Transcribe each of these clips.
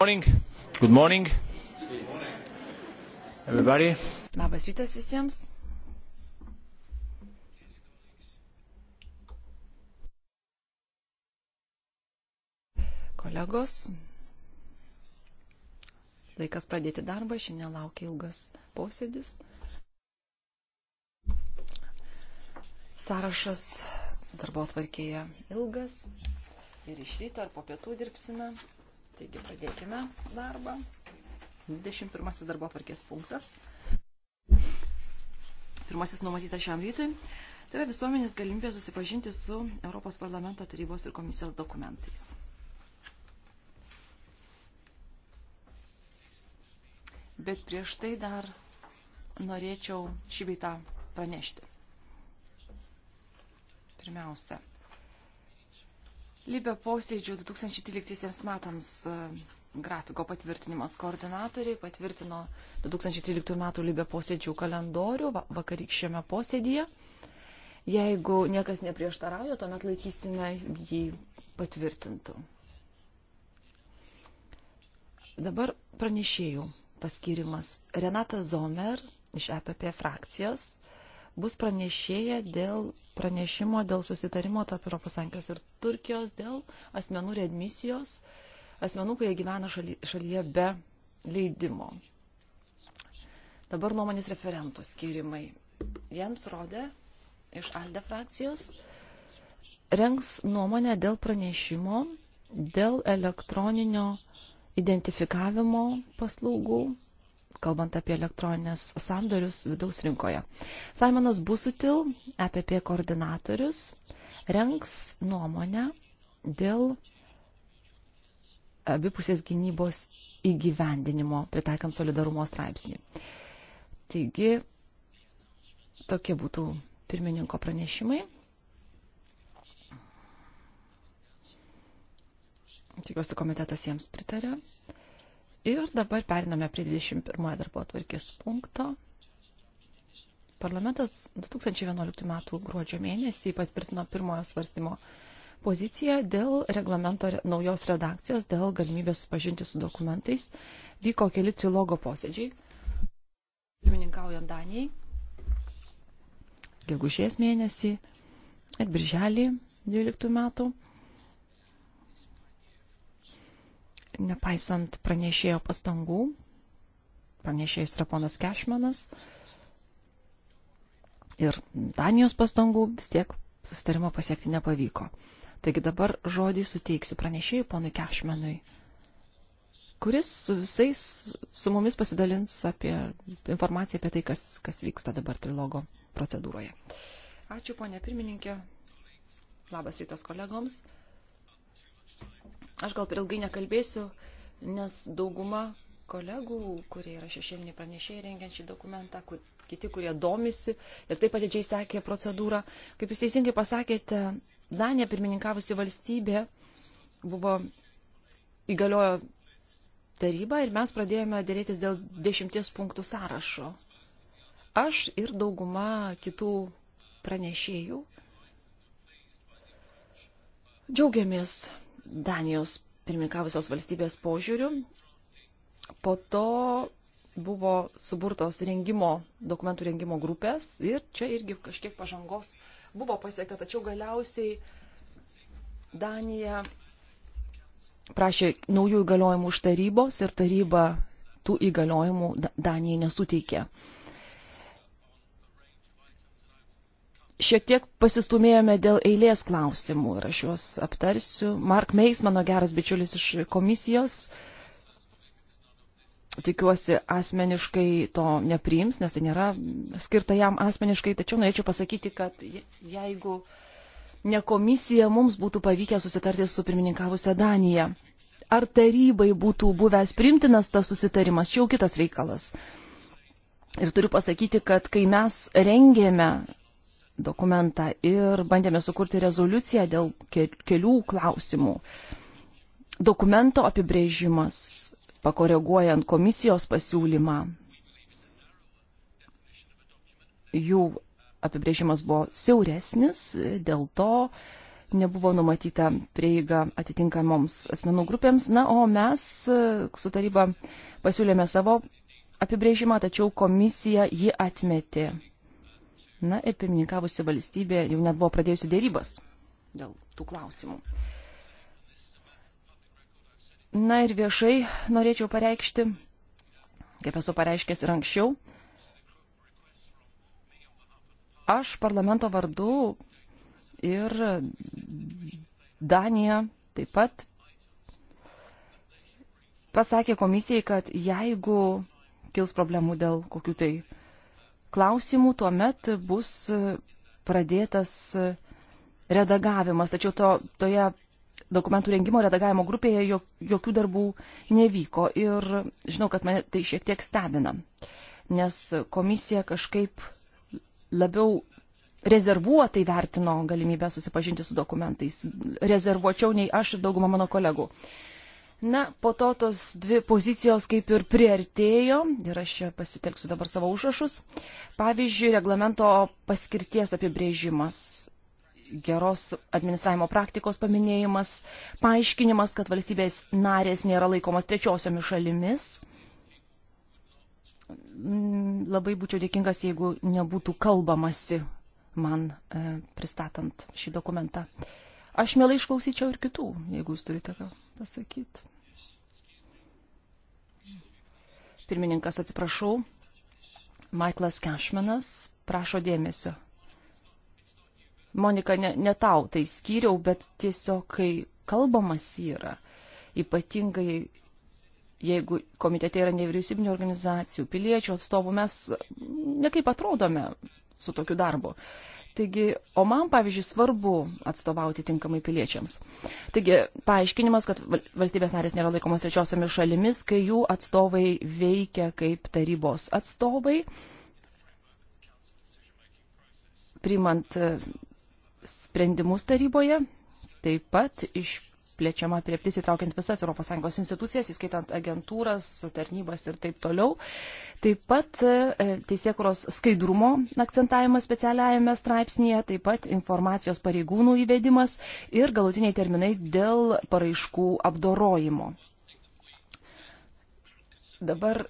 morning. Good morning. Everybody. Labas rytas visiems. Kolegos, laikas pradėti darbą, šiandien laukia ilgas posėdis. Sąrašas darbo atvarkėje ilgas ir iš ryto ar po pietų dirbsime. Taigi pradėkime darbą. 21 darbo tvarkės punktas. Pirmasis numatytas šiam rytui. Tai yra visuomenės galimybė susipažinti su Europos parlamento tarybos ir komisijos dokumentais. Bet prieš tai dar norėčiau šį beitą pranešti. Pirmiausia, Libė posėdžių 2013 metams e, grafiko patvirtinimas koordinatoriai patvirtino 2013 metų Libė posėdžių kalendorių vakarykščiame posėdyje. Jeigu niekas neprieštarauja, tuomet laikysime jį patvirtintų. Dabar pranešėjų paskirimas Renata Zomer iš EPP frakcijos bus pranešėja dėl pranešimo dėl susitarimo tarp ES ir Turkijos dėl asmenų readmisijos, asmenų, kurie gyvena šaly, šalyje be leidimo. Dabar nuomonės referentų skirimai. Jens Rodė iš Alde frakcijos rengs nuomonę dėl pranešimo, dėl elektroninio identifikavimo paslaugų kalbant apie elektroninės sandorius vidaus rinkoje. Simonas Busutil, EPP koordinatorius, renks nuomonę dėl abipusės gynybos įgyvendinimo, pritaikant solidarumo straipsnį. Taigi, tokie būtų pirmininko pranešimai. Tikiuosi, komitetas jiems pritarė. Ir dabar periname prie 21 darbo atvarkės punkto. Parlamentas 2011 m. gruodžio mėnesį patvirtino pirmojo svarstymo poziciją dėl reglamento naujos redakcijos, dėl galimybės supažinti su dokumentais. Vyko keli trilogo posėdžiai, pirmininkaujant Danijai, gegužės mėnesį ir birželį 12 metų. nepaisant pranešėjo pastangų, pranešėjas yra ponas Kešmanas, ir Danijos pastangų vis tiek susitarimo pasiekti nepavyko. Taigi dabar žodį suteiksiu pranešėjui ponui Kešmenui, kuris su visais, su mumis pasidalins apie informaciją apie tai, kas, kas vyksta dabar trilogo procedūroje. Ačiū, ponė pirmininkė. Labas rytas kolegoms. Aš gal per ilgai nekalbėsiu, nes dauguma kolegų, kurie yra šešėliniai pranešėjai rengiant šį dokumentą, kur, kiti, kurie domisi ir taip atidžiai sekė procedūrą. Kaip jūs teisingai pasakėte, Danija pirmininkavusi valstybė buvo įgaliojo taryba ir mes pradėjome dėrėtis dėl dešimties punktų sąrašo. Aš ir dauguma kitų pranešėjų džiaugiamės Danijos pirmininkavusios valstybės požiūrių. Po to buvo suburtos rengimo, dokumentų rengimo grupės ir čia irgi kažkiek pažangos buvo pasiekta, tačiau galiausiai Danija prašė naujų įgaliojimų už tarybos ir taryba tų įgaliojimų Danijai nesuteikė. šiek tiek pasistumėjome dėl eilės klausimų ir aš juos aptarsiu. Mark Meis, mano geras bičiulis iš komisijos, tikiuosi asmeniškai to nepriims, nes tai nėra skirta jam asmeniškai, tačiau norėčiau pasakyti, kad jeigu ne komisija mums būtų pavykę susitarti su pirmininkavusią Daniją, ar tarybai būtų buvęs primtinas tas susitarimas, čia jau kitas reikalas. Ir turiu pasakyti, kad kai mes rengėme dokumentą ir bandėme sukurti rezoliuciją dėl kelių klausimų. Dokumento apibrėžimas, pakoreguojant komisijos pasiūlymą, jų apibrėžimas buvo siauresnis, dėl to nebuvo numatyta prieiga atitinkamoms asmenų grupėms. Na, o mes su taryba pasiūlėme savo apibrėžimą, tačiau komisija jį atmetė. Na ir pirmininkavusi valstybė jau net buvo pradėjusi dėrybas dėl tų klausimų. Na ir viešai norėčiau pareikšti, kaip esu pareiškęs ir anksčiau, aš parlamento vardu ir Danija taip pat pasakė komisijai, kad jeigu kils problemų dėl kokių tai klausimų, tuomet bus pradėtas redagavimas. Tačiau to, toje dokumentų rengimo redagavimo grupėje jok, jokių darbų nevyko. Ir žinau, kad mane tai šiek tiek stebina, nes komisija kažkaip labiau rezervuotai vertino galimybę susipažinti su dokumentais. Rezervuočiau nei aš ir dauguma mano kolegų. Uh, Na, po to tos dvi pozicijos kaip ir priartėjo ir aš čia pasitelksiu dabar savo užrašus. Pavyzdžiui, reglamento paskirties apibrėžimas, geros administravimo praktikos paminėjimas, paaiškinimas, kad valstybės narės nėra laikomas trečiosiomis šalimis. Mm, labai būčiau dėkingas, jeigu nebūtų kalbamasi man e, pristatant šį dokumentą. E, Aš mielai išklausyčiau ir kitų, jeigu jūs turite ką pasakyti. Pirmininkas, atsiprašau. Michaelas Cashmanas prašo dėmesio. Monika, ne, ne tau tai skyriau, bet tiesiog, kai kalbamas yra, ypatingai jeigu komitete yra nevyriausybinio organizacijų, piliečių atstovų, mes nekaip atrodome su tokiu darbu. Taigi, o man, pavyzdžiui, svarbu atstovauti tinkamai piliečiams. Taigi, paaiškinimas, kad valstybės narės nėra laikomos trečiosiomis šalimis, kai jų atstovai veikia kaip tarybos atstovai, primant e, sprendimus taryboje, taip pat iš plečiama prieptis įtraukiant visas ES institucijas, įskaitant agentūras, tarnybas ir taip toliau. Taip pat e, teisėkuros skaidrumo akcentavimas specialiajame straipsnėje, taip pat informacijos pareigūnų įvedimas ir galutiniai terminai dėl paraiškų apdorojimo. Dabar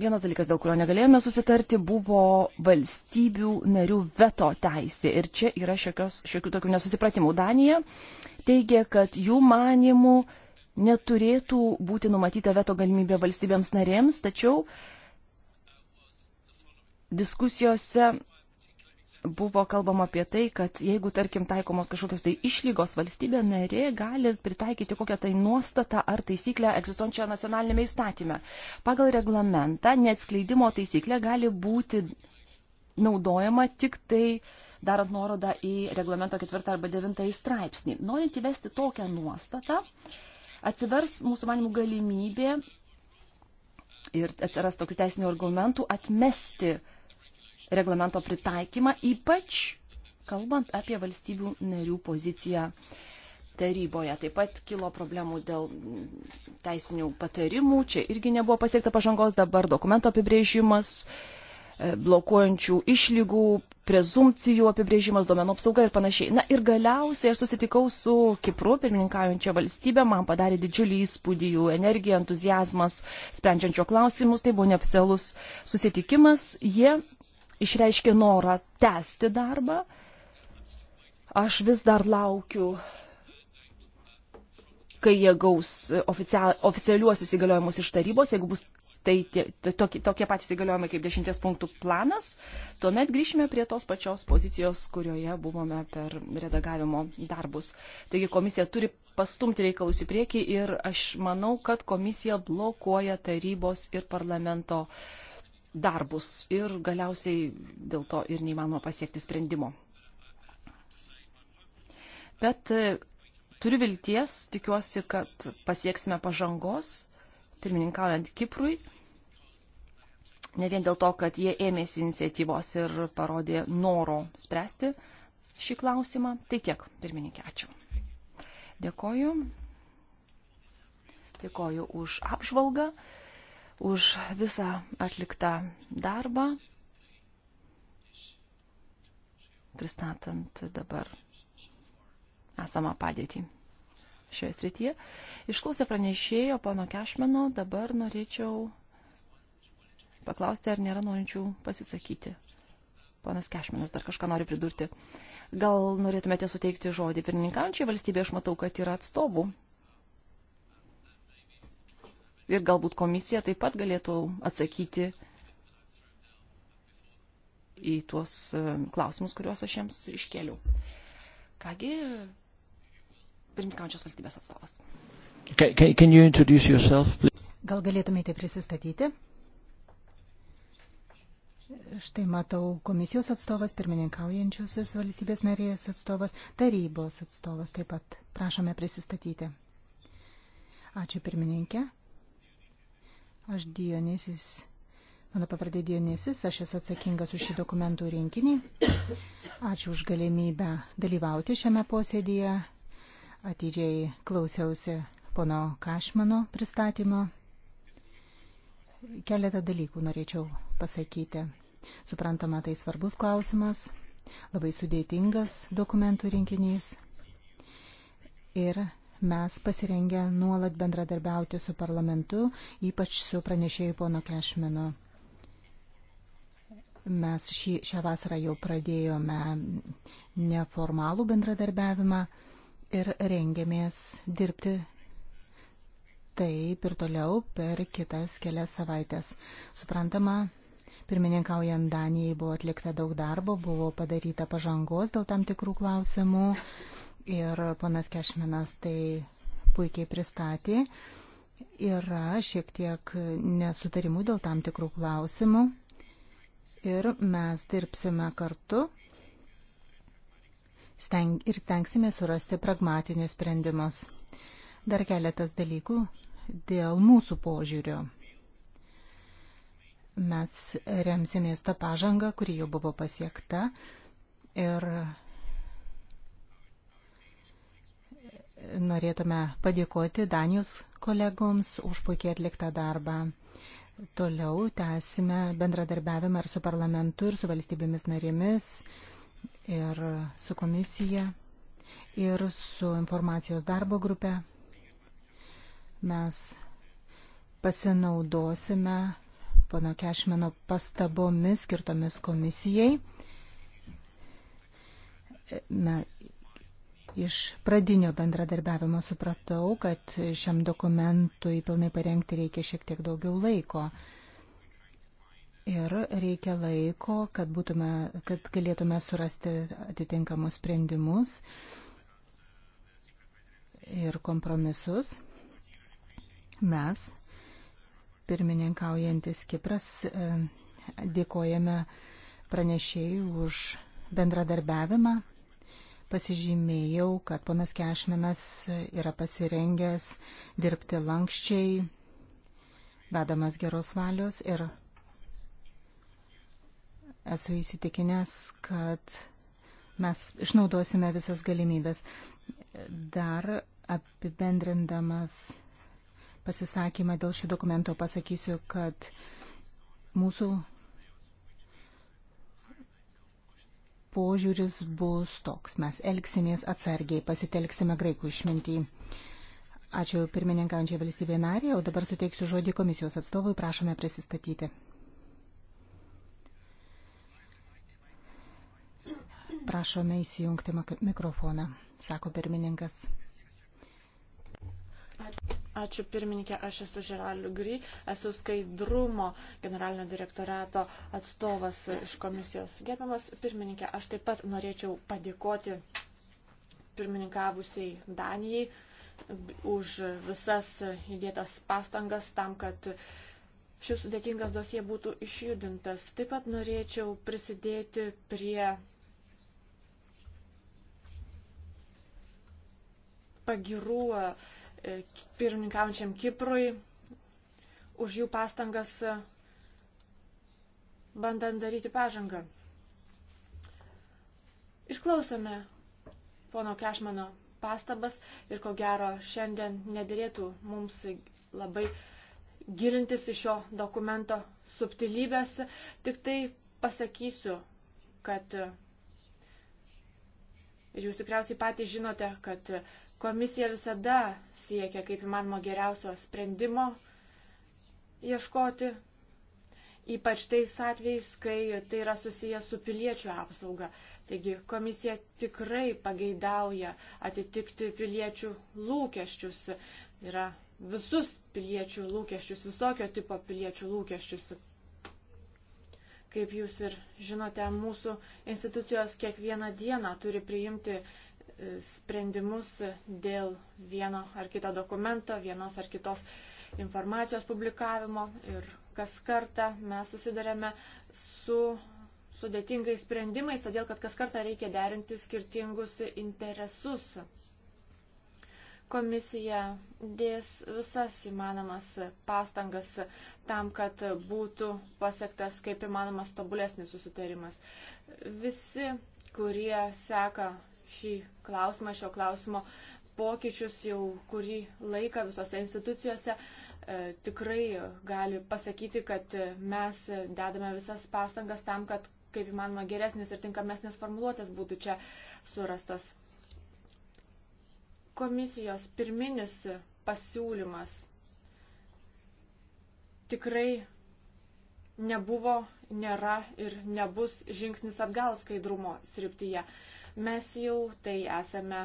vienas dalykas, dėl kurio negalėjome susitarti, buvo valstybių narių veto teisė. Ir čia yra šiokios, šiokių tokių nesusipratimų. Danija teigia, kad jų manimų neturėtų būti numatyta veto galimybė valstybėms narėms, tačiau diskusijose buvo kalbama apie tai, kad jeigu, tarkim, taikomos kažkokios tai išlygos valstybė narė gali pritaikyti kokią tai nuostatą ar taisyklę egzistuojančią nacionalinėme įstatyme. Pagal reglamentą neatskleidimo taisyklė gali būti naudojama tik tai uh, darant nuorodą į reglamento ketvirtą arba devintąjį straipsnį. Norint įvesti tokią nuostatą, atsivers mūsų manimų galimybė ir atsiras tokių teisinių argumentų atmesti reglamento pritaikymą, ypač kalbant apie valstybių narių poziciją taryboje. Taip pat kilo problemų dėl teisinių patarimų, čia irgi nebuvo pasiekta pažangos, dabar dokumento apibrėžimas E, blokuojančių išlygų, prezumpcijų apibrėžimas, duomenų apsauga ir panašiai. Na ir galiausiai aš susitikau su Kipru, pirmininkaujančia valstybė, man padarė didžiulį įspūdį jų energija, entuzijazmas, sprendžiančio klausimus, tai buvo neoficialus susitikimas. Jie išreiškė norą tęsti darbą. Aš vis dar laukiu kai jie gaus oficial, oficialiuosius įgaliojimus iš tarybos, jeigu bus tai tie, tokie, tokie patys įgaliojimai kaip dešimties punktų planas, tuomet grįšime prie tos pačios pozicijos, kurioje buvome per redagavimo darbus. Taigi komisija turi pastumti reikalus į priekį ir aš manau, kad komisija blokuoja tarybos ir parlamento darbus ir galiausiai dėl to ir neįmanoma pasiekti sprendimo. Bet e, turiu vilties, tikiuosi, kad pasieksime pažangos pirmininkaujant Kiprui. Ne vien dėl to, kad jie ėmėsi iniciatyvos ir parodė noro spręsti šį klausimą. Tai tiek, pirmininkė, ačiū. Dėkoju. Dėkoju už apžvalgą, už visą atliktą darbą, pristatant dabar esamą padėtį šioje srityje. Išklausę pranešėjo pano Kešmano, dabar norėčiau paklausti, ar nėra norinčių pasisakyti. Ponas Kešminas dar kažką nori pridurti. Gal norėtumėte suteikti žodį pirmininkančiai valstybė, aš matau, kad yra atstovų. Ir galbūt komisija taip pat galėtų atsakyti į tuos e, klausimus, kuriuos aš jiems iškėliau. Kągi, pirmkančios valstybės atstovas. Can, can you introduce yourself, please? Gal galėtumėte prisistatyti? Štai matau komisijos atstovas, pirmininkaujančiosios valstybės narės atstovas, tarybos atstovas taip pat. Prašome prisistatyti. Ačiū pirmininkė. Aš Dionysis, mano pavardė Dionysis, aš esu atsakingas už šį dokumentų rinkinį. Ačiū už galimybę dalyvauti šiame posėdėje Atidžiai klausiausi pono Kašmano pristatymo. Keletą dalykų norėčiau pasakyti. Suprantama, tai svarbus klausimas, labai sudėtingas dokumentų rinkinys. Ir mes pasirengę nuolat bendradarbiauti su parlamentu, ypač su pranešėjų pono Kešmino. Mes šį, šią vasarą jau pradėjome neformalų bendradarbiavimą ir rengiamės dirbti taip ir toliau per kitas kelias savaitės. Suprantama, pirmininkaujant Danijai buvo atlikta daug darbo, buvo padaryta pažangos dėl tam tikrų klausimų ir ponas Kešminas tai puikiai pristatė. Yra šiek tiek nesutarimų dėl tam tikrų klausimų ir mes dirbsime kartu steng ir stengsime surasti pragmatinius sprendimus. Dar keletas dalykų dėl mūsų požiūrio. Mes remsimės tą pažangą, kuri jau buvo pasiekta ir norėtume padėkoti Danijos kolegoms už puikiai atliktą darbą. Toliau tęsime bendradarbiavimą ir su parlamentu, ir su valstybėmis narėmis, ir su komisija, ir su informacijos darbo grupe. Mes pasinaudosime pono Kešmeno pastabomis skirtomis komisijai. Na, iš pradinio bendradarbiavimo supratau, kad šiam dokumentui pilnai parengti reikia šiek tiek daugiau laiko. Ir reikia laiko, kad, būtume, kad galėtume surasti atitinkamus sprendimus ir kompromisus. Mes, pirmininkaujantis Kipras, e, dėkojame pranešėjai už bendradarbiavimą. Pasižymėjau, kad ponas Kešminas yra pasirengęs dirbti lankščiai, vedamas geros valios ir Esu įsitikinęs, kad mes išnaudosime visas galimybės. Dar apibendrindamas pasisakymą dėl šio dokumento pasakysiu, kad mūsų požiūris bus toks. Mes elgsimės atsargiai, pasitelksime graikų išmintį. Ačiū pirmininkaujančiai valstybė narė, o dabar suteiksiu žodį komisijos atstovui, prašome prisistatyti. Prašome įsijungti mikrofoną, sako pirmininkas. Ačiū pirmininkė, aš esu Žeraliu Gry, esu skaidrumo generalinio direktorato atstovas iš komisijos. Gerbiamas pirmininkė, aš taip pat norėčiau padėkoti pirmininkavusiai Danijai už visas įdėtas pastangas tam, kad šis sudėtingas dosie būtų išjudintas. Taip pat norėčiau prisidėti prie pagirų e, pirmininkaujančiam Kiprui už jų pastangas e, bandant daryti pažangą. Išklausome pono Kešmano pastabas ir ko gero šiandien nedėlėtų mums labai gilintis į šio dokumento subtilybės. Tik tai pasakysiu, kad e, ir jūs tikriausiai patys žinote, kad Komisija visada siekia kaip įmanoma geriausio sprendimo ieškoti, ypač tais atvejais, kai tai yra susijęs su piliečių apsauga. Taigi komisija tikrai pageidauja atitikti piliečių lūkesčius. Yra visus piliečių lūkesčius, visokio tipo piliečių lūkesčius. Kaip jūs ir žinote, mūsų institucijos kiekvieną dieną turi priimti sprendimus dėl vieno ar kito dokumento, vienos ar kitos informacijos publikavimo ir kas kartą mes susidurėme su sudėtingais sprendimais, todėl kad kas kartą reikia derinti skirtingus interesus. Komisija dės visas įmanomas pastangas tam, kad būtų pasiektas kaip įmanomas tobulesnis susitarimas. Visi kurie seka šį klausimą, šio klausimo pokyčius jau kurį laiką visose institucijose. E, tikrai gali pasakyti, kad mes dedame visas pastangas tam, kad kaip įmanoma geresnis ir tinkamesnis formuluotės būtų čia surastas. Komisijos pirminis pasiūlymas tikrai nebuvo, nėra ir nebus žingsnis atgal skaidrumo srityje. Mes jau tai esame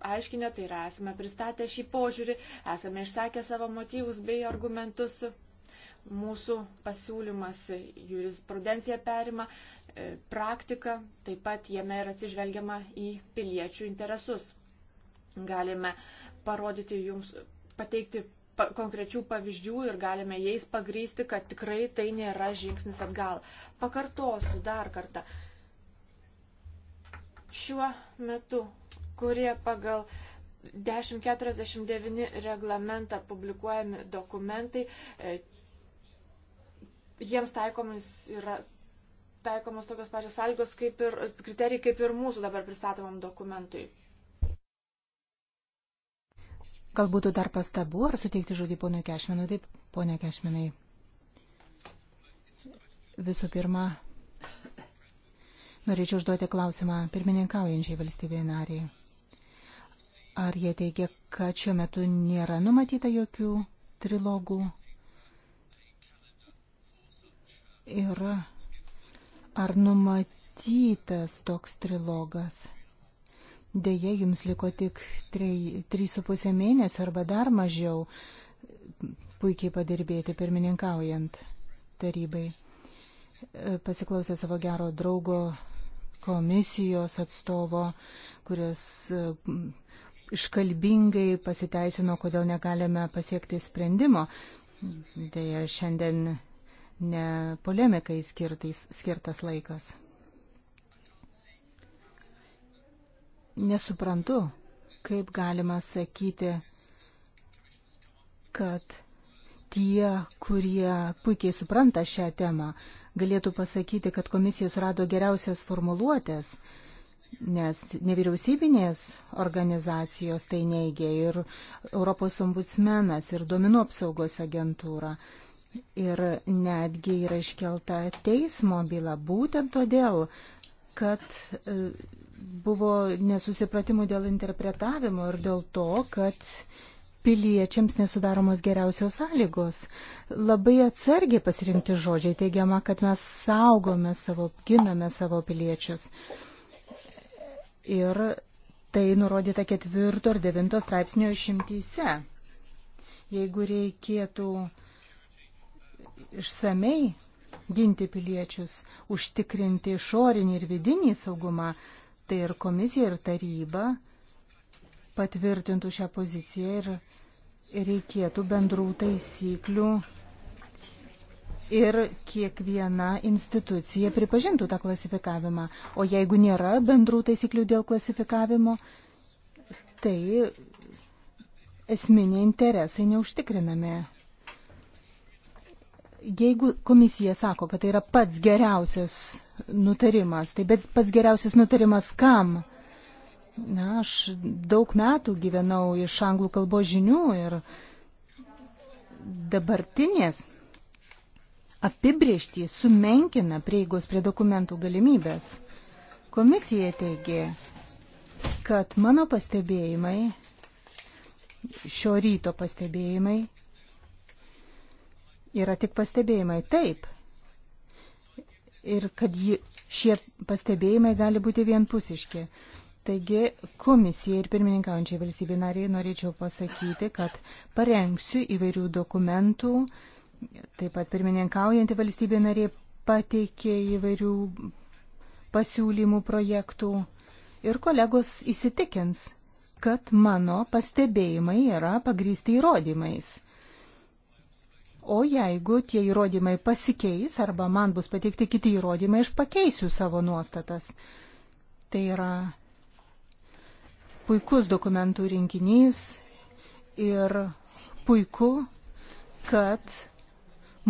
aiškinę, tai yra esame pristatę šį požiūrį, esame išsakę savo motyvus bei argumentus. Mūsų pasiūlymas jurisprudencija perima e, praktiką, taip pat jame yra atsižvelgiama į piliečių interesus. Galime parodyti jums, pateikti pa konkrečių pavyzdžių ir galime jais pagrysti, kad tikrai tai nėra žingsnis atgal. Pakartosiu dar kartą šiuo metu, kurie pagal 1049 reglamentą publikuojami dokumentai, e, jiems taikomis yra taikomos tokios pačios sąlygos kaip ir kriterijai, kaip ir mūsų dabar pristatomam dokumentui. Gal būtų dar pastabų ar suteikti žodį ponui Kešminui? Taip, ponia Kešminai. Visų pirma, Norėčiau užduoti klausimą pirmininkaujančiai valstybėje nariai. Ar jie teigia, kad šiuo metu nėra numatyta jokių trilogų? Ir ar numatytas toks trilogas? Deja, jums liko tik 3,5 mėnesio arba dar mažiau puikiai padirbėti pirmininkaujant tarybai pasiklausė savo gero draugo komisijos atstovo, kuris mm, iškalbingai pasiteisino, kodėl negalime pasiekti sprendimo. Deja, šiandien ne polemikai skirtais, skirtas laikas. Nesuprantu, kaip galima sakyti, kad tie, kurie puikiai supranta šią temą, galėtų pasakyti, kad komisija surado geriausias formuluotės, nes nevyriausybinės organizacijos tai neigia ir Europos ombudsmenas, ir domino apsaugos agentūra. Ir netgi yra iškelta teismo byla būtent todėl, kad e, buvo nesusipratimų dėl interpretavimo ir dėl to, kad piliečiams nesudaromos geriausios sąlygos. Labai atsargiai pasirinkti žodžiai teigiama, kad mes saugome savo, giname savo piliečius. Ir tai nurodyta ketvirto ir devinto straipsnio išimtyse. Jeigu reikėtų išsamei ginti piliečius, užtikrinti išorinį ir vidinį saugumą, tai ir komisija, ir taryba patvirtintų šią poziciją ir reikėtų bendrų taisyklių ir kiekviena institucija pripažintų tą klasifikavimą. O jeigu nėra bendrų taisyklių dėl klasifikavimo, tai esminiai interesai neužtikrinami. Jeigu komisija sako, kad tai yra pats geriausias nutarimas, tai bet pats geriausias nutarimas kam? Na, aš daug metų gyvenau iš anglų kalbos žinių ir dabartinės apibriežtį sumenkina prieigos prie dokumentų galimybės. Komisija teigė, kad mano pastebėjimai, šio ryto pastebėjimai, yra tik pastebėjimai taip. Ir kad ji, šie pastebėjimai gali būti vienpusiški. Taigi komisijai ir pirmininkaujančiai valstybei nariai norėčiau pasakyti, kad parengsiu įvairių dokumentų, taip pat pirmininkaujantį valstybė nariai pateikė įvairių pasiūlymų projektų ir kolegos įsitikins, kad mano pastebėjimai yra pagrysti įrodymais. O jeigu tie įrodymai pasikeis arba man bus pateikti kiti įrodymai, aš pakeisiu savo nuostatas. Tai yra puikus dokumentų rinkinys ir puiku, kad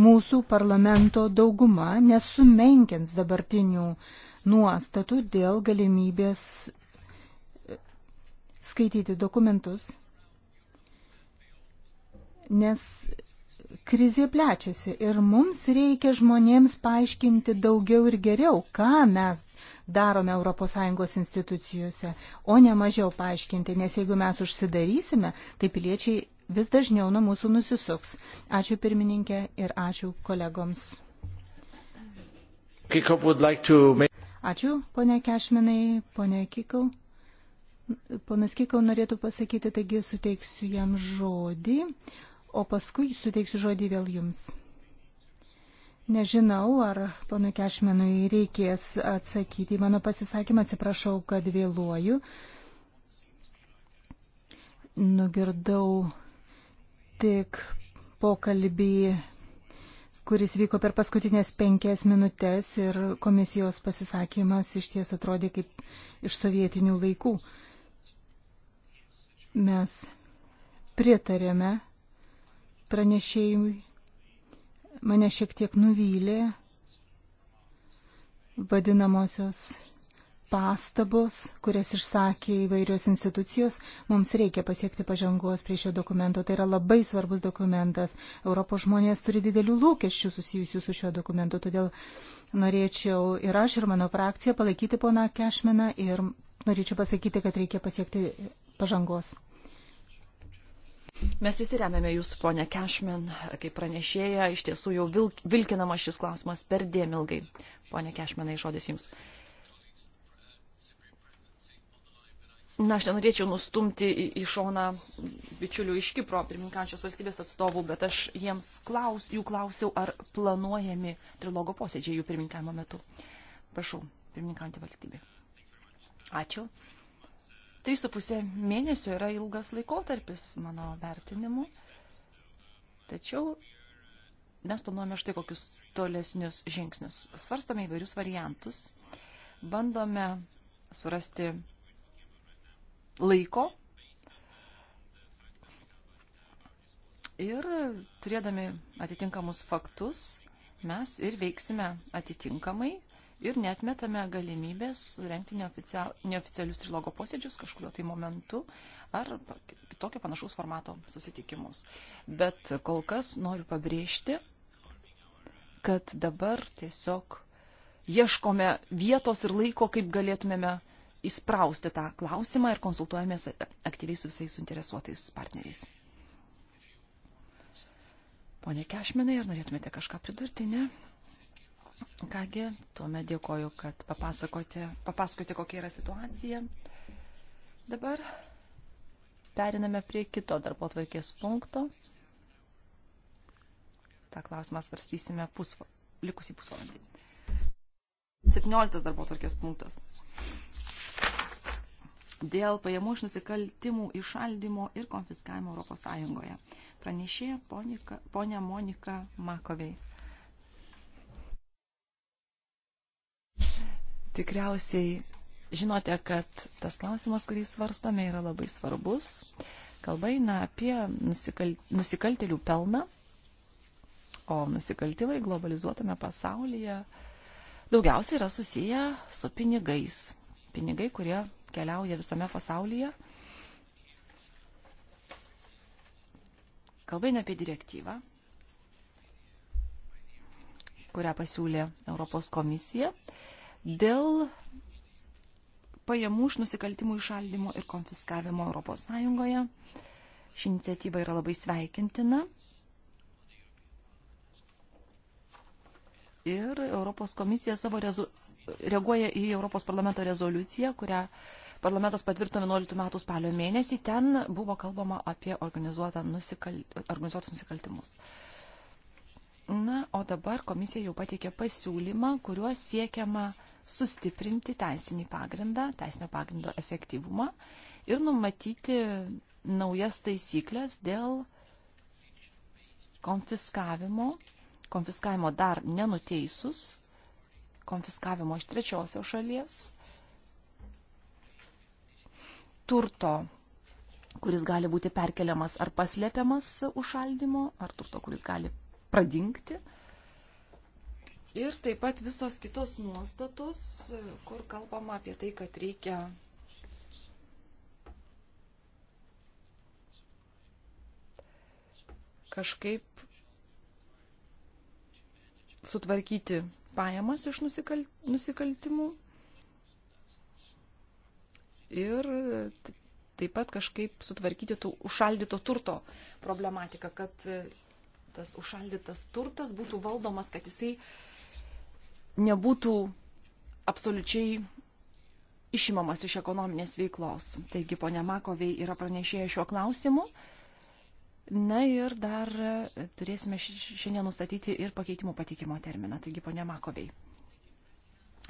mūsų parlamento dauguma nesumenkins dabartinių nuostatų dėl galimybės e, skaityti dokumentus, nes krizė plečiasi ir mums reikia žmonėms paaiškinti daugiau ir geriau, ką mes darome ES institucijose, o ne mažiau paaiškinti, nes jeigu mes užsidarysime, tai piliečiai vis dažniau nuo mūsų nusisuks. Ačiū pirmininkė ir ačiū kolegoms. Ačiū, ponė Kešminai, ponė Kikau. Ponas Kikau norėtų pasakyti, taigi suteiksiu jam žodį. Uh, o paskui suteiksiu žodį vėl jums. Nežinau, ar ponui Kešmenui reikės atsakyti į mano pasisakymą, atsiprašau, kad vėluoju. Nugirdau tik pokalbį, kuris vyko per paskutinės penkias minutės ir komisijos pasisakymas iš ties atrodė kaip iš sovietinių laikų. Mes pritarėme pranešėjui mane šiek tiek nuvylė vadinamosios pastabos, kurias išsakė įvairios institucijos, mums reikia pasiekti pažangos prie šio dokumento. Tai yra labai svarbus dokumentas. Europos žmonės turi didelių lūkesčių susijusių su šiuo dokumentu, todėl norėčiau ir aš, ir mano frakcija palaikyti poną Kešmeną ir norėčiau pasakyti, kad reikia pasiekti pažangos. Mes visi remiame jūs, ponė Cashman, kaip pranešėja, iš tiesų jau vilk, vilkinama šis klausimas per dėm ilgai. Pone Cashmanai, žodis jums. Na, aš nenorėčiau nustumti į, į šoną bičiulių iš Kipro, pirmininkančios valstybės atstovų, bet aš jiems klaus, jų klausiau, ar planuojami trilogo posėdžiai jų pirmininkavimo metu. Prašau, pirmininkantį valstybę. Ačiū. 3,5 mėnesio yra ilgas laikotarpis mano vertinimu. Tačiau mes planuojame štai kokius tolesnius žingsnius. Svarstame įvairius variantus, bandome surasti laiko ir turėdami atitinkamus faktus mes ir veiksime atitinkamai, ir netmetame galimybės surenkti neoficialius trilogo posėdžius kažkurio tai momentu ar kitokio panašaus formato susitikimus. Bet kol kas noriu pabrėžti, kad dabar tiesiog ieškome vietos ir laiko, kaip galėtumėme įsprausti tą klausimą ir konsultuojamės aktyviai su visais suinteresuotais partneriais. Pone Kešmenai, ar norėtumėte kažką pridurti, ne? Kągi, tuomet dėkoju, kad papasakote, kokia yra situacija. Dabar periname prie kito darbo tvarkės punkto. Ta klausimą svarstysime pusva, likusį pusvalandį. 17 darbo tvarkės punktas. Dėl pajamų iš nusikaltimų išaldymo ir konfiskavimo ES. Pranešė ponia Monika Makovei. Tikriausiai žinote, kad tas klausimas, kurį svarstame, yra labai svarbus. Kalba eina apie nusikal... nusikaltelių pelną, o nusikaltimai globalizuotame pasaulyje daugiausiai yra susiję su pinigais. Pinigai, kurie keliauja visame pasaulyje. Kalba eina apie direktyvą, kurią pasiūlė Europos komisija dėl pajamų iš nusikaltimų išaldymo ir konfiskavimo ES. Ši iniciatyva yra labai sveikintina. Ir Europos komisija savo rezu... reaguoja į Europos parlamento rezoliuciją, kurią parlamentas patvirtino 11 metų spalio mėnesį. Ten buvo kalbama apie nusikal... organizuotus nusikaltimus. Na, o dabar komisija jau pateikė pasiūlymą, kuriuo siekiama uh, sustiprinti teisinį pagrindą, teisinio pagrindo efektyvumą ir numatyti naujas taisyklės dėl konfiskavimo, konfiskavimo dar nenuteisus, konfiskavimo iš trečiosios šalies, turto, kuris gali būti perkeliamas ar paslėpiamas užšaldimo, ar turto, kuris gali pradingti. Uh, Ir taip pat visos kitos nuostatos, kur kalbama apie tai, kad reikia kažkaip sutvarkyti pajamas iš nusikal... nusikaltimų ir taip pat kažkaip sutvarkyti tų užšaldyto turto problematiką, kad tas užšaldytas turtas būtų valdomas, kad jisai uh, nebūtų absoliučiai išimamas iš ekonominės veiklos. Taigi ponia Makovei yra pranešėja šiuo klausimu. Na ir dar turėsime šiandien nustatyti ir pakeitimų patikimo terminą. Taigi ponia Makovei.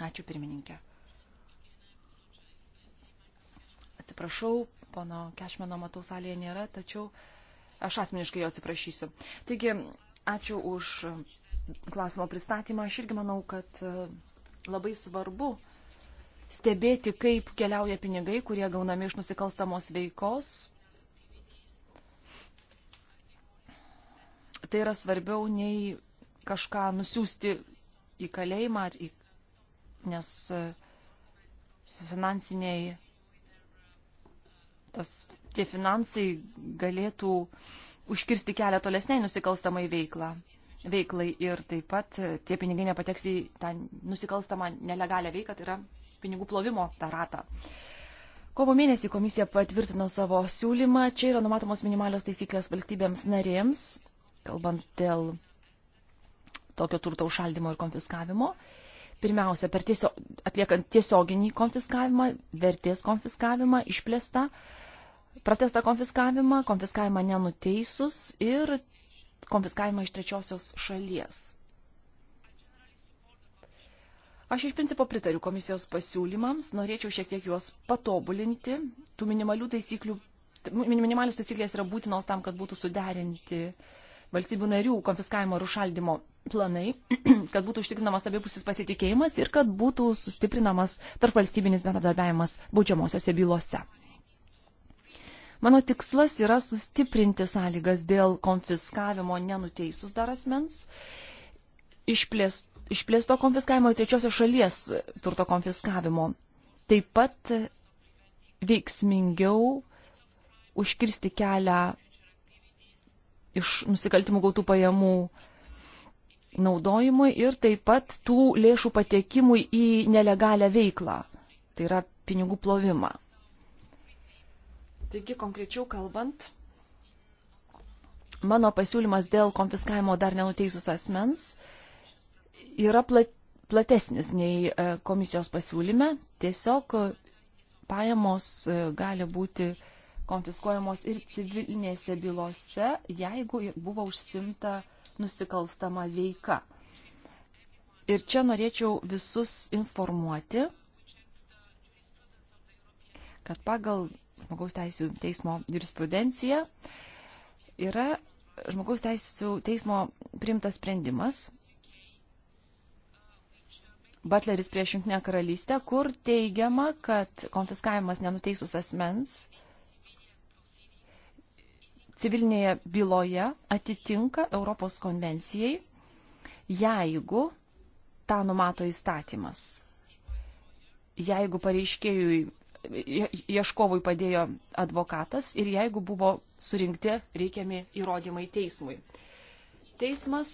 Ačiū pirmininkė. Atsiprašau, pono Kešmeno matau salėje nėra, tačiau aš asmeniškai jo atsiprašysiu. Taigi, ačiū už klausimo pristatymą. Aš irgi manau, kad e, labai svarbu stebėti, kaip keliauja pinigai, kurie gaunami iš nusikalstamos veikos. Tai yra svarbiau nei kažką nusiųsti į kalėjimą, ar į, nes e, finansiniai, tos, tie finansai galėtų užkirsti kelią tolesniai nusikalstamai veiklą veiklai ir taip pat e, tie pinigai nepateks į tą nusikalstamą nelegalią veiką, tai yra pinigų plovimo tą ratą. Kovo mėnesį komisija patvirtino savo siūlymą, čia yra numatomos minimalios taisyklės valstybėms narėms, kalbant dėl tokio turto užšaldimo ir konfiskavimo. Pirmiausia, per tiesiog, atliekant tiesioginį konfiskavimą, vertės konfiskavimą, išplėstą, pratestą konfiskavimą, konfiskavimą nenuteisus ir konfiskavimą iš trečiosios šalies. Aš iš principo pritariu komisijos pasiūlymams, norėčiau šiek tiek juos patobulinti. Tų minimalių taisyklių, minimalios taisyklės yra būtinos tam, kad būtų suderinti valstybių narių konfiskavimo ir užšaldimo planai, kad būtų užtikrinamas abipusis pasitikėjimas ir kad būtų sustiprinamas tarp valstybinis bendradarbiavimas baudžiamosiose bylose. Mano tikslas yra sustiprinti sąlygas dėl konfiskavimo nenuteisus dar asmens, išplės, išplėsto konfiskavimo į trečiosios šalies turto konfiskavimo. Taip pat veiksmingiau užkirsti kelią iš nusikaltimų gautų pajamų naudojimui ir taip pat tų lėšų patekimui į nelegalią veiklą, tai yra pinigų plovimą. Taigi, konkrečiau kalbant, mano pasiūlymas dėl konfiskavimo dar nenuteisus asmens yra platesnis nei e, komisijos pasiūlyme. Tiesiog e, pajamos e, gali būti konfiskuojamos ir civilinėse bylose, jeigu buvo užsimta nusikalstama veika. Ir čia norėčiau visus informuoti, kad pagal žmogaus teisų teismo jurisprudencija yra žmogaus teisų teismo primtas sprendimas. Butleris prieš Junktinę karalystę, kur teigiama, kad konfiskavimas nenuteisus asmens civilinėje byloje atitinka Europos konvencijai, jeigu tą numato įstatymas. Jeigu pareiškėjui ieškovui padėjo advokatas ir jeigu buvo surinkti reikiami įrodymai teismui. Teismas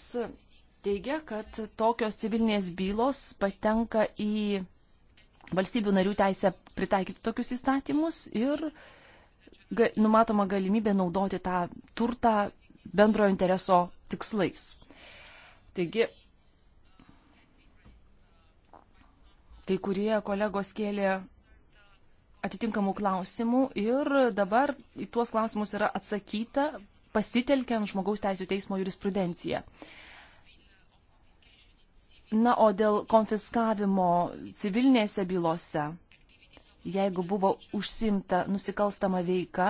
teigia, kad tokios civilinės bylos patenka į valstybių narių teisę pritaikyti tokius įstatymus ir ga, numatoma galimybė naudoti tą turtą bendrojo intereso tikslais. Taigi, kai kurie kolegos kėlė atitinkamų klausimų ir dabar į tuos klausimus yra atsakyta pasitelkiant žmogaus teisų teismo jurisprudenciją. Na, o dėl konfiskavimo civilinėse bylose, jeigu buvo užsimta nusikalstama veika,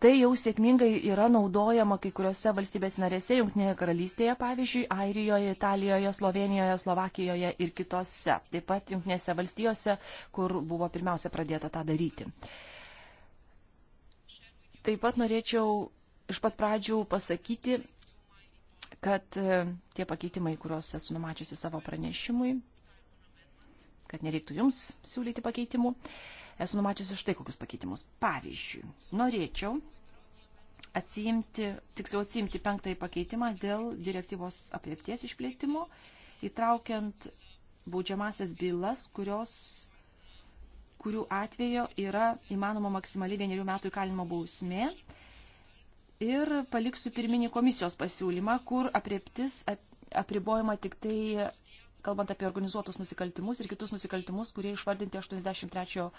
Tai jau sėkmingai yra naudojama kai kuriuose valstybės narėse, Junktinėje karalystėje, pavyzdžiui, Airijoje, Italijoje, Slovenijoje, Slovakijoje ir kitose. Taip pat Junktinėse valstijose, kur buvo pirmiausia pradėta tą daryti. Taip pat norėčiau iš pat pradžių pasakyti, kad e, tie pakeitimai, kuriuos esu numačiusi savo pranešimui, kad nereiktų jums siūlyti pakeitimų. Uh, esu numačiusi štai kokius pakeitimus. Pavyzdžiui, norėčiau atsiimti, tiksliau atsiimti penktąjį pakeitimą dėl direktyvos apriepties išplėtimo, įtraukiant baudžiamasias bylas, kurios kurių atvejo yra įmanoma maksimaliai vienerių metų įkalinimo bausmė. Ir paliksiu pirminį komisijos pasiūlymą, kur aprieptis apribojama tik tai, kalbant apie organizuotus nusikaltimus ir kitus nusikaltimus, kurie išvardinti 83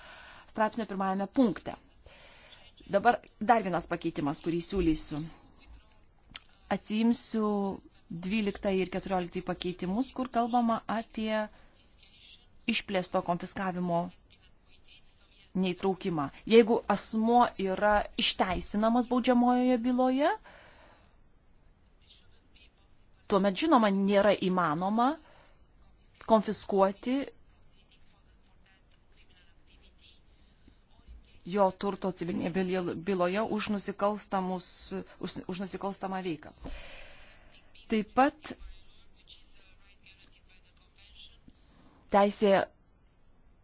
straipsnio pirmajame punkte. Dabar dar vienas pakeitimas, kurį siūlysiu. Atsiimsiu 12 ir 14 pakeitimus, kur kalbama apie išplėsto konfiskavimo neįtraukimą. Jeigu asmo yra išteisinamas baudžiamojoje byloje, tuomet žinoma nėra įmanoma konfiskuoti jo turto civilinėje byloje už, už, už nusikalstamą veiką. Taip pat teisė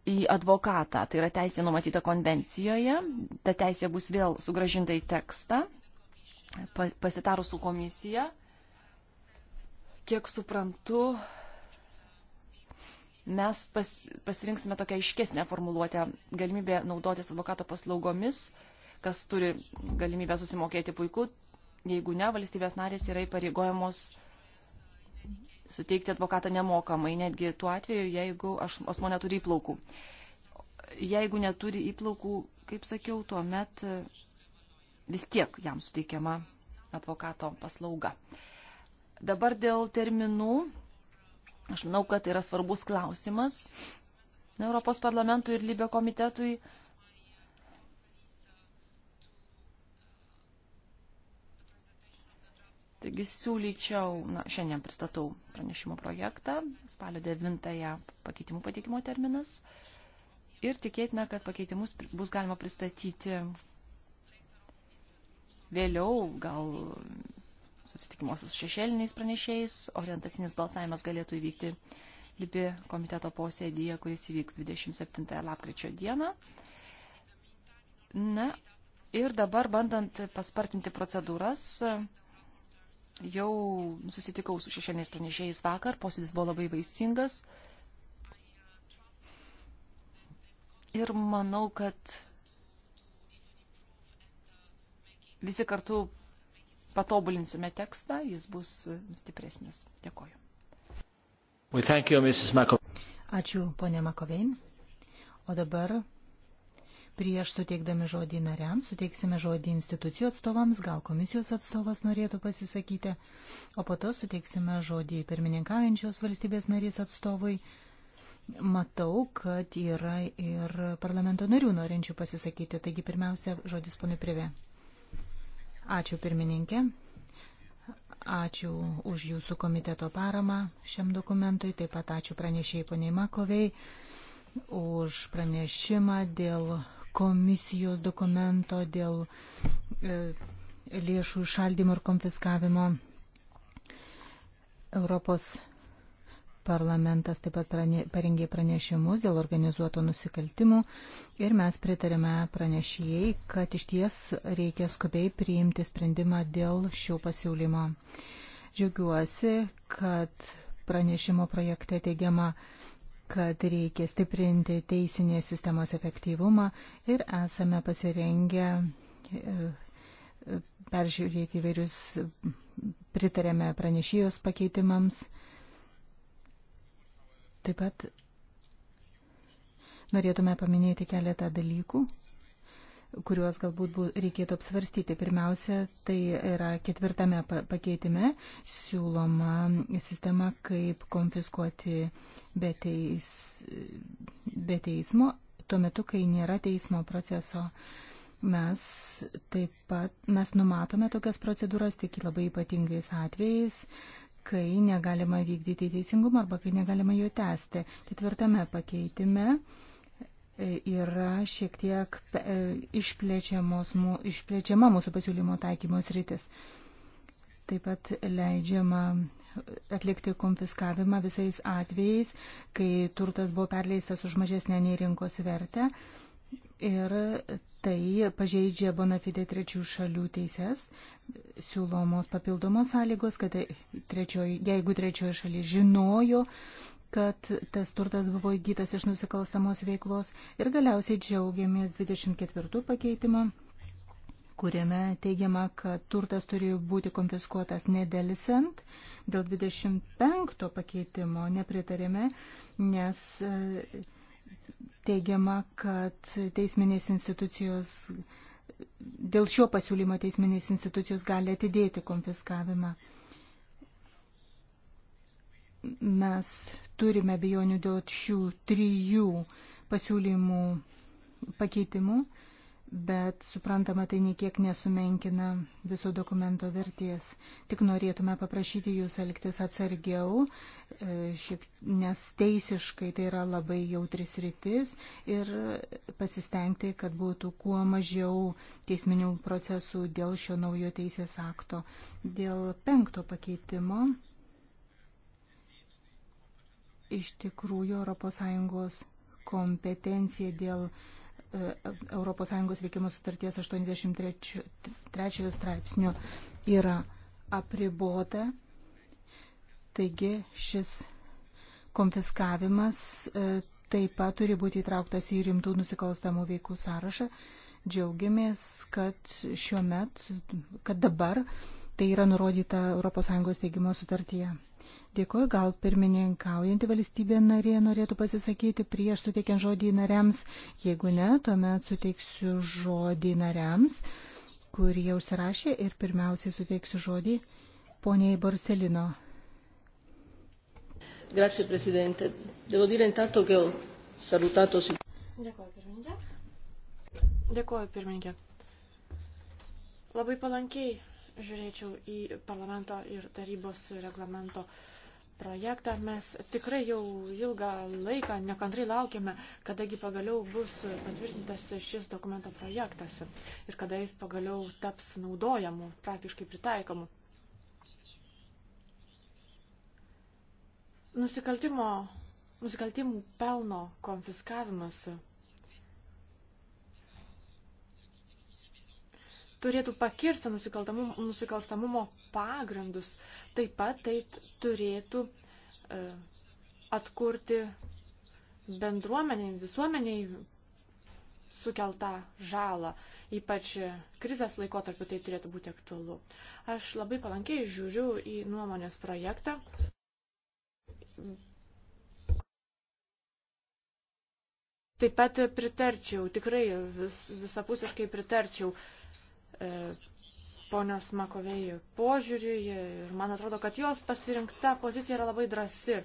į advokatą, tai yra teisė numatyta konvencijoje, ta teisė bus vėl sugražinta į tekstą, pasitarus su komisija. Kiek suprantu, mes pas, pasirinksime tokią aiškesnę formuluotę - galimybė naudotis advokato paslaugomis, kas turi galimybę susimokėti puiku, jeigu ne, valstybės narės yra įpareigojamos suteikti advokatą nemokamai, netgi tuo atveju, jeigu aš, asmo neturi įplaukų. Jeigu neturi įplaukų, kaip sakiau, tuomet e, vis tiek jam suteikiama advokato paslauga. Dabar dėl terminų Aš manau, kad tai yra svarbus klausimas na, Europos parlamentui ir Libio komitetui. Taigi siūlyčiau, na, šiandien pristatau pranešimo projektą, spalio 9-ąją pakeitimų pateikimo terminas ir tikėtina, kad pakeitimus bus galima pristatyti vėliau, gal susitikimuose su šešėliniais pranešėjais. Orientacinis balsavimas galėtų įvykti Libi komiteto posėdėje, kuris įvyks 27 lapkričio dieną. Na ir dabar, bandant paspartinti procedūras, jau susitikau su šešėliniais pranešėjais vakar, posėdis buvo labai vaisingas. Ir manau, kad visi kartu patobulinsime tekstą, jis bus stipresnis. Dėkoju. You, Ačiū, ponė Makovein. O dabar prieš suteikdami žodį nariams, suteiksime žodį institucijų atstovams, gal komisijos atstovas norėtų pasisakyti, o po to suteiksime žodį pirmininkaujančios valstybės narys atstovui. Matau, kad yra ir parlamento narių norinčių pasisakyti, taigi pirmiausia, žodis ponui Prive. Ačiū pirmininkė. Ačiū už jūsų komiteto paramą šiam dokumentui. Taip pat ačiū pranešėjai poniai Makoviai už pranešimą dėl komisijos dokumento, dėl e, lėšų išaldymo ir konfiskavimo. Europos Parlamentas taip pat prane, parengė pranešimus dėl organizuoto nusikaltimų ir mes pritarėme pranešėjai, kad iš ties reikia skubiai priimti sprendimą dėl šio pasiūlymo. Džiaugiuosi, kad pranešimo projekte teigiama, kad reikia stiprinti teisinės sistemos efektyvumą ir esame pasirengę e, e, peržiūrėti įvairius, pritarėme pranešėjos pakeitimams Taip pat norėtume paminėti keletą dalykų, kuriuos galbūt reikėtų apsvarstyti. Pirmiausia, tai yra ketvirtame pakeitime siūloma sistema, kaip konfiskuoti be, teis, be teismo, tuo metu, kai nėra teismo proceso. Mes taip pat mes numatome tokias procedūras tik labai ypatingais atvejais, kai negalima vykdyti teisingumą arba kai negalima jo tęsti. Ketvirtame pakeitime e, yra šiek tiek e, išplečiama mūsų pasiūlymo taikymos rytis. Taip pat leidžiama atlikti konfiskavimą visais atvejais, kai turtas buvo perleistas už mažesnę nei rinkos vertę ir tai pažeidžia bonafide trečių šalių teises, siūlomos papildomos sąlygos, kad trečioj, jeigu trečioji šalis žinojo, kad tas turtas buvo įgytas iš nusikalstamos veiklos ir galiausiai džiaugiamės 24 pakeitimo kuriame teigiama, kad turtas turėjo būti konfiskuotas nedelisant. Dėl 25 pakeitimo nepritarėme, nes teigiama, kad teisminės institucijos, dėl šio pasiūlymo teisminės institucijos gali atidėti konfiskavimą. Mes turime bejonių dėl šių trijų pasiūlymų pakeitimų bet suprantama, tai niekiek nesumenkina viso dokumento vertės. Tik norėtume paprašyti jūs elgtis atsargiau, e, šiek, nes teisiškai tai yra labai jautris rytis ir pasistengti, kad būtų kuo mažiau teisminių procesų dėl šio naujo teisės akto. Dėl penkto pakeitimo. Iš tikrųjų, ES kompetencija dėl uh, ES veikimo sutarties 83 straipsnio yra apribota. Taigi šis konfiskavimas e, taip pat turi būti įtrauktas į rimtų nusikalstamų veikų sąrašą. Džiaugiamės, kad šiuo met, kad dabar tai yra nurodyta ES teigimo sutartyje. Dėkuoju, gal pirmininkaujanti valstybė narė norėtų pasisakyti prieš suteikiant žodį nariams. Jeigu ne, tuomet suteiksiu žodį nariams, kurie užsirašė ir pirmiausiai suteiksiu žodį poniai Borselino. Grazie, Presidente. Devo dire intanto che ho salutato. Dėkuoju, pirmininkė. Dėkuoju, pirmininkė. Labai palankiai žiūrėčiau į parlamento ir tarybos reglamento uh, projektą. Mes tikrai jau ilgą laiką nekantrai laukiame, kadagi pagaliau bus patvirtintas šis dokumento projektas ir kada jis pagaliau taps naudojamu, praktiškai pritaikomu. Nusikaltimo, nusikaltimų pelno konfiskavimas turėtų pakirsti nusikalstamumo pagrindus. Taip pat tai turėtų e, atkurti bendruomeniai, visuomeniai sukeltą žalą, ypač krizės laikotarpiu tai turėtų būti aktualu. Aš labai palankiai žiūriu į nuomonės projektą. Taip pat pritarčiau, tikrai vis, visapusiškai pritarčiau E, ponios Makovėjų požiūrį ir man atrodo, kad jos pasirinkta pozicija yra labai drasi.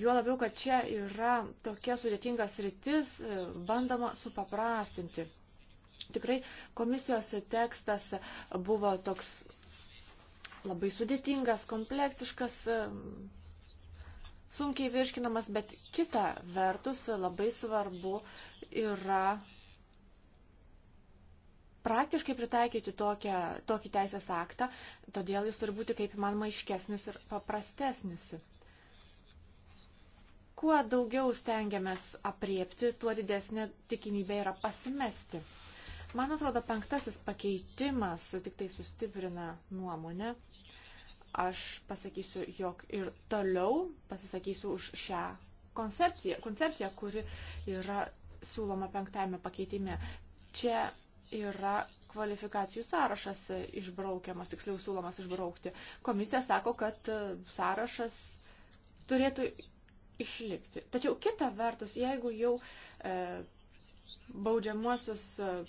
Juo labiau, kad čia yra tokia sudėtinga sritis, e, bandoma supaprastinti. Tikrai komisijos tekstas buvo toks labai sudėtingas, kompleksiškas, e, sunkiai virškinamas, bet kita vertus labai svarbu yra praktiškai pritaikyti tokią, tokį teisės aktą, todėl jis turi būti kaip įmanoma iškesnis ir paprastesnis. Kuo daugiau stengiamės apriepti, tuo didesnė tikimybė yra pasimesti. Man atrodo, penktasis pakeitimas tik tai sustiprina nuomonę. Aš pasakysiu, jog ir toliau pasisakysiu už šią koncepciją, koncepciją kuri yra siūloma penktame pakeitime. Čia yra kvalifikacijų sąrašas išbraukiamas, tiksliau siūlomas išbraukti. Komisija sako, kad e, sąrašas turėtų išlikti. Tačiau kita vertus, jeigu jau e, baudžiamuosius e,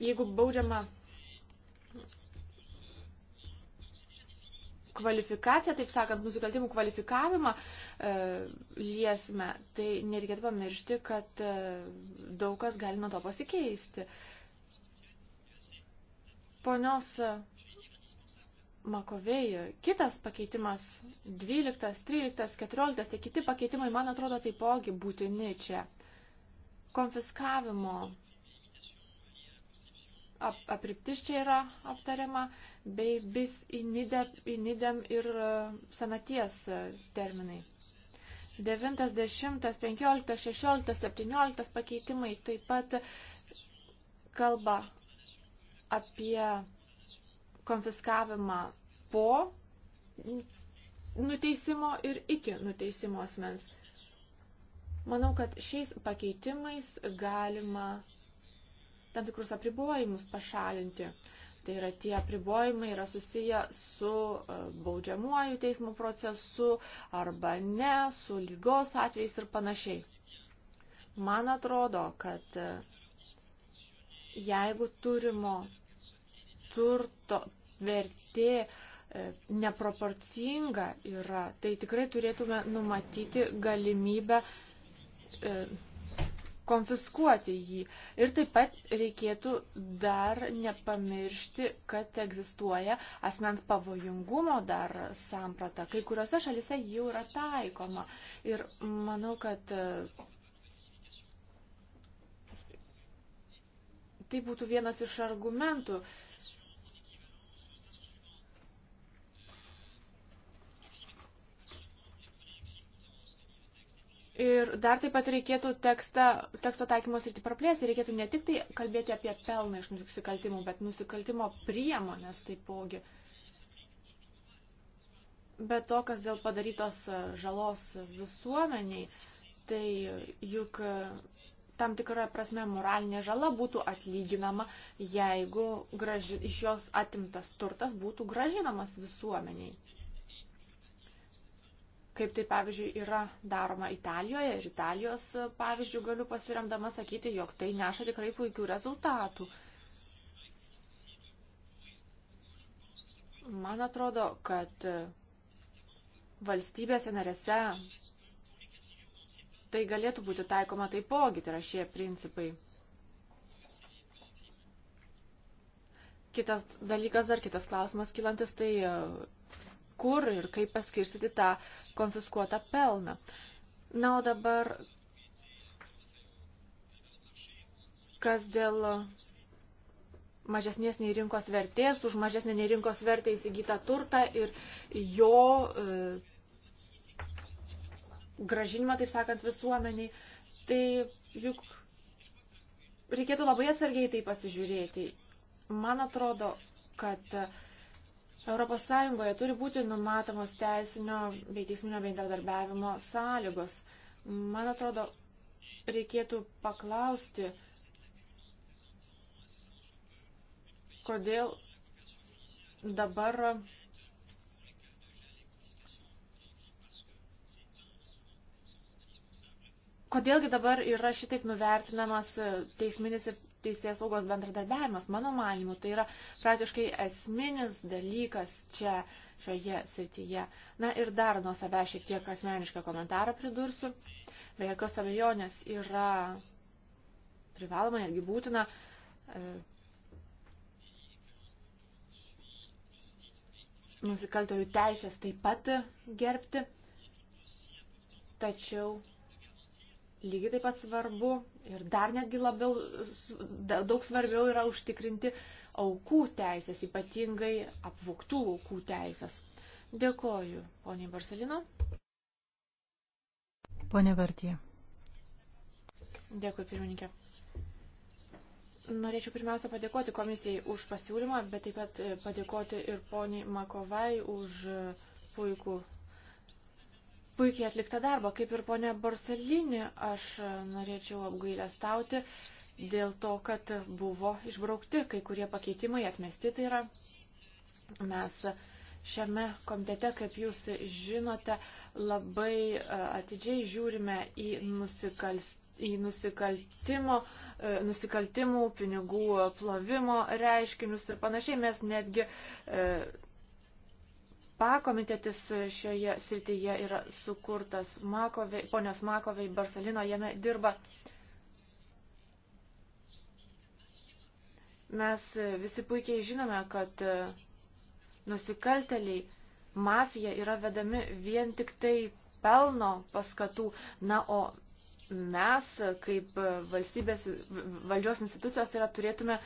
jeigu baudžiama kvalifikaciją, taip sakant, nusikaltimų kvalifikavimą e, liesime, tai nereikėtų pamiršti, kad e, daug kas gali nuo to pasikeisti. Ponios e, Makovėjo, kitas pakeitimas 12, 13, 14, tai kiti pakeitimai, man atrodo, taipogi būtini čia. Konfiskavimo ap, apriptis čia yra aptariama, bei bis inidem ir e, senaties e, terminai. 9, 10, 15, 16, 17 pakeitimai taip pat kalba apie konfiskavimą po nuteisimo ir iki nuteisimo asmens. Manau, kad šiais pakeitimais galima tam tikrus apribojimus pašalinti. Tai yra tie apribojimai yra susiję su e, baudžiamuoju teismo procesu arba ne, su lygos atvejais ir panašiai. Man atrodo, kad e, jeigu turimo turto vertė e, neproporcinga yra, tai tikrai turėtume numatyti galimybę konfiskuoti jį. Ir taip pat reikėtų dar nepamiršti, kad egzistuoja asmens pavojingumo dar samprata. Kai kuriuose šalise jau yra taikoma. Ir manau, kad e, tai būtų vienas iš argumentų, uh, Ir dar taip pat reikėtų tekstą, teksto taikymos ir praplėsti, reikėtų ne tik tai kalbėti apie pelną iš nusikaltimų, bet nusikaltimo priemonės taipogi. Bet to, kas dėl padarytos žalos visuomeniai, tai juk tam tikra prasme moralinė žala būtų atlyginama, jeigu graži, iš jos atimtas turtas būtų gražinamas visuomeniai kaip tai pavyzdžiui yra daroma Italijoje ir Italijos e, pavyzdžių galiu pasiremdama sakyti, jog tai neša tikrai puikių rezultatų. Man atrodo, kad e, valstybėse narėse tai galėtų būti taikoma taipogi, tai yra šie principai. Kitas dalykas, dar kitas klausimas kilantis, tai e, kur ir kaip paskirstyti tą konfiskuotą pelną. Na, o dabar, kas dėl mažesnės nei rinkos vertės, už mažesnę nei rinkos vertę įsigytą turtą ir jo e, gražinimą, taip sakant, visuomeniai, tai juk reikėtų labai atsargiai tai pasižiūrėti. Man atrodo, kad e, ES turi būti numatomos teisinio bei teisminio bendradarbiavimo sąlygos. Man atrodo, reikėtų paklausti, kodėl dabar Kodėlgi dabar yra šitaip nuvertinamas teisminis ir teisės saugos bendradarbiavimas. Mano manimu, tai yra praktiškai esminis dalykas čia šioje srityje. Na ir dar nuo save šiek tiek asmenišką komentarą pridursiu. Be jokios abejonės yra privaloma, netgi būtina e, nusikaltojų teisės taip pat gerbti, tačiau Lygiai taip pat svarbu ir dar netgi labiau, daug svarbiau yra užtikrinti aukų teisės, ypatingai apvoktų aukų teisės. Dėkoju, poniai Barcelino. Pone Vartija. Dėkui, pirmininkė. Norėčiau pirmiausia padėkoti komisijai už pasiūlymą, bet taip pat e, padėkoti ir poniai Makovai už e, puikų puikiai atliktą darbą. Kaip ir ponė Borsalinė, aš norėčiau apgailę stauti dėl to, kad buvo išbraukti kai kurie pakeitimai atmesti. Tai yra, mes šiame komitete, kaip jūs žinote, labai e, atidžiai žiūrime į, nusikalst, į nusikaltimo, e, nusikaltimų, pinigų plovimo reiškinius ir panašiai. Mes netgi e, pakomitetis šioje srityje yra sukurtas. Makovei, ponios Makovei Barcelino jame dirba. Mes visi puikiai žinome, kad nusikalteliai, mafija yra vedami vien tik tai pelno paskatų. Na, o mes, kaip valstybės valdžios institucijos, tai yra turėtume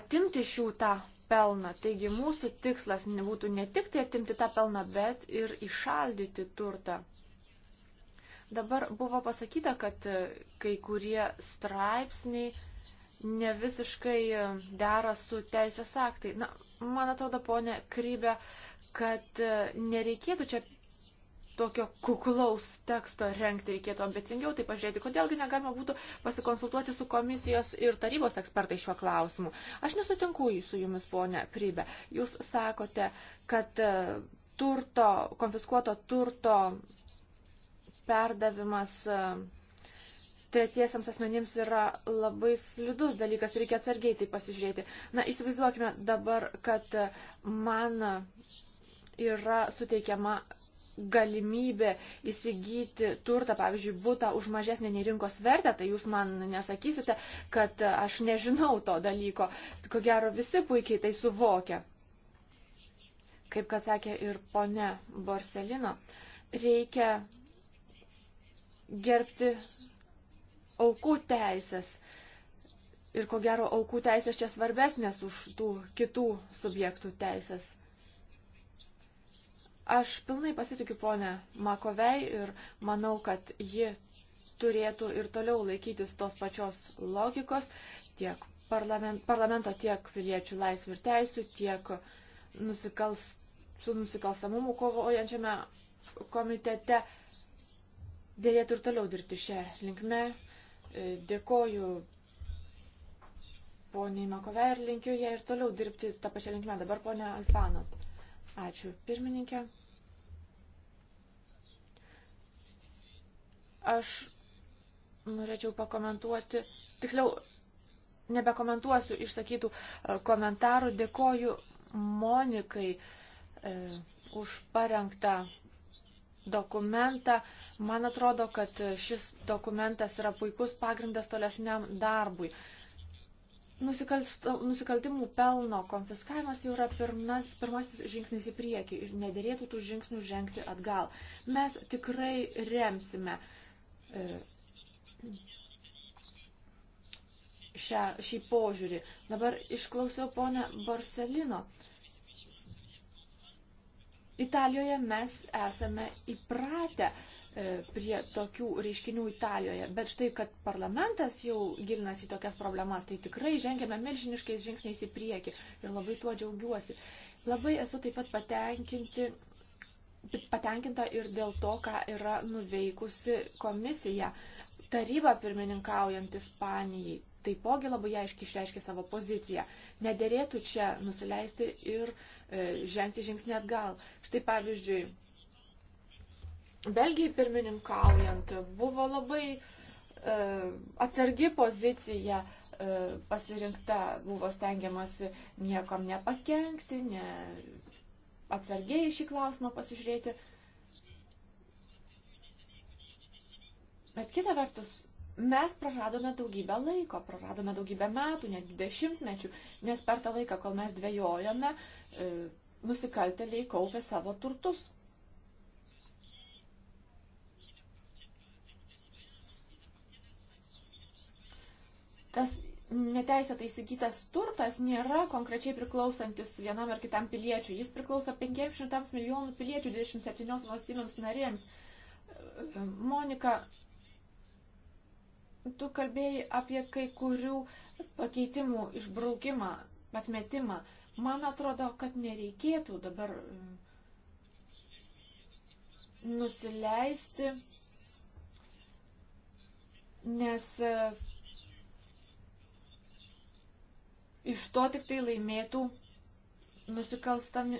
atimti šių tą pelną. Taigi mūsų tikslas būtų ne tik tai atimti tą pelną, bet ir išaldyti turtą. Dabar buvo pasakyta, kad e, kai kurie straipsniai ne visiškai e, dera su teisės aktai. Na, man atrodo, ponė Krybė, kad e, nereikėtų čia tokio kuklaus teksto renkti reikėtų ambicingiau, tai pažiūrėti, kodėlgi negalima būtų pasikonsultuoti su komisijos ir tarybos ekspertai šiuo klausimu. Aš nesutinku su jumis, ponė Prybė. Jūs sakote, kad e, turto, konfiskuoto turto perdavimas e, tretiesiams asmenims yra labai slidus dalykas, reikia atsargiai tai pasižiūrėti. Na, įsivaizduokime dabar, kad e, man yra suteikiama galimybė įsigyti turtą, pavyzdžiui, būtą už mažesnį nei rinkos vertę, tai jūs man nesakysite, kad aš nežinau to dalyko. Ko gero visi puikiai tai suvokia. Kaip kad sakė ir ponia Borselino, reikia gerbti aukų teisės. Ir ko gero aukų teisės čia svarbesnės už tų kitų subjektų teisės. Aš pilnai pasitikiu ponę Makovei ir manau, kad ji turėtų ir toliau laikytis tos pačios logikos tiek parlament, parlamento, tiek piliečių laisvių ir teisų, tiek nusikals, su nusikalstamumu kovojančiame komitete. Dėlėtų ir toliau dirbti šią linkmę. E, dėkoju poniai Makovei ir linkiu ją ir toliau dirbti tą pačią linkmę. Dabar ponia Alfano. Ačiū, pirmininkė. Aš norėčiau pakomentuoti, tiksliau, nebekomentuosiu išsakytų e, komentarų. Dėkoju Monikai e, už parengtą dokumentą. Man atrodo, kad šis dokumentas yra puikus pagrindas tolesniam darbui. E, Nusikaltimų pelno konfiskavimas jau yra pirmas, pirmasis žingsnis į priekį ir nedėrėtų tų žingsnių žengti atgal. Mes tikrai remsime e, šią, šį požiūrį. Dabar išklausiau ponę Borselino. E, Italijoje mes esame įpratę e, prie tokių reiškinių Italijoje, bet štai, kad parlamentas jau gilinasi į tokias problemas, tai tikrai žengėme milžiniškais žingsniais į priekį ir labai tuo džiaugiuosi. Labai esu taip pat patenkinti patenkinta ir dėl to, ką yra nuveikusi komisija. Taryba pirmininkaujant Ispanijai taipogi labai aiškiai išreiškė savo poziciją. Nederėtų čia nusileisti ir uh, E, žengti žingsnį atgal. Štai pavyzdžiui, Belgijai pirmininkaujant buvo labai e, atsargi pozicija e, pasirinkta, buvo stengiamasi niekam nepakenkti, ne atsargiai šį klausimą pasižiūrėti. Bet kita vertus, mes praradome daugybę laiko, praradome daugybę metų, net dešimtmečių, nes per tą laiką, kol mes dvėjojome, E, nusikalteliai kaupė savo turtus. Tas neteisėtai įsigytas turtas nėra konkrečiai priklausantis vienam ar kitam piliečiui. Jis priklauso 500 milijonų piliečių 27 valstybėms narėms. E, Monika, tu kalbėjai apie kai kurių pakeitimų išbraukimą, atmetimą. Man atrodo, kad nereikėtų dabar mm, nusileisti, nes e, iš to tik tai laimėtų nusikalstamos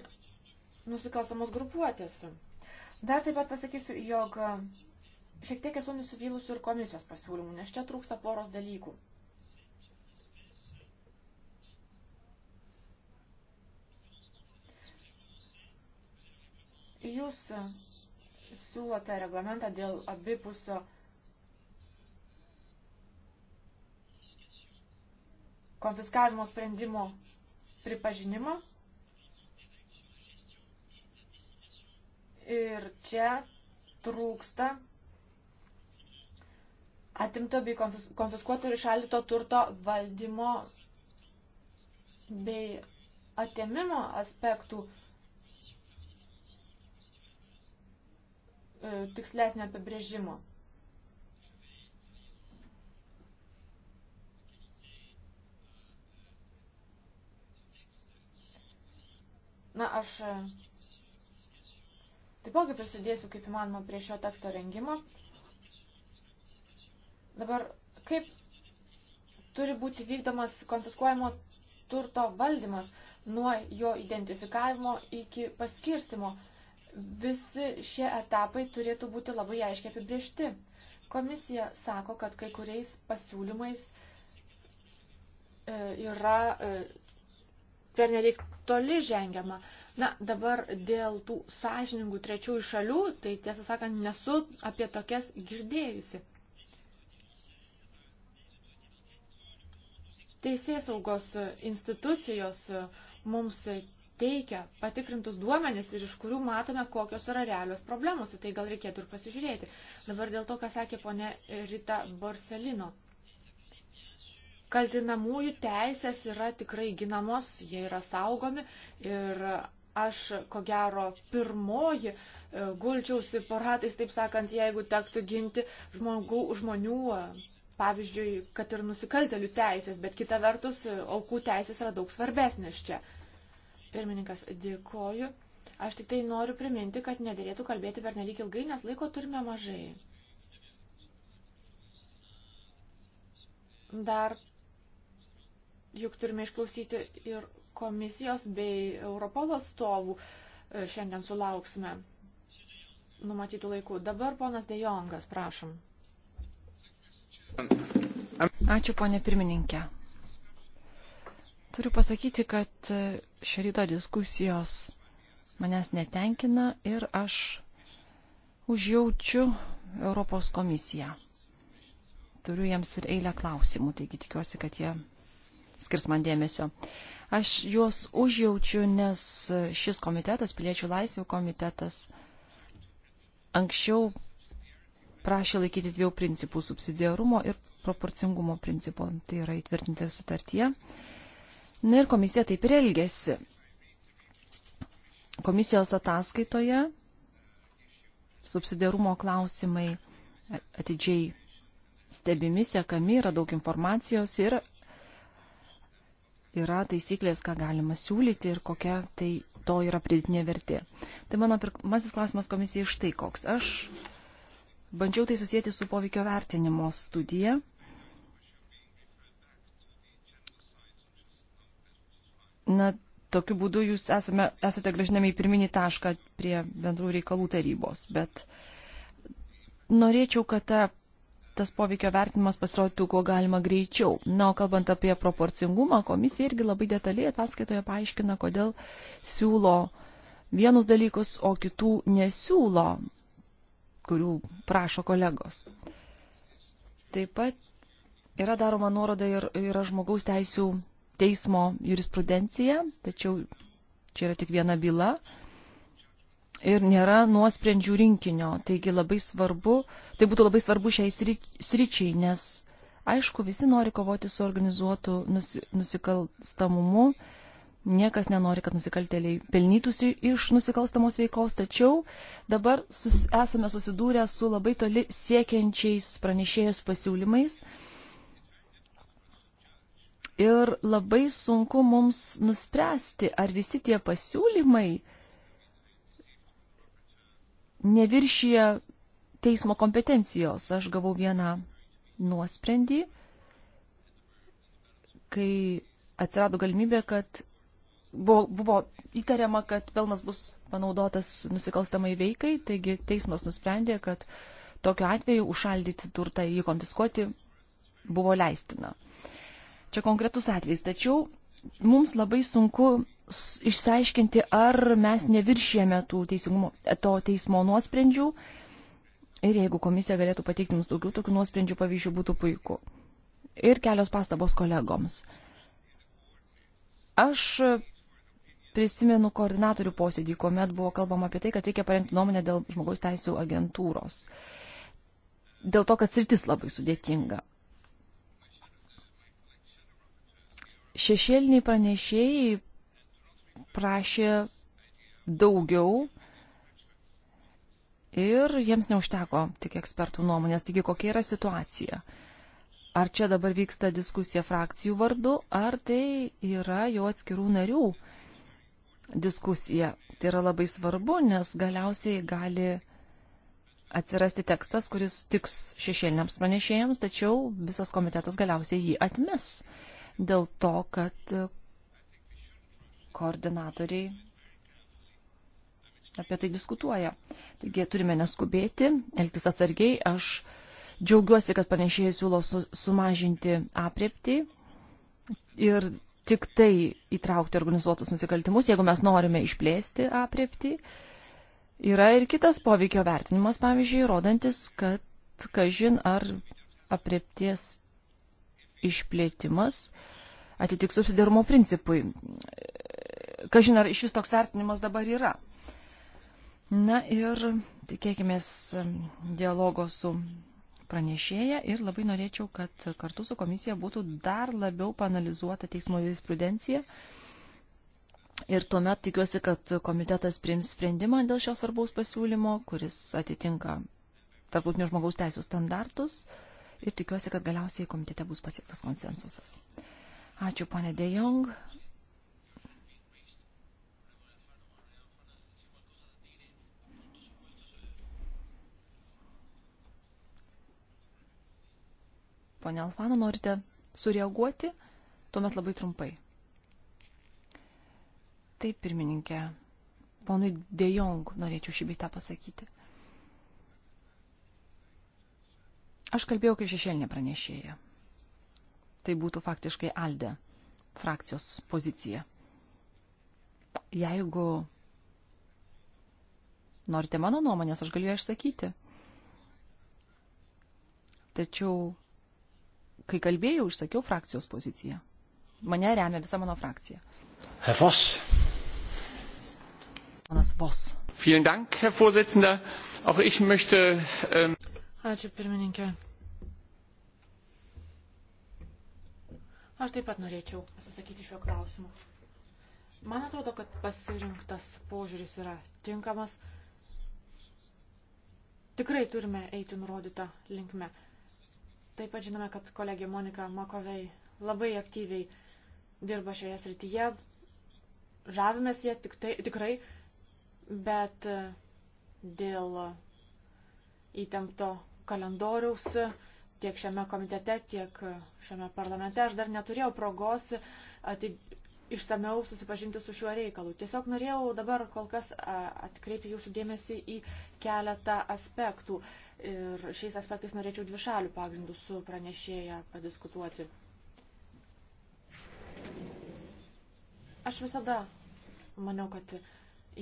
grupuotės. Dar taip pat pasakysiu, jog e, šiek tiek esu nusivylusi ir komisijos pasiūlymų, nes čia trūksta poros dalykų. Jūs siūlote reglamentą dėl abipusio konfiskavimo sprendimo pripažinimo. Ir čia trūksta atimto bei konfiskuoto ir išaldyto turto valdymo bei atėmimo aspektų E, tikslesnio apibrėžimo. Na, aš e, taipogi prisidėsiu kaip įmanoma prie šio teksto rengimo. Dabar, kaip turi būti vykdomas konfiskuojamo turto valdymas nuo jo identifikavimo iki paskirstimo? visi šie etapai turėtų būti labai aiškiai apibriešti. Komisija sako, kad kai kuriais pasiūlymais e, yra e, pernelyg toli žengiama. Na, dabar dėl tų sąžiningų trečiųjų šalių, tai tiesą sakant, nesu apie tokias girdėjusi. Teisės saugos institucijos mums teikia patikrintus duomenis ir iš kurių matome, kokios yra realios problemos. Tai gal reikėtų ir pasižiūrėti. Dabar dėl to, ką sakė ponė Rita Borselino. Kaltinamųjų teisės yra tikrai ginamos, jie yra saugomi ir aš, ko gero, pirmoji e, gulčiausi paratais, taip sakant, jeigu tektų ginti žmogų, žmonių, e, pavyzdžiui, kad ir nusikaltelių teisės, bet kita vertus, e, aukų teisės yra daug svarbesnės čia. Pirmininkas, dėkoju. Aš tik tai noriu priminti, kad nedėlėtų kalbėti per nelik ilgai, nes laiko turime mažai. Dar juk turime išklausyti ir komisijos bei Europolo atstovų. E, šiandien sulauksime numatytų laikų. Dabar ponas Dejongas, prašom. Ačiū, ponė pirmininkė. Turiu pasakyti, kad šio ryto diskusijos manęs netenkina ir aš užjaučiu Europos komisiją. Turiu jiems ir eilę klausimų, taigi tikiuosi, kad jie skirs man dėmesio. Aš juos užjaučiu, nes šis komitetas, Piliečių laisvių komitetas, anksčiau prašė laikytis dviejų principų - subsidiarumo ir proporcingumo principo. Tai yra įtvirtinti sutartyje. Na ir komisija taip ir elgėsi. Komisijos ataskaitoje subsidiarumo klausimai atidžiai stebimi, sekami, yra daug informacijos ir yra taisyklės, ką galima siūlyti ir kokia tai to yra pridėtinė vertė. Tai mano pirmasis klausimas komisijai štai koks. Aš bandžiau tai susijęti su poveikio vertinimo studija na, tokiu būdu jūs esame, esate gražinami į pirminį tašką prie bendrų reikalų tarybos. Bet norėčiau, kad ta, tas poveikio vertinimas pasirodytų kuo galima greičiau. Na, o kalbant apie proporcingumą, komisija irgi labai detaliai ataskaitoje paaiškina, kodėl siūlo vienus dalykus, o kitų nesiūlo, kurių prašo kolegos. Taip pat yra daroma nuoroda ir yra žmogaus teisų teismo jurisprudencija, tačiau čia yra tik viena byla ir nėra nuosprendžių rinkinio. Taigi labai svarbu, tai būtų labai svarbu šiai sričiai, nes aišku, visi nori kovoti su organizuotu nusi, nusikalstamumu. Niekas nenori, kad nusikaltėliai pelnytųsi iš nusikalstamos veikos, tačiau dabar sus, esame susidūrę su labai toli siekiančiais pranešėjus pasiūlymais. Uh, Ir labai sunku mums nuspręsti, ar visi tie pasiūlymai neviršyje teismo kompetencijos. Aš gavau vieną nuosprendį, kai atsirado galimybė, kad buvo, buvo įtariama, kad pelnas bus panaudotas nusikalstamai veikai, taigi teismas nusprendė, kad tokiu atveju užšaldyti turtą ir jį konfiskuoti buvo leistina čia konkretus atvejs, tačiau mums labai sunku išsiaiškinti, ar mes neviršėme tų teisingumo, to teismo nuosprendžių. Ir jeigu komisija galėtų pateikti mums daugiau tokių nuosprendžių pavyzdžių, būtų puiku. Ir kelios pastabos kolegoms. Aš prisimenu koordinatorių posėdį, kuomet buvo kalbama apie tai, kad reikia parengti nuomonę dėl žmogaus teisų agentūros. Dėl to, kad sritis labai sudėtinga. Šešėliniai pranešėjai prašė daugiau ir jiems neužteko tik ekspertų nuomonės. Taigi, kokia yra situacija? Ar čia dabar vyksta diskusija frakcijų vardu, ar tai yra jo atskirų narių diskusija? Tai yra labai svarbu, nes galiausiai gali atsirasti tekstas, kuris tiks šešėliniams pranešėjams, tačiau visas komitetas galiausiai jį atmes dėl to, kad koordinatoriai apie tai diskutuoja. Taigi turime neskubėti, elgtis atsargiai. Aš džiaugiuosi, kad panešėjai siūlo su, sumažinti apriepti ir tik tai įtraukti organizuotus nusikaltimus, jeigu mes norime išplėsti apriepti. Yra ir kitas poveikio vertinimas, pavyzdžiui, rodantis, kad kažin ar apriepties išplėtimas atitiks subsidiarumo principui. Kažin ar iš vis toks vertinimas dabar yra. Na ir tikėkime dialogo su pranešėja ir labai norėčiau, kad kartu su komisija būtų dar labiau panalizuota teismo jurisprudencija. Ir tuomet tikiuosi, kad komitetas priims sprendimą dėl šios svarbaus pasiūlymo, kuris atitinka tarptautinių žmogaus teisų standartus. Uh, ir tikiuosi, kad galiausiai komitete bus pasiektas konsensusas. Ačiū, ponė De Jong. Pone Alfano, norite sureaguoti? Tuomet labai trumpai. Taip, pirmininkė, ponui De Jong norėčiau šį beitą pasakyti. Aš kalbėjau kaip šešėlinė pranešėja. Tai būtų faktiškai Alde frakcijos pozicija. Jeigu norite mano nuomonės, aš galiu ją išsakyti. Tačiau, kai kalbėjau, išsakiau frakcijos poziciją. Mane remia visa mano frakcija. Herr Voss. Ponas Voss. Vielen Dank, Herr Vorsitzender. Auch ich möchte. Ähm... Um... Ačiū pirmininkė. Aš taip pat norėčiau pasisakyti šiuo klausimu. Man atrodo, kad pasirinktas požiūris yra tinkamas. Tikrai turime eiti nurodytą linkmę. Taip pat žinome, kad kolegė Monika Makovei labai aktyviai dirba šioje srityje. Žavimės ją tik tai, tikrai, bet e, dėl įtempto kalendoriaus tiek šiame komitete, tiek šiame parlamente. Aš dar neturėjau progos atid... išsameu susipažinti su šiuo reikalu. Tiesiog norėjau dabar kol kas atkreipti jūsų dėmesį į keletą aspektų. Ir šiais aspektais norėčiau dvi šalių pagrindų su pranešėja padiskutuoti. Aš visada maniau, kad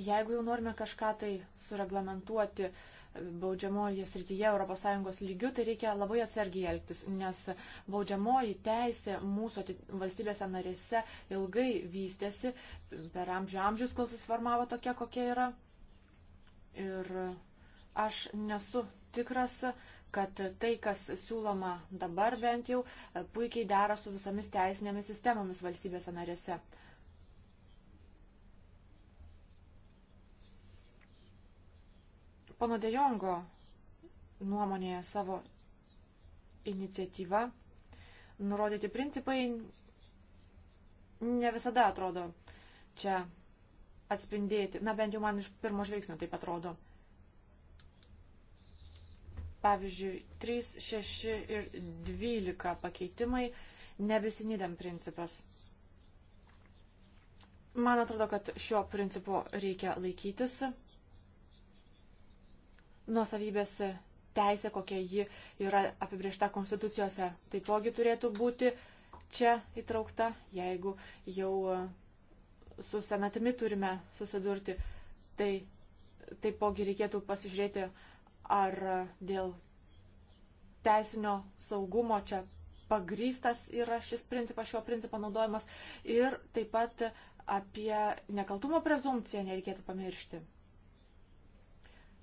jeigu jau norime kažką tai sureglamentuoti, uh, baudžiamoje srityje ES lygių, tai reikia labai atsargiai elgtis, nes baudžiamoji teisė mūsų valstybėse narėse ilgai vystėsi per amžių amžius, kol susiformavo tokia, kokia yra. Ir aš nesu tikras, kad tai, kas siūloma dabar bent jau, puikiai dera su visomis teisinėmis sistemomis valstybėse narėse. Pono Dejongo nuomonėje savo iniciatyva nurodyti principai ne visada atrodo čia atspindėti. Na, bent jau man iš pirmo žvilgsnio taip atrodo. Pavyzdžiui, 3, 6 ir 12 pakeitimai nebesinydėm principas. Man atrodo, kad šio principo reikia laikytis nuosavybės teisė, kokia ji yra apibriešta konstitucijose, taipogi turėtų būti čia įtraukta, jeigu jau e, su senatimi turime susidurti, tai taipogi reikėtų pasižiūrėti, ar e, dėl teisinio saugumo čia pagrystas yra šis principas, šio principo naudojimas ir taip pat apie nekaltumo prezumciją nereikėtų pamiršti.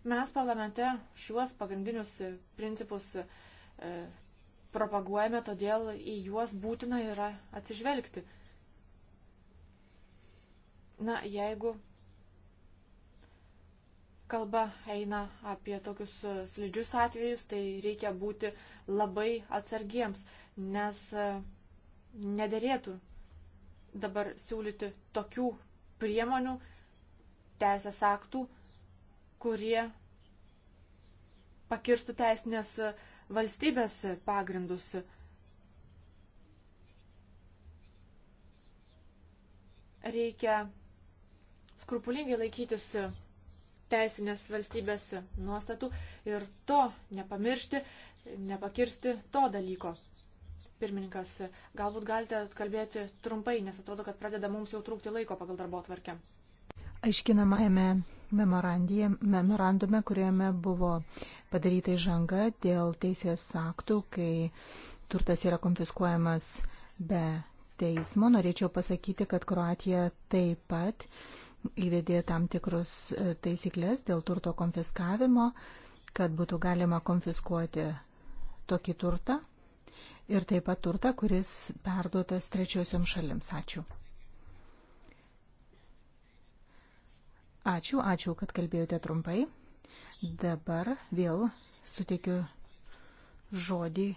Mes parlamente šiuos pagrindinius principus e, propaguojame, todėl į juos būtina yra atsižvelgti. Na, jeigu kalba eina apie tokius slidžius atvejus, tai reikia būti labai atsargiems, nes e, nederėtų dabar siūlyti tokių priemonių, teisės aktų, kurie pakirstų teisinės valstybės pagrindus. Reikia skrupulingai laikytis teisinės valstybės nuostatų ir to nepamiršti, nepakirsti to dalyko. Pirmininkas, galbūt galite kalbėti trumpai, nes atrodo, kad pradeda mums jau trūkti laiko pagal darbo tvarkę. Aiškinamajame memorandume, kuriame buvo padaryta įžanga dėl teisės aktų, kai turtas yra konfiskuojamas be teismo. Norėčiau pasakyti, kad Kroatija taip pat įvedė tam tikrus e, taisyklės dėl turto konfiskavimo, kad būtų galima konfiskuoti tokį turtą ir taip pat turtą, kuris perduotas trečiosiom šalims. Ačiū. Ačiū, ačiū, kad kalbėjote trumpai. Dabar vėl suteikiu žodį e,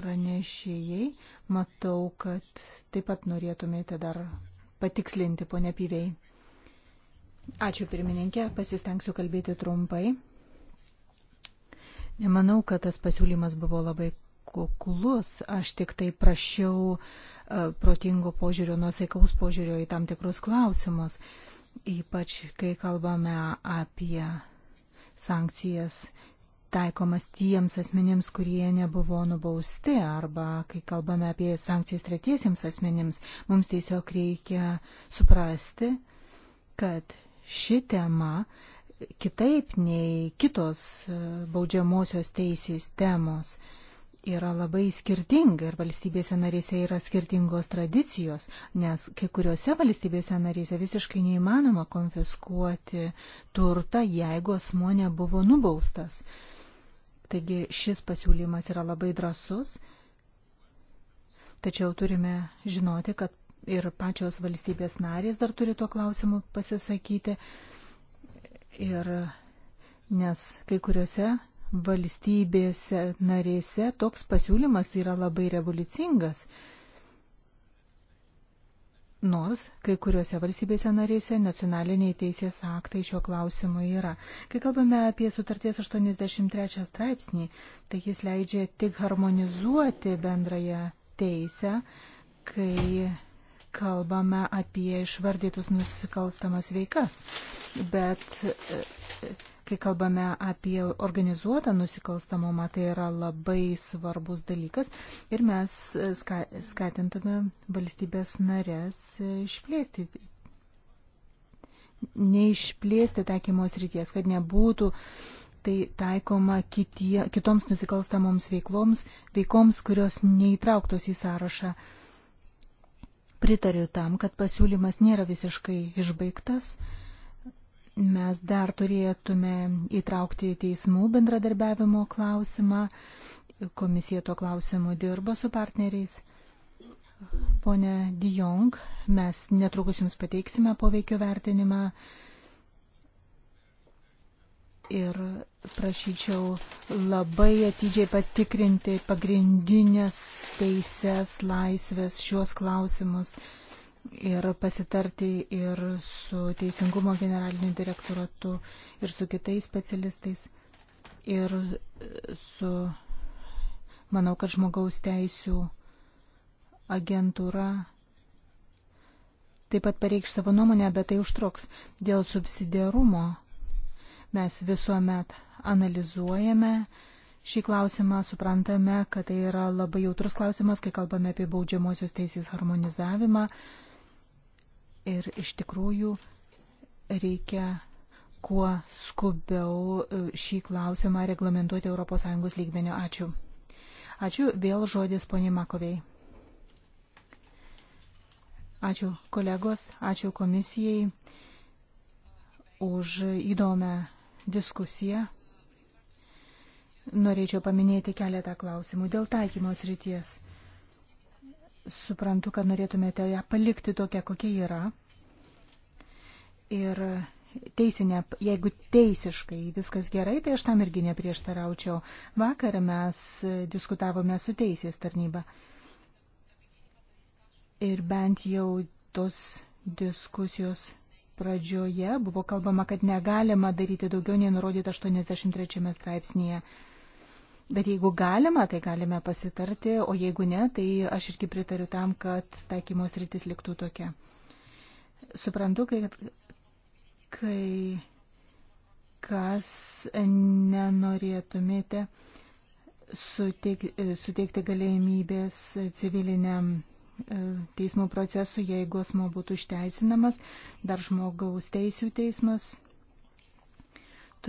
pranešėjai. Matau, kad taip pat norėtumėte dar patikslinti, ponia Pyvei. Ačiū pirmininkė, pasistengsiu kalbėti trumpai. Nemanau, kad tas pasiūlymas buvo labai kuklus, aš tik tai prašiau e, protingo požiūrio, nusaikaus požiūrio į tam tikrus klausimus, ypač kai kalbame apie sankcijas taikomas tiems asmenims, kurie nebuvo nubausti, arba kai kalbame apie sankcijas tretiesiems asmenims, mums tiesiog reikia suprasti, kad ši tema kitaip nei kitos e, baudžiamosios teisės temos yra labai skirtinga ir valstybėse narėse yra skirtingos tradicijos, nes kai kuriuose valstybėse narėse visiškai neįmanoma konfiskuoti turtą, jeigu asmo nebuvo nubaustas. Taigi šis pasiūlymas yra labai drasus, tačiau turime žinoti, kad ir pačios valstybės narės dar turi tuo klausimu pasisakyti. Ir nes kai kuriuose valstybėse narėse toks pasiūlymas yra labai revoliucingas. Nors kai kuriuose valstybėse narėse nacionaliniai teisės aktai šio klausimu yra. Kai kalbame apie sutarties 83 straipsnį, tai jis leidžia tik harmonizuoti bendrąją teisę, kai kalbame apie išvardytus nusikalstamas veikas, bet e, kai kalbame apie organizuotą nusikalstamumą, tai yra labai svarbus dalykas ir mes e, ska skatintume valstybės narės e, išplėsti neišplėsti taikymos ryties, kad nebūtų tai taikoma kitie, kitoms nusikalstamoms veikloms, veikoms, kurios neįtrauktos į sąrašą Pritariu tam, kad pasiūlymas nėra visiškai išbaigtas. Mes dar turėtume įtraukti teismų bendradarbiavimo klausimą. Komisija tuo klausimu dirba su partneriais. Pone Dijong, mes netrukus Jums pateiksime poveikio vertinimą ir prašyčiau labai atidžiai patikrinti pagrindinės teises, laisvės, šiuos klausimus ir pasitarti ir su Teisingumo generaliniu direktoratu, ir su kitais specialistais, ir su, manau, kad žmogaus teisų agentūra taip pat pareikš savo nuomonę, bet tai užtruks dėl subsidiarumo Mes visuomet analizuojame šį klausimą, suprantame, kad tai yra labai jautrus klausimas, kai kalbame apie baudžiamosios teisės harmonizavimą. Ir iš tikrųjų reikia kuo skubiau e, šį klausimą reglamentuoti ES lygmenio. Ačiū. Ačiū. Vėl žodis poniai Makoviai. Ačiū kolegos, ačiū komisijai už įdomią diskusiją. Norėčiau paminėti keletą klausimų dėl taikymos ryties. Suprantu, kad norėtumėte ją palikti tokią, kokia yra. Ir teisinė, jeigu teisiškai viskas gerai, tai aš tam irgi neprieštaraučiau. Vakar mes diskutavome su teisės tarnyba. Ir bent jau tos diskusijos pradžioje buvo kalbama, kad negalima daryti daugiau nei nurodyta 83 straipsnėje. Bet jeigu galima, tai galime pasitarti, o jeigu ne, tai aš irgi pritariu tam, kad taikymos rytis liktų tokia. Suprantu, kai, kai kas nenorėtumėte suteik, suteikti galimybės civiliniam E, teismo procesų, jeigu asmo būtų išteisinamas, dar žmogaus teisų teismas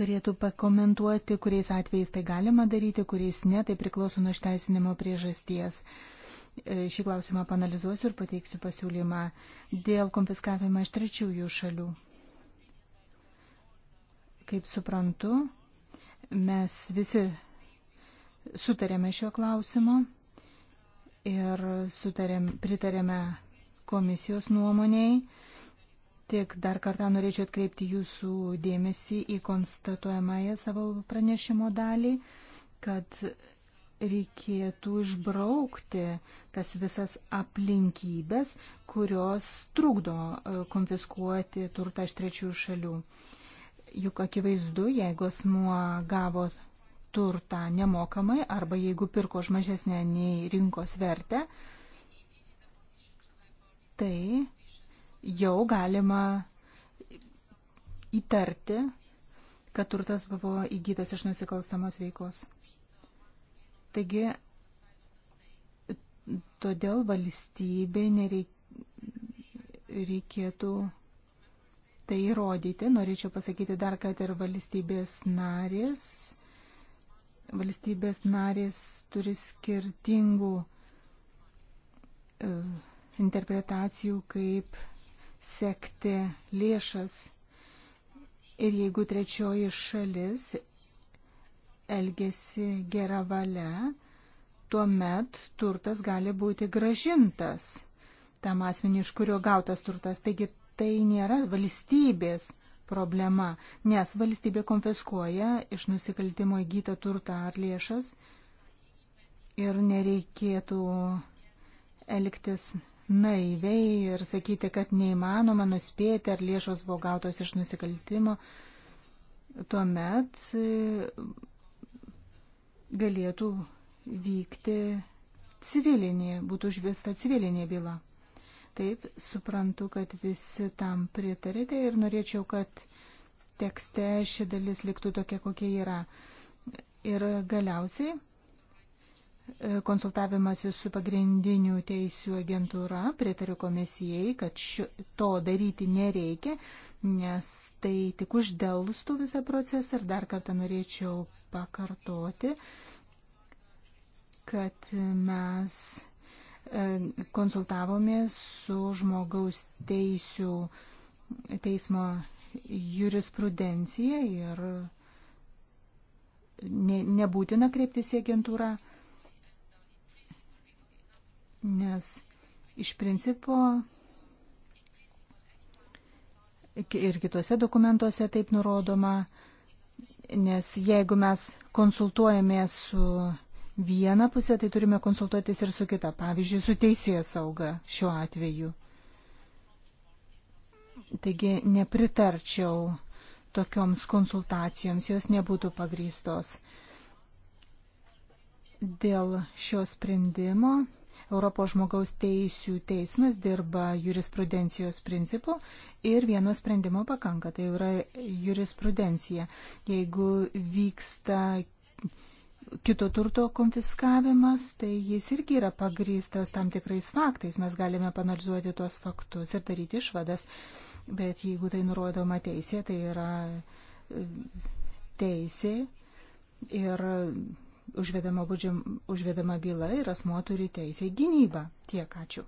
turėtų pakomentuoti, kuriais atvejais tai galima daryti, kuriais ne, tai priklauso nuo išteisinimo priežasties. E, šį klausimą panalizuosiu ir pateiksiu pasiūlymą dėl konfiskavimo iš trečiųjų šalių. Kaip suprantu, mes visi sutarėme šio klausimo ir sutarėm, pritarėme komisijos nuomoniai. Tik dar kartą norėčiau atkreipti jūsų dėmesį į konstatuojamąją savo pranešimo dalį, kad reikėtų išbraukti tas visas aplinkybės, kurios trukdo e, konfiskuoti turtą iš trečiųjų šalių. Juk akivaizdu, jeigu asmuo gavo turtą nemokamai arba jeigu pirko už mažesnę nei rinkos vertę, tai jau galima įtarti, kad turtas buvo įgytas iš nusikalstamos veikos. Taigi, todėl valstybė nereikėtų tai įrodyti. Norėčiau pasakyti dar, kad ir valstybės narės valstybės narės turi skirtingų e, interpretacijų, kaip sekti lėšas. Ir jeigu trečioji šalis elgesi gerą valią, tuomet turtas gali būti gražintas tam asmeniu, iš kurio gautas turtas. Taigi tai nėra valstybės problema, nes valstybė konfiskuoja iš nusikaltimo įgytą turtą ar lėšas ir nereikėtų elgtis naiviai ir sakyti, kad neįmanoma nuspėti, ar lėšos buvo gautos iš nusikaltimo. Tuomet e, galėtų vykti civilinė, būtų užvesta civilinė byla. Taip, suprantu, kad visi tam pritarėte ir norėčiau, kad tekste ši dalis liktų tokia, kokia yra. Ir galiausiai e, konsultavimasis su pagrindinių teisių agentūra, pritariu komisijai, kad šio, to daryti nereikia, nes tai tik uždelstų visą procesą ir dar kartą norėčiau pakartoti, kad mes E, konsultavomės su žmogaus teisų teismo jurisprudencija ir ne, nebūtina kreiptis į agentūrą, nes iš principo ir kitose dokumentuose taip nurodoma, nes jeigu mes konsultuojamės su vieną pusę, tai turime konsultuotis ir su kita, pavyzdžiui, su teisėja sauga šiuo atveju. Taigi nepritarčiau tokioms konsultacijoms, jos nebūtų pagrystos. Dėl šio sprendimo Europos žmogaus teisų teismas dirba jurisprudencijos principu ir vieno sprendimo pakanka, tai yra jurisprudencija. Jeigu vyksta kito turto konfiskavimas, tai jis irgi yra pagrystas tam tikrais faktais. Mes galime panalizuoti tuos faktus ir daryti išvadas, bet jeigu tai nurodoma teisė, tai yra e, teisė ir užvedama, būdžiam, užvedama byla ir asmo turi teisę į gynybą. Tiek ačiū.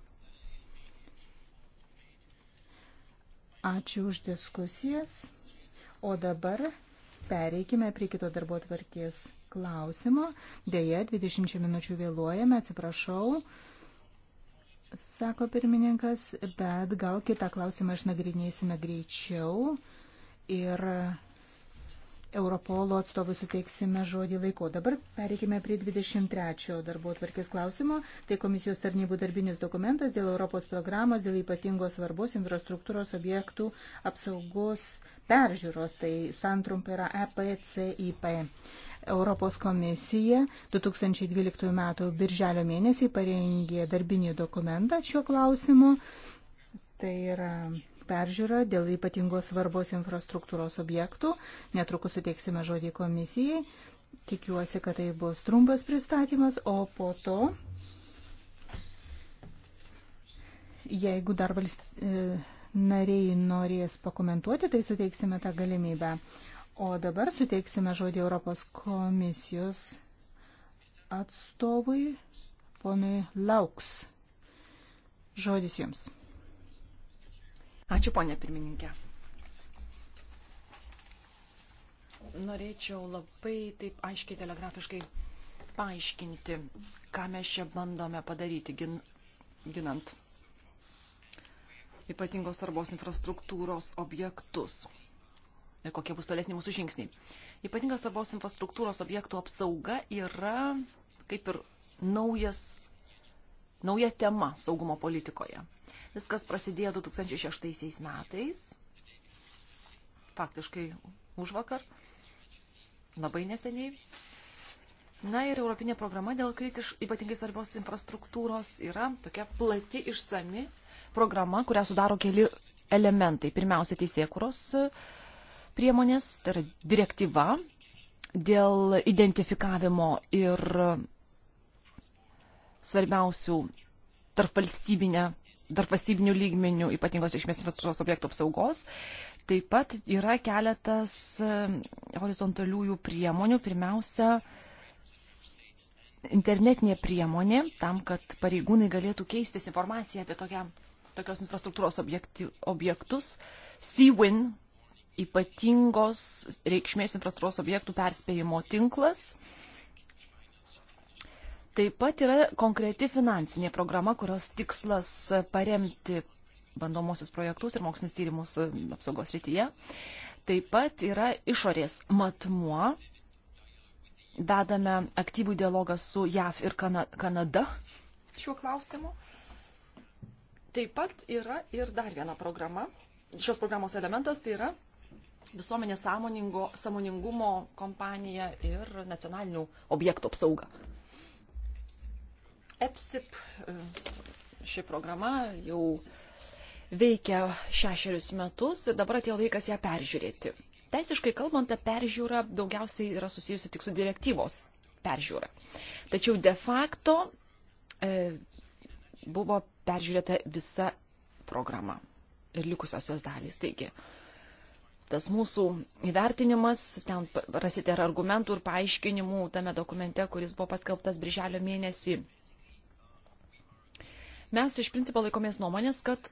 Ačiū už diskusijas. O dabar pereikime prie kito darbo tvarkės klausimo. Deja, 20 minučių vėluojame, atsiprašau, sako pirmininkas, bet gal kitą klausimą išnagrinėsime greičiau. Ir Europolo atstovui suteiksime žodį laiko. Dabar pereikime prie 23 darbo atvarkės klausimo. Tai komisijos tarnybų darbinis dokumentas dėl Europos programos, dėl ypatingos svarbos infrastruktūros objektų apsaugos peržiūros. Tai santrumpa yra EPCIP. Europos komisija 2012 m. birželio mėnesį parengė darbinį dokumentą šiuo klausimu. Tai yra peržiūrą dėl ypatingos svarbos infrastruktūros objektų. Netrukus suteiksime žodį komisijai. Tikiuosi, kad tai bus trumpas pristatymas, o po to, jeigu dar valst... E, nariai norės pakomentuoti, tai suteiksime tą galimybę. O dabar suteiksime žodį Europos komisijos atstovui, ponui Lauks. Žodis jums. Ačiū, ponė pirmininkė. Norėčiau labai taip aiškiai telegrafiškai paaiškinti, ką mes čia bandome padaryti, gin, ginant ypatingos svarbos infrastruktūros objektus ir kokie bus tolesni mūsų žingsniai. Ypatingas svarbos infrastruktūros objektų apsauga yra kaip ir naujas, nauja tema saugumo politikoje. Viskas prasidėjo 2006 metais, faktiškai už vakar, labai neseniai. Na ir Europinė programa dėl kritiš, ypatingai svarbios infrastruktūros yra tokia plati, išsami programa, kurią sudaro keli elementai. Pirmiausia, teisėkuros priemonės, tai yra direktyva dėl identifikavimo ir svarbiausių tarpvalstybinę tarpvalstybinių lygmenių ypatingos reikšmės infrastruktūros objektų apsaugos. Taip pat yra keletas e, horizontaliųjų priemonių. Pirmiausia, internetinė priemonė tam, kad pareigūnai galėtų keistis informaciją apie tokią, tokios infrastruktūros objekti, objektus. SeaWin ypatingos reikšmės infrastruktūros objektų perspėjimo tinklas. Taip pat yra konkreti finansinė programa, kurios tikslas paremti bandomosius projektus ir mokslinis tyrimus e, apsaugos rytyje. Taip pat yra išorės matmuo. Vedame aktyvų dialogą su JAV ir Kana Kanada šiuo klausimu. Taip pat yra ir dar viena programa. Šios programos elementas tai yra visuomenės sąmoningumo kompanija ir nacionalinių objektų apsauga. EPSIP e, ši programa jau veikia šešerius metus ir dabar atėjo laikas ją peržiūrėti. Teisiškai kalbant, ta peržiūra daugiausiai yra susijusi tik su direktyvos peržiūra. Tačiau de facto e, buvo peržiūrėta visa programa ir likusios jos dalys. Taigi, tas mūsų įvertinimas, ten rasite ir argumentų, ir paaiškinimų tame dokumente, kuris buvo paskelbtas birželio mėnesį Mes iš principo laikomės nuomonės, kad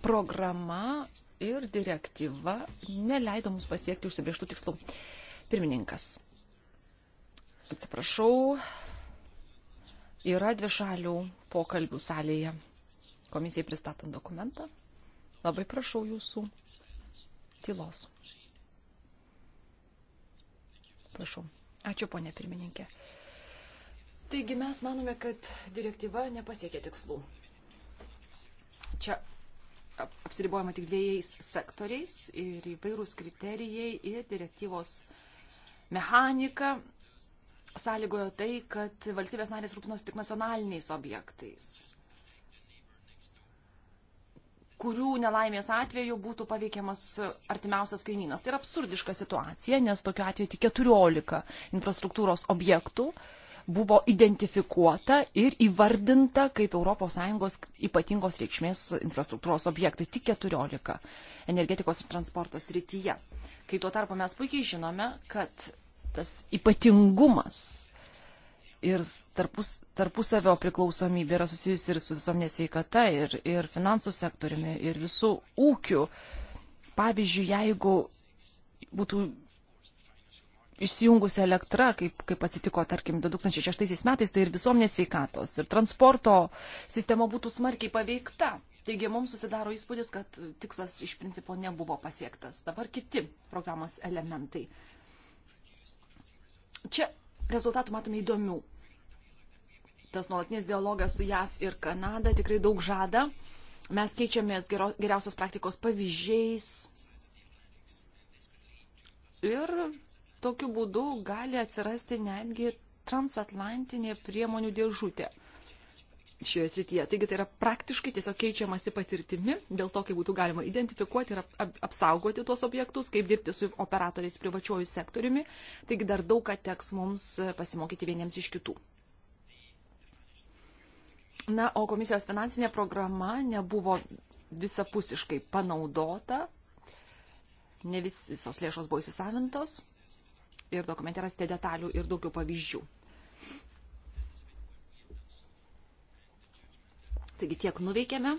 programa ir direktyva neleido mums pasiekti užsibrieštų tikslų. Pirmininkas. Atsiprašau, yra dvišalių pokalbių salėje. Komisijai pristatant dokumentą. Labai prašau jūsų tylos. Prašau. Ačiū, ponė pirmininkė. Taigi mes manome, kad direktyva nepasiekė tikslų. Čia apsiribojama tik dviejais sektoriais ir įvairūs kriterijai ir direktyvos mechanika sąlygojo tai, kad valstybės narės rūpinosi tik nacionaliniais objektais, kurių nelaimės atveju būtų paveikiamas artimiausias kaimynas. Tai yra absurdiška situacija, nes tokiu atveju tik 14 infrastruktūros objektų uh, buvo identifikuota ir įvardinta kaip ES ypatingos reikšmės infrastruktūros objektai, tik 14 energetikos ir transporto srityje. Kai tuo tarpu mes puikiai žinome, kad tas ypatingumas ir tarpus, tarpusavio priklausomybė yra susijusi ir su visuomenės sveikata, ir, ir finansų sektoriumi, ir visų ūkių. Pavyzdžiui, jeigu būtų išsijungusi elektra, kaip, kaip atsitiko, tarkim, 2006 metais, tai ir visuomenės veikatos, ir transporto sistema būtų smarkiai paveikta. Taigi mums susidaro įspūdis, kad tikslas iš principo nebuvo pasiektas. Dabar kiti programos elementai. Čia rezultatų matome įdomių. Tas nuolatinis dialogas su JAV ir Kanada tikrai daug žada. Mes keičiamės geriausios praktikos pavyzdžiais. Ir tokiu būdu gali atsirasti netgi transatlantinė priemonių dėžutė šioje srityje. Taigi tai yra praktiškai tiesiog keičiamasi patirtimi dėl to, kaip būtų galima identifikuoti ir ap apsaugoti tuos objektus, kaip dirbti su operatoriais privačiuoju sektoriumi. Taigi dar daug ką teks mums pasimokyti vieniems iš kitų. Na, o komisijos finansinė programa nebuvo visapusiškai panaudota, ne vis, visos lėšos buvo įsisavintos ir dokumente rasite detalių ir daugiau pavyzdžių. Taigi tiek nuveikėme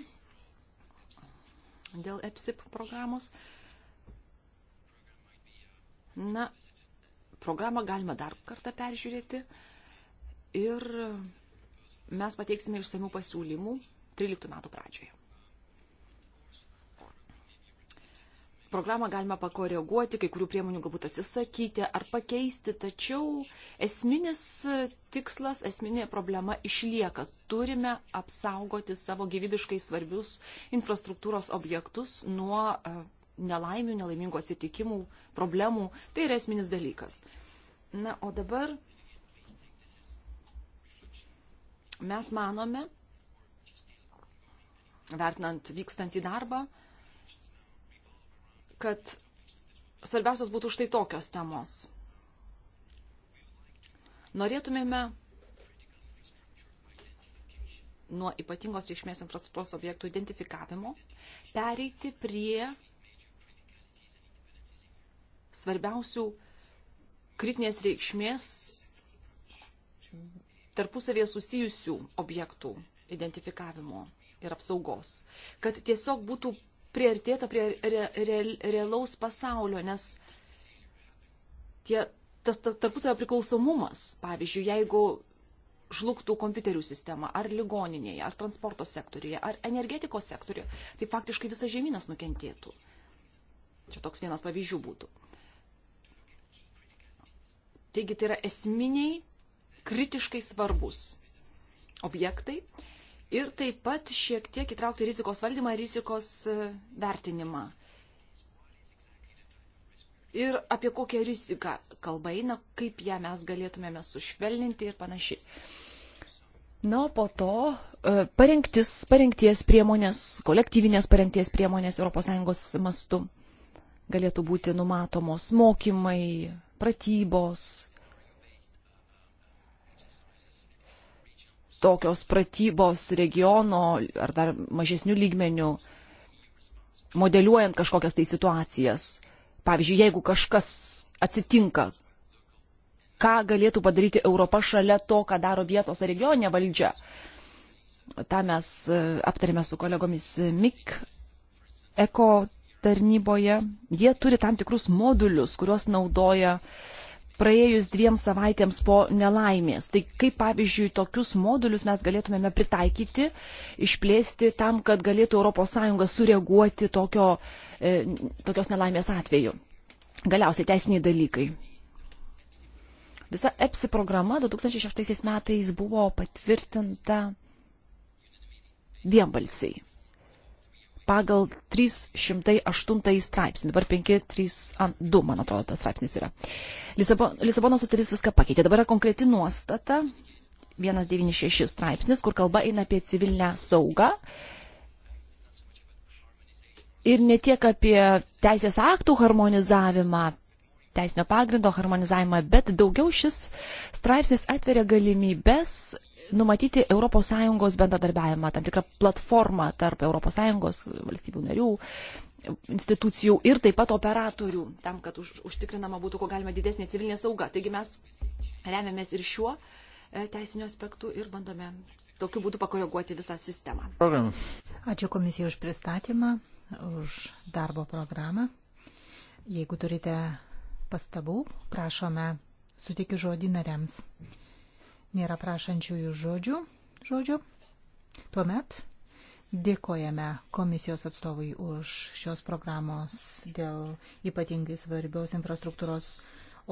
dėl EPSIP programos. Na, programą galima dar kartą peržiūrėti ir mes pateiksime išsamių pasiūlymų 13 metų pradžioje. programą galima pakoreguoti, kai kurių priemonių galbūt atsisakyti ar pakeisti, tačiau esminis tikslas, esminė problema išlieka. Turime apsaugoti savo gyvybiškai svarbius infrastruktūros objektus nuo e, nelaimių, nelaimingų atsitikimų, problemų. Tai yra esminis dalykas. Na, o dabar mes manome, vertinant vykstantį darbą, kad svarbiausios būtų štai tokios temos. Norėtumėme nuo ypatingos reikšmės infrastruktūros objektų identifikavimo pereiti prie svarbiausių kritinės reikšmės tarpusavėje susijusių objektų identifikavimo ir apsaugos. Kad tiesiog būtų priartėta prie re, re, realaus pasaulio, nes tie, tas tarpusavio priklausomumas, pavyzdžiui, jeigu žlugtų kompiuterių sistema, ar ligoninėje, ar transporto sektoriuje, ar energetikos sektoriuje, tai faktiškai visas žemynas nukentėtų. Čia toks vienas pavyzdžių būtų. Taigi tai yra esminiai, kritiškai svarbus objektai ir taip pat šiek tiek įtraukti rizikos valdymą, rizikos e, vertinimą. Ir apie kokią riziką kalba eina, kaip ją mes galėtumėme sušvelninti ir panašiai. Na, o po to e, parengtis, parengties priemonės, kolektyvinės parengties priemonės ES mastu galėtų būti numatomos mokymai, pratybos, tokios pratybos regiono ar dar mažesnių lygmenių, modeliuojant kažkokias tai situacijas. Pavyzdžiui, jeigu kažkas atsitinka, ką galėtų padaryti Europa šalia to, ką daro vietos ar regioninė valdžia. Ta mes e, aptarėme su kolegomis MIK eko tarnyboje. Jie turi tam tikrus modulius, kuriuos naudoja uh, praėjus dviem savaitėms po nelaimės. Tai kaip pavyzdžiui tokius modulius mes galėtumėme pritaikyti, išplėsti tam, kad galėtų ES sureaguoti tokio, e, tokios nelaimės atveju. Galiausiai teisiniai dalykai. Visa EPSI programa 2006 metais buvo patvirtinta vienbalsiai pagal 308 straipsnį. Dabar 532, man atrodo, tas straipsnis yra. Lisabo, Lisabono sutartis viską pakeitė. Dabar yra konkreti nuostata, 196 straipsnis, kur kalba eina apie civilinę saugą. Ir ne tiek apie teisės aktų harmonizavimą, teisinio pagrindo harmonizavimą, bet daugiau šis straipsnis atveria galimybės numatyti ES bendradarbiavimą, tam tikrą platformą tarp ES valstybių narių, institucijų ir taip pat operatorių, tam, kad už, užtikrinama būtų kuo galima didesnė civilinė sauga. Taigi mes remiamės ir šiuo e, teisiniu aspektu ir bandome tokiu būdu pakoreguoti visą sistemą. Program. Ačiū komisijai už pristatymą, už darbo programą. Jeigu turite pastabų, prašome suteikiu žodį nariams. Nėra prašančiųjų žodžių. žodžių. Tuomet dėkojame komisijos atstovui už šios programos dėl ypatingai svarbios infrastruktūros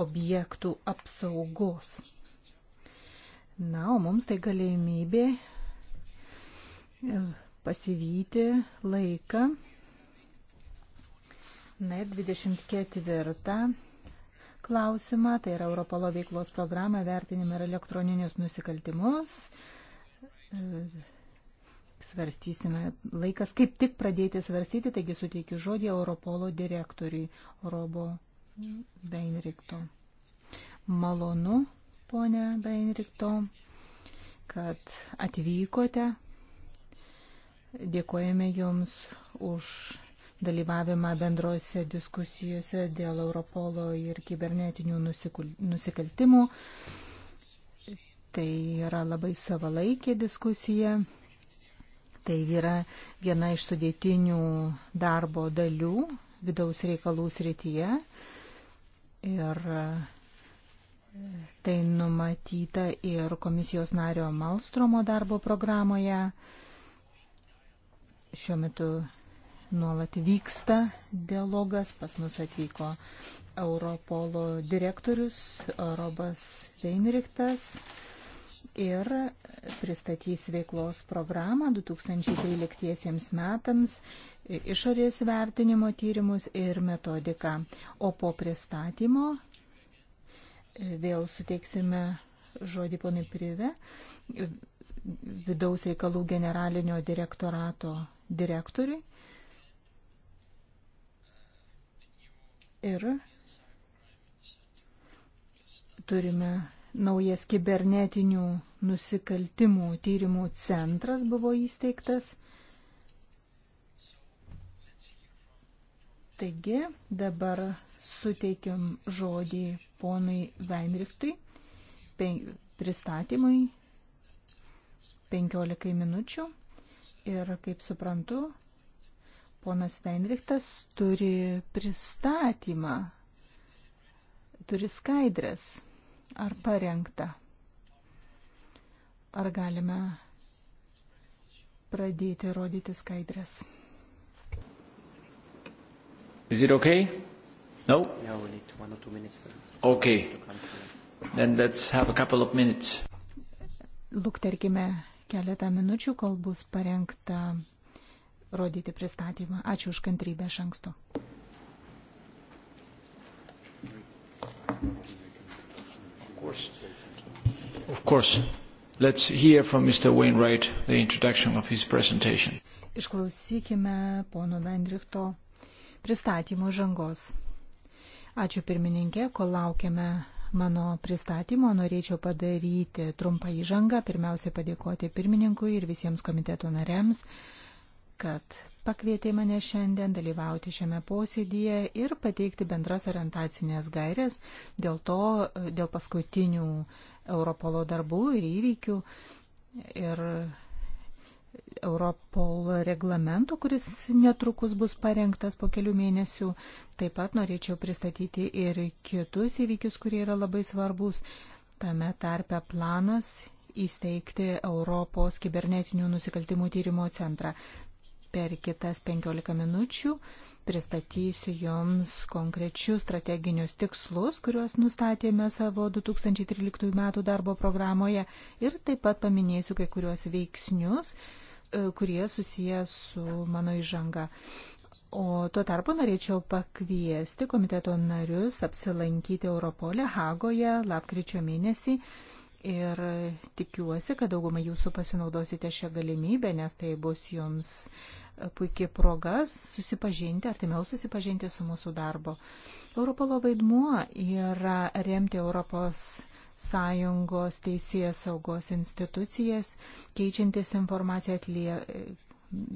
objektų apsaugos. Na, o mums tai galimybė e, pasivyti laiką. Na ir 24 klausimą, tai yra Europolo veiklos programą vertinimą ir elektroninius nusikaltimus. E, svarstysime laikas, kaip tik pradėti svarstyti, taigi suteikiu žodį Europolo direktoriui Robo Beinrikto. Malonu, ponė Beinrikto, kad atvykote. Dėkojame Jums už dalyvavimą bendrose diskusijose dėl Europolo ir kibernetinių nusikaltimų. Tai yra labai savalaikė diskusija. Tai yra viena iš sudėtinių darbo dalių vidaus reikalų srityje. Ir tai numatyta ir komisijos nario Malstromo darbo programoje. Šiuo metu nuolat vyksta dialogas. Pas mus atvyko Europolo direktorius Robas Veinrichtas ir pristatys veiklos programą 2013 metams, išorės vertinimo tyrimus ir metodiką. O po pristatymo vėl suteiksime žodį ponai Prive, vidaus reikalų generalinio direktorato direktoriui, Ir turime naujas kibernetinių nusikaltimų tyrimų centras buvo įsteigtas. Taigi dabar suteikiam žodį ponui Weinrichtui pen, pristatymui 15 minučių ir, kaip suprantu, Ponas Vendrichtas turi pristatymą, turi skaidrės ar parengta. Ar galime pradėti rodyti skaidrės? Is it okay? No? Yeah, we need one or two minutes. Uh, okay. Then let's have a couple of minutes. Lukterkime keletą minučių, kol bus parengta rodyti pristatymą. Ačiū už kantrybę iš anksto. Of course. Of course. Let's hear from Mr. Wainwright the introduction of his presentation. Išklausykime pono Vendrichto pristatymo žangos. Ačiū pirmininkė, kol laukiame mano pristatymo, norėčiau padaryti trumpą įžangą. Pirmiausia, padėkoti pirmininkui ir visiems komiteto nariams kad pakvietė mane šiandien dalyvauti šiame posėdyje ir pateikti bendras orientacinės gairės dėl to, dėl paskutinių Europolo darbų ir įvykių ir Europol reglamento, kuris netrukus bus parengtas po kelių mėnesių. Taip pat norėčiau pristatyti ir kitus įvykius, kurie yra labai svarbus. Tame tarpe planas įsteigti Europos kibernetinių nusikaltimų tyrimo centrą per kitas 15 minučių pristatysiu Jums konkrečius strateginius tikslus, kuriuos nustatėme savo 2013 metų darbo programoje ir taip pat paminėsiu kai kuriuos veiksnius, e, kurie susiję su mano įžanga. O tuo tarpu norėčiau pakviesti komiteto narius apsilankyti Europolė Hagoje lapkričio mėnesį. Ir tikiuosi, kad dauguma jūsų pasinaudosite šią galimybę, nes tai bus jums puikiai progas susipažinti, artimiau susipažinti su mūsų darbo. Europolo vaidmuo yra remti Europos Sąjungos teisėjas saugos institucijas, keičiantis informaciją atlie,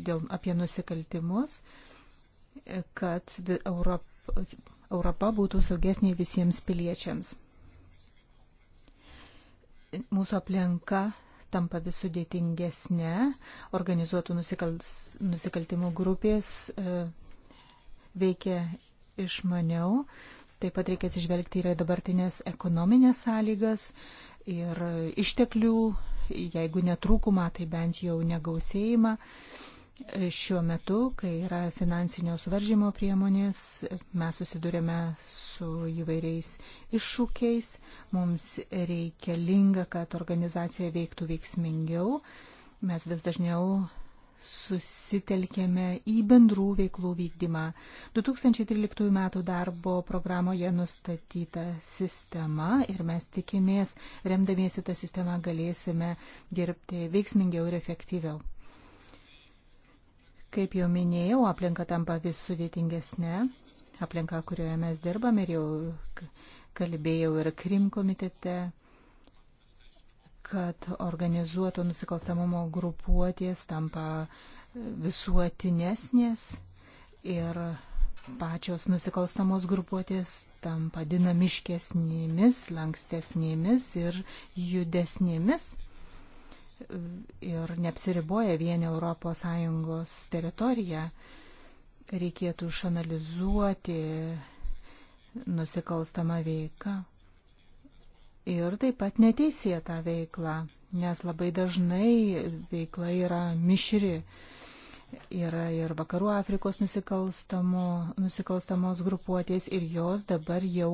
dėl, apie nusikaltimus, kad Europa, Europa būtų saugesnė visiems piliečiams. Mūsų aplinka tampa vis sudėtingesnė, organizuotų nusikals, nusikaltimų grupės e, veikia išmaniau. Taip pat reikia atsižvelgti ir dabartinės ekonominės sąlygas ir išteklių, jeigu netrūkumą, tai bent jau negausėjimą. E, Šiuo metu, kai yra finansinio suvaržymo priemonės, mes susidurėme su įvairiais iššūkiais, mums reikalinga, kad organizacija veiktų veiksmingiau, mes vis dažniau susitelkėme į bendrų veiklų vykdymą. 2013 m. darbo programoje nustatyta sistema ir mes tikimės, remdamiesi tą sistemą, galėsime dirbti veiksmingiau ir efektyviau. Kaip jau minėjau, aplinka tampa vis sudėtingesnė, aplinka, kurioje mes dirbame ir jau kalbėjau ir Krim komitete, kad organizuoto nusikalstamumo grupuotės tampa visuotinesnės ir pačios nusikalstamos grupuotės tampa dinamiškesnėmis, lankstesnėmis ir judesnėmis ir neapsiriboja vien ES teritorija. Reikėtų išanalizuoti nusikalstamą veiką ir taip pat neteisėtą veiklą, nes labai dažnai veikla yra mišri. Yra ir vakarų Afrikos nusikalstamo, nusikalstamos grupuotės ir jos dabar jau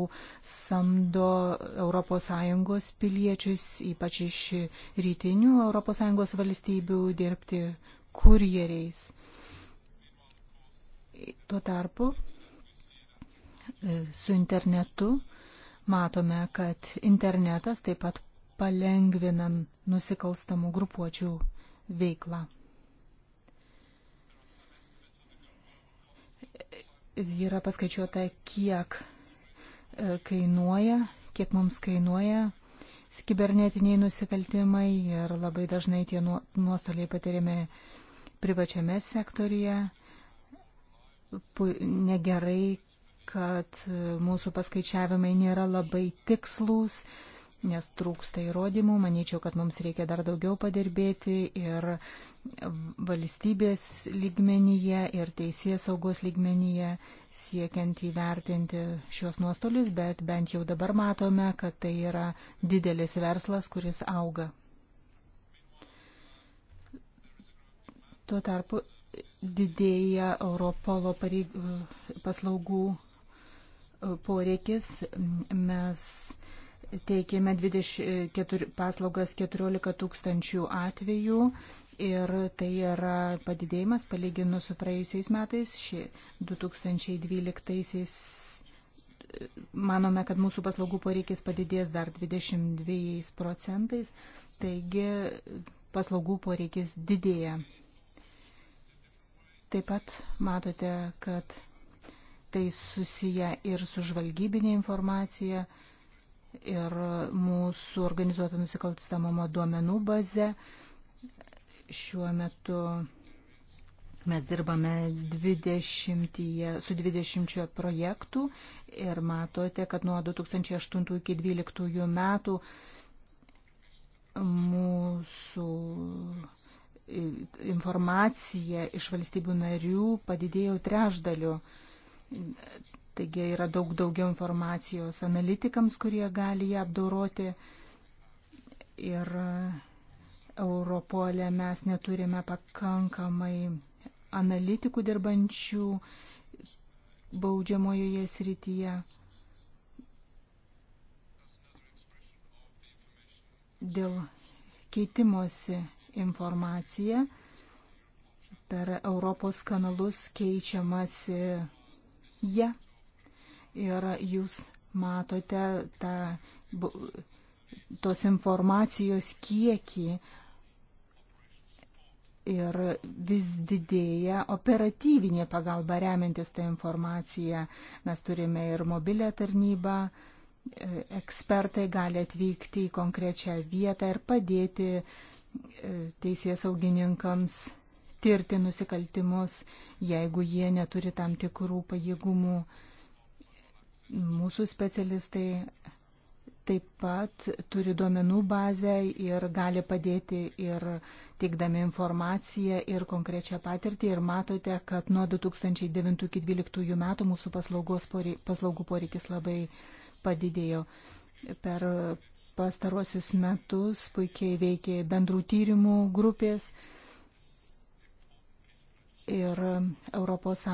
samdo ES piliečius, ypač iš rytinių ES valstybių, dirbti kurjeriais. Tuo tarpu e, su internetu matome, kad internetas taip pat palengvina nusikalstamų grupuočių veiklą. yra paskaičiuota, kiek e, kainuoja, kiek mums kainuoja kibernetiniai nusikaltimai ir labai dažnai tie nuostoliai patiriami privačiame sektorija. Negerai, kad e, mūsų paskaičiavimai nėra labai tikslus, nes trūksta įrodymų. Manyčiau, kad mums reikia dar daugiau padirbėti ir valstybės lygmenyje, ir teisės saugos lygmenyje, siekiant įvertinti šios nuostolius, bet bent jau dabar matome, kad tai yra didelis verslas, kuris auga. Tuo tarpu didėja Europolo pareig... paslaugų poreikis. Mes teikėme 24, e, paslaugas 14 tūkstančių atvejų ir tai yra padidėjimas palyginus su praėjusiais metais. Šį 2012-aisiais e, manome, kad mūsų paslaugų poreikis padidės dar 22 procentais, taigi e, paslaugų poreikis didėja. Taip pat matote, kad tai susiję ir su žvalgybinė informacija, ir mūsų organizuoto nusikaltstamumo duomenų bazę. Šiuo metu mes dirbame 20, su 20 projektų ir matote, kad nuo 2008 iki 2012 metų mūsų informacija iš valstybių narių padidėjo trešdaliu Taigi yra daug daugiau informacijos analitikams, kurie gali ją apdoroti. Ir Europolė mes neturime pakankamai analitikų dirbančių baudžiamojoje srityje. Dėl keitimosi informacija per Europos kanalus keičiamasi ją. Ja ir jūs matote tą, tos informacijos kiekį ir vis didėja operatyvinė pagalba remiantis tą informaciją. Mes turime ir mobilę tarnybą, ekspertai gali atvykti į konkrečią vietą ir padėti e, teisės augininkams tirti nusikaltimus, jeigu jie neturi tam tikrų pajėgumų Mūsų specialistai taip pat turi duomenų bazę ir gali padėti ir teikdami informaciją ir konkrečią patirtį. Ir matote, kad nuo 2009 iki 2012 metų mūsų porei, paslaugų poreikis labai padidėjo. Per pastaruosius metus puikiai veikia bendrų tyrimų grupės ir ES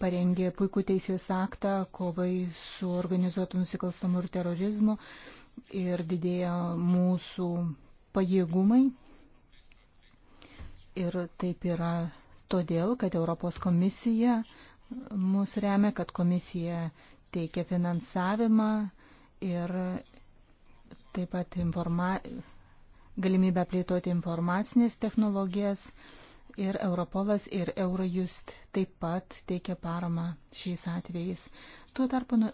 parengė puikų teisės aktą kovai su organizuotu nusikalstamu ir terorizmu ir didėja mūsų pajėgumai. Ir taip yra todėl, kad Europos komisija mus remia, kad komisija teikia finansavimą ir taip pat informa galimybę plėtoti informacinės technologijas Ir Europolas ir Eurojust taip pat teikia paramą šiais atvejais. Tuo tarpu nu,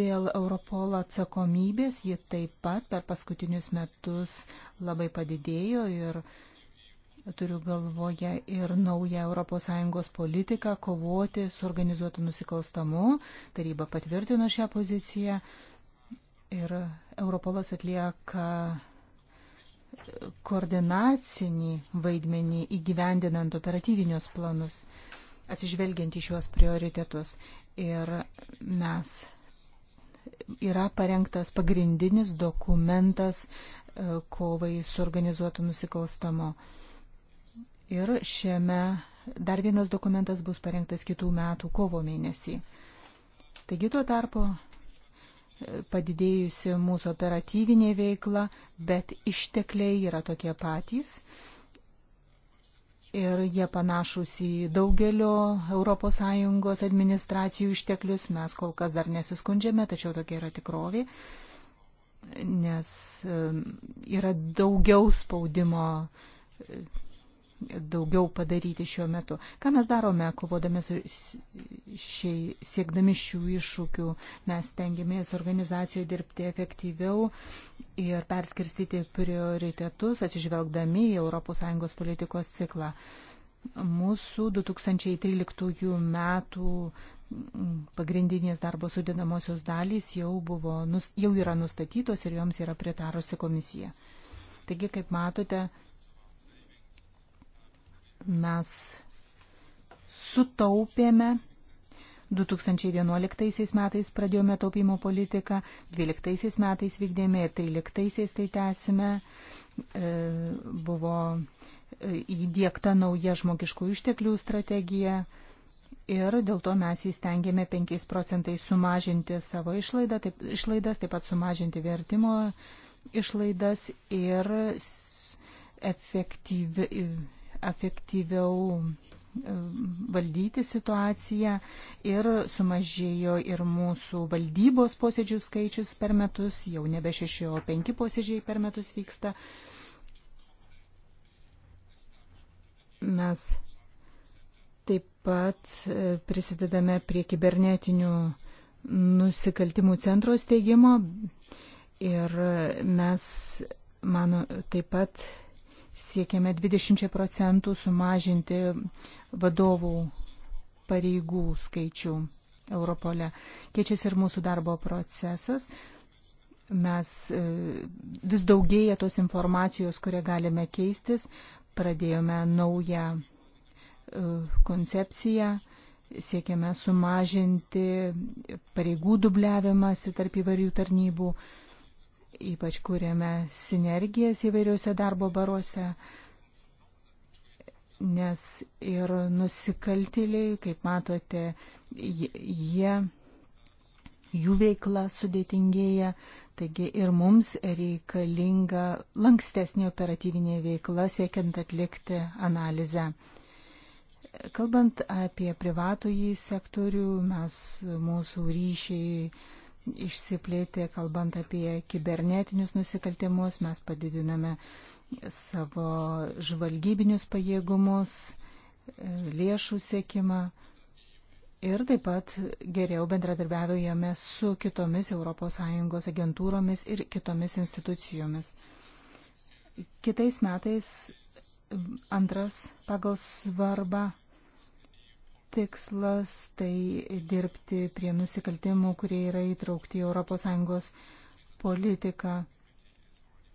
dėl Europolo atsakomybės ji taip pat per paskutinius metus labai padidėjo ir turiu galvoje ir naują ES politiką kovoti su organizuotu nusikalstamu. Taryba patvirtino šią poziciją ir Europolas atlieka koordinacinį vaidmenį įgyvendinant operatyvinius planus, atsižvelgiant į šiuos prioritetus. Ir mes yra parengtas pagrindinis dokumentas e, kovai su organizuotu nusikalstamo. Ir šiame dar vienas dokumentas bus parengtas kitų metų kovo mėnesį. Taigi tuo tarpu padidėjusi mūsų operatyvinė veikla, bet ištekliai yra tokie patys. Ir jie panašus į daugelio ES administracijų išteklius. Mes kol kas dar nesiskundžiame, tačiau tokia yra tikrovė, nes e, yra daugiau spaudimo daugiau padaryti šiuo metu. Ką mes darome, kovodami su šiai, siekdami šių iššūkių, mes tengiamės organizacijoje dirbti efektyviau ir perskirstyti prioritetus, atsižvelgdami į ES politikos ciklą. Mūsų 2013 metų pagrindinės darbo sudinamosios dalys jau, buvo, jau yra nustatytos ir joms yra pritarusi komisija. Taigi, kaip matote, mes sutaupėme 2011 metais pradėjome taupimo politiką, 2012 metais vykdėme ir 2013 tai tęsime. E, buvo e, įdėkta nauja žmogiškų išteklių strategija ir dėl to mes įstengėme 5 procentais sumažinti savo išlaidą, taip, išlaidas, taip pat sumažinti vertimo išlaidas ir efektyvi, efektyviau e, valdyti situaciją ir sumažėjo ir mūsų valdybos posėdžių skaičius per metus, jau nebe šeši, o penki posėdžiai per metus vyksta. Mes taip pat e, prisidedame prie kibernetinių nusikaltimų centro steigimo ir mes, mano, taip pat siekiame 20 procentų sumažinti vadovų pareigų skaičių Europole. Keičiasi ir mūsų darbo procesas. Mes e, vis daugėja tos informacijos, kurią galime keistis. Pradėjome naują e, koncepciją, siekiame sumažinti pareigų dubliavimąsi tarp įvairių tarnybų ypač kūrėme sinergijas įvairiuose darbo baruose, nes ir nusikaltėliai, kaip matote, jie, jų veikla sudėtingėja, taigi ir mums reikalinga lankstesnė operatyvinė veikla siekiant atlikti analizę. Kalbant apie privatojį sektorių, mes mūsų ryšiai išsiplėtė, kalbant apie kibernetinius nusikaltimus, mes padidiname savo žvalgybinius pajėgumus, e, lėšų sėkimą ir taip pat geriau bendradarbiavėjome su kitomis ES agentūromis ir kitomis institucijomis. Kitais metais antras pagal svarbą tikslas tai dirbti prie nusikaltimų, kurie yra įtraukti į ES politiką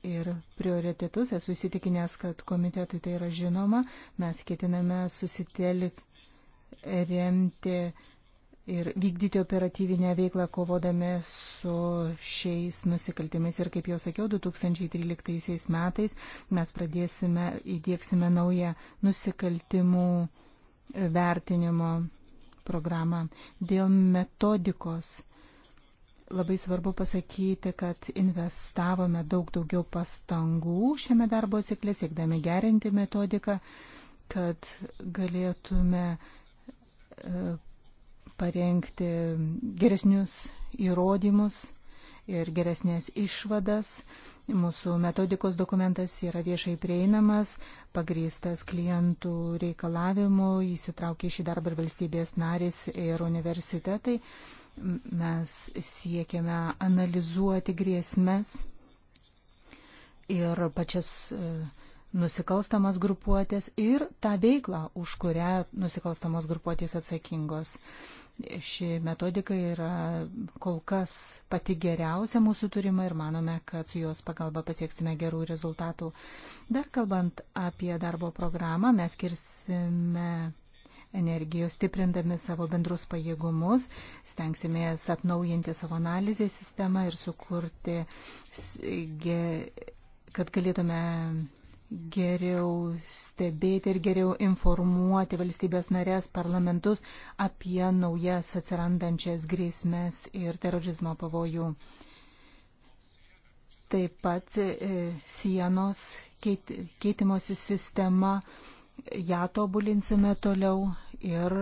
ir prioritetus. Esu įsitikinęs, kad komitetui tai yra žinoma. Mes ketiname susitelkti remti ir vykdyti operatyvinę veiklą kovodami su šiais nusikaltimais. Ir kaip jau sakiau, 2013 metais mes pradėsime, įdėksime naują nusikaltimų vertinimo programą. Dėl metodikos labai svarbu pasakyti, kad investavome daug daugiau pastangų šiame darbo cikle, siekdami gerinti metodiką, kad galėtume e, parengti geresnius įrodymus ir geresnės išvadas Mūsų metodikos dokumentas yra viešai prieinamas, pagrįstas klientų reikalavimu, įsitraukia šį darbą ir valstybės narės ir universitetai. Mes siekiame analizuoti grėsmes ir pačias e, nusikalstamas grupuotės ir tą veiklą, už kurią nusikalstamos grupuotės atsakingos. Ši metodika yra kol kas pati geriausia mūsų turima ir manome, kad su jos pagalba pasieksime gerų rezultatų. Dar kalbant apie darbo programą, mes skirsime energijos stiprindami savo bendrus pajėgumus, stengsimės atnaujinti savo analizės sistemą ir sukurti, kad galėtume geriau stebėti ir geriau informuoti valstybės narės parlamentus apie naujas atsirandančias grėsmės ir terorizmo pavojų. Taip pat e, sienos keit, keitimosi sistema, ją tobulinsime toliau ir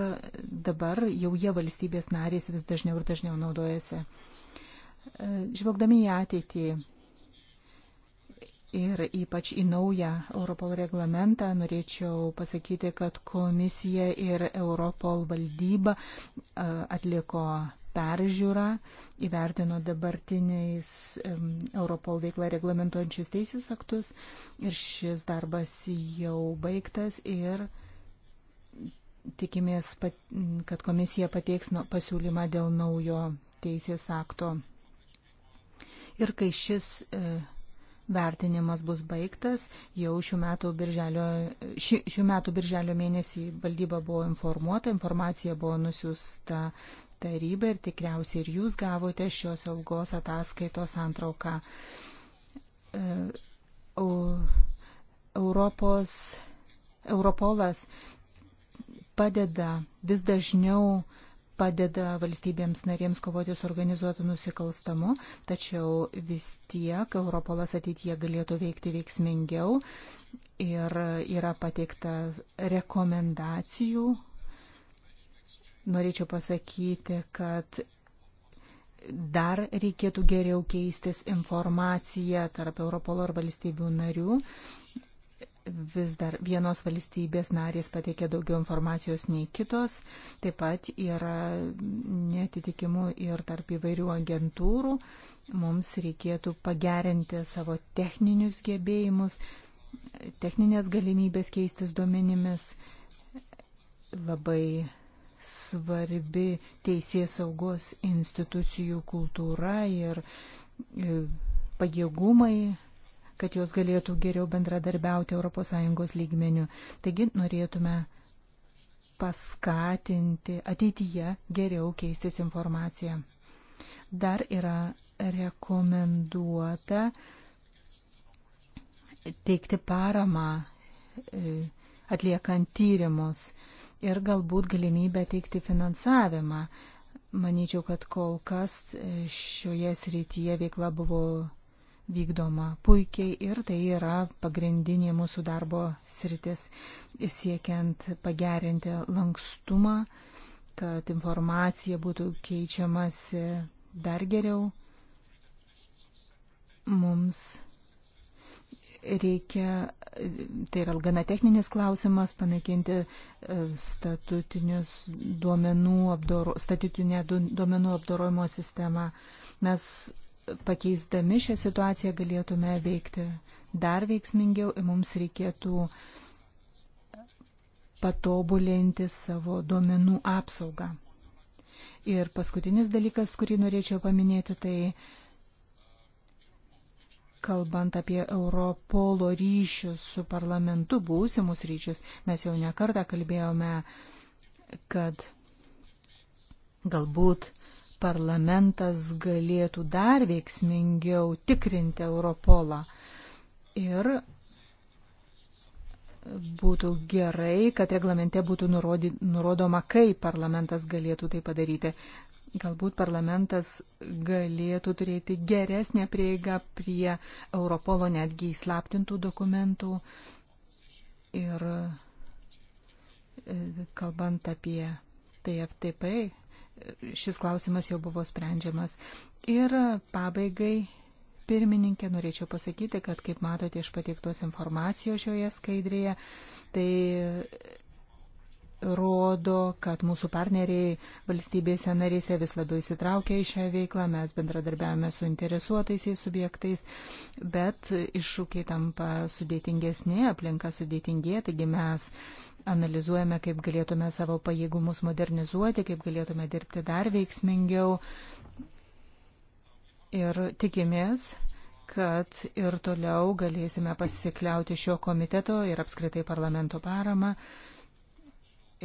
dabar jau jie valstybės narės vis dažniau ir dažniau naudojasi. E, žvelgdami į ateitį, ir ypač į naują Europol reglamentą norėčiau pasakyti, kad komisija ir Europol valdyba atliko peržiūrą, įvertino dabartiniais Europol veiklą reglamentuojančius teisės aktus ir šis darbas jau baigtas ir tikimės, kad komisija pateiks pasiūlymą dėl naujo teisės akto. Ir kai šis e, Vertinimas bus baigtas, jau šių metų birželio, ši, šių metų birželio mėnesį valdyba buvo informuota, informacija buvo nusiusta tarybai ir tikriausiai ir jūs gavote šios ilgos ataskaitos antrauką. E, Europos, Europolas padeda vis dažniau uh, padeda valstybėms narėms kovoti su organizuotu nusikalstamu, tačiau vis tiek Europolas ateityje galėtų veikti veiksmingiau ir yra pateikta rekomendacijų. Norėčiau pasakyti, kad dar reikėtų geriau keistis informaciją tarp Europolo ir valstybių narių vis dar vienos valstybės narės pateikia daugiau informacijos nei kitos. Taip pat yra netitikimų ir tarp įvairių agentūrų. Mums reikėtų pagerinti savo techninius gebėjimus, techninės galimybės keistis duomenimis. Labai svarbi teisės saugos institucijų kultūra ir e, pajėgumai kad jos galėtų geriau bendradarbiauti ES lygmenių. Taigi norėtume paskatinti ateityje geriau keistis informaciją. Dar yra rekomenduota teikti paramą e, atliekant tyrimus ir galbūt galimybę teikti finansavimą. Manyčiau, kad kol kas e, šioje srityje veikla buvo vykdoma puikiai ir tai yra pagrindinė mūsų darbo sritis siekiant pagerinti lankstumą, kad informacija būtų keičiamasi dar geriau. Mums reikia, tai yra gana techninis klausimas, panaikinti e, statutinius duomenų, apdoro, statutinę duomenų apdorojimo sistemą. Mes pakeisdami šią situaciją galėtume veikti dar veiksmingiau ir mums reikėtų patobulinti savo duomenų apsaugą. Ir paskutinis dalykas, kurį norėčiau paminėti, tai kalbant apie Europolo ryšius su parlamentu, būsimus ryšius, mes jau nekartą kalbėjome, kad galbūt uh, parlamentas galėtų dar veiksmingiau tikrinti Europolą. Ir būtų gerai, kad reglamente būtų nurody, nurodoma, kaip parlamentas galėtų tai padaryti. Galbūt parlamentas galėtų turėti geresnę prieigą prie Europolo netgi įslaptintų dokumentų. Ir e, kalbant apie TFTP, šis klausimas jau buvo sprendžiamas. Ir pabaigai, pirmininkė, norėčiau pasakyti, kad kaip matote iš pateiktos informacijos šioje skaidrėje, tai rodo, kad mūsų partneriai valstybėse narėse vis labiau įsitraukia į šią veiklą, mes bendradarbiavame su interesuotaisiais subjektais, bet iššūkiai tampa sudėtingesnė, aplinka sudėtingė, taigi mes analizuojame, kaip galėtume savo pajėgumus modernizuoti, kaip galėtume dirbti dar veiksmingiau ir tikimės, kad ir toliau galėsime pasikliauti šio komiteto ir apskritai parlamento paramą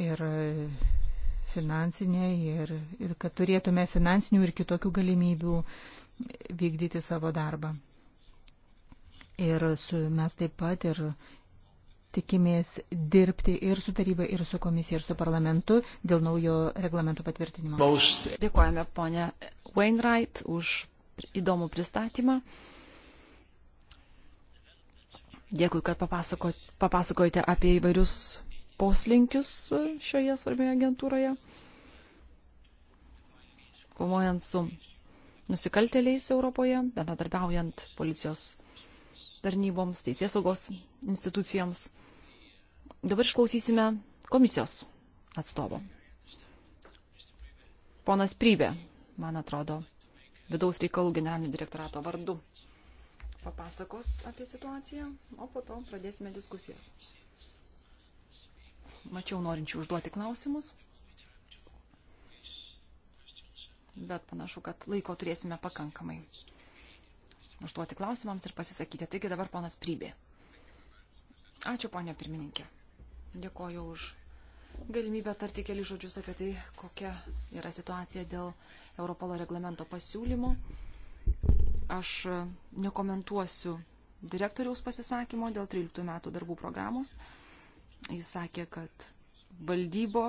ir e, finansinė, ir, ir kad turėtume finansinių ir kitokių galimybių vykdyti savo darbą. Ir su, mes taip pat ir tikimės dirbti ir su taryba, ir su komisija, ir su parlamentu dėl naujo reglamento patvirtinimo. Dėkojame ponė Wainwright už įdomų pristatymą. Dėkui, kad papasakojate apie įvairius poslinkius šioje svarbioje agentūroje, kovojant su nusikaltėliais Europoje, bendradarbiaujant policijos tarnyboms, teisės saugos institucijoms. Dabar išklausysime komisijos atstovo. Ponas Prybė, man atrodo, vidaus reikalų generalinio direktorato vardu papasakos apie situaciją, o po to pradėsime diskusijas mačiau norinčių užduoti klausimus. Bet panašu, kad laiko turėsime pakankamai užduoti klausimams ir pasisakyti. Taigi dabar ponas Prybė. Ačiū, ponė pirmininkė. Dėkoju už galimybę tarti keli žodžius apie tai, kokia yra situacija dėl Europolo reglamento pasiūlymo. Aš nekomentuosiu direktoriaus pasisakymo dėl 13 metų darbų programos. Jis sakė, kad valdybo,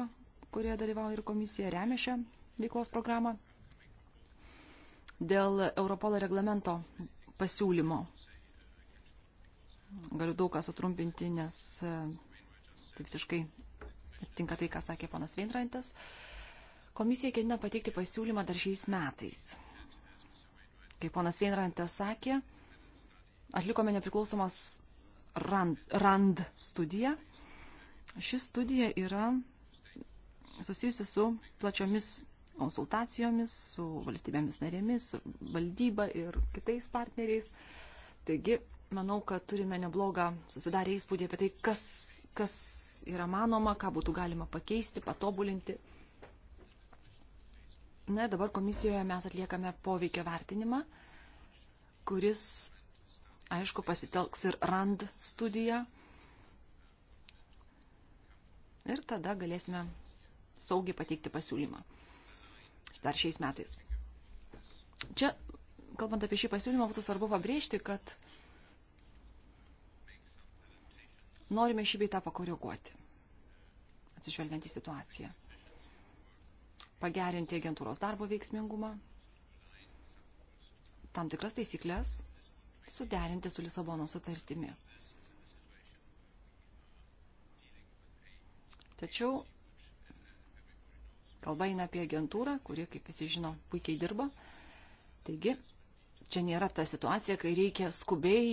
kurie dalyvauja ir komisija, remia šią veiklos programą dėl Europolo reglamento pasiūlymo. Galiu daug ką sutrumpinti, nes e, tai visiškai tinka tai, ką sakė panas Veinrantas. Komisija ketina pateikti pasiūlymą dar šiais metais. Kaip ponas Veinrantas sakė, atlikome nepriklausomas RAND, RAND studiją Ši studija yra susijusi su plačiomis konsultacijomis, su valstybėmis narėmis, su valdyba ir kitais partneriais. Taigi, manau, kad turime neblogą susidarę įspūdį apie tai, kas, kas yra manoma, ką būtų galima pakeisti, patobulinti. Na, dabar komisijoje mes atliekame poveikio vertinimą, kuris, aišku, pasitelks ir RAND studiją ir tada galėsime saugiai pateikti pasiūlymą dar šiais metais. Čia, kalbant apie šį pasiūlymą, būtų svarbu pabrėžti, kad norime šį beitą pakoreguoti, atsižvelgiant į situaciją, pagerinti agentūros darbo veiksmingumą, tam tikras taisyklės suderinti su Lisabono sutartimi. Tačiau kalba eina apie agentūrą, kuri, kaip visi žino, puikiai dirba. Taigi, čia nėra ta situacija, kai reikia skubiai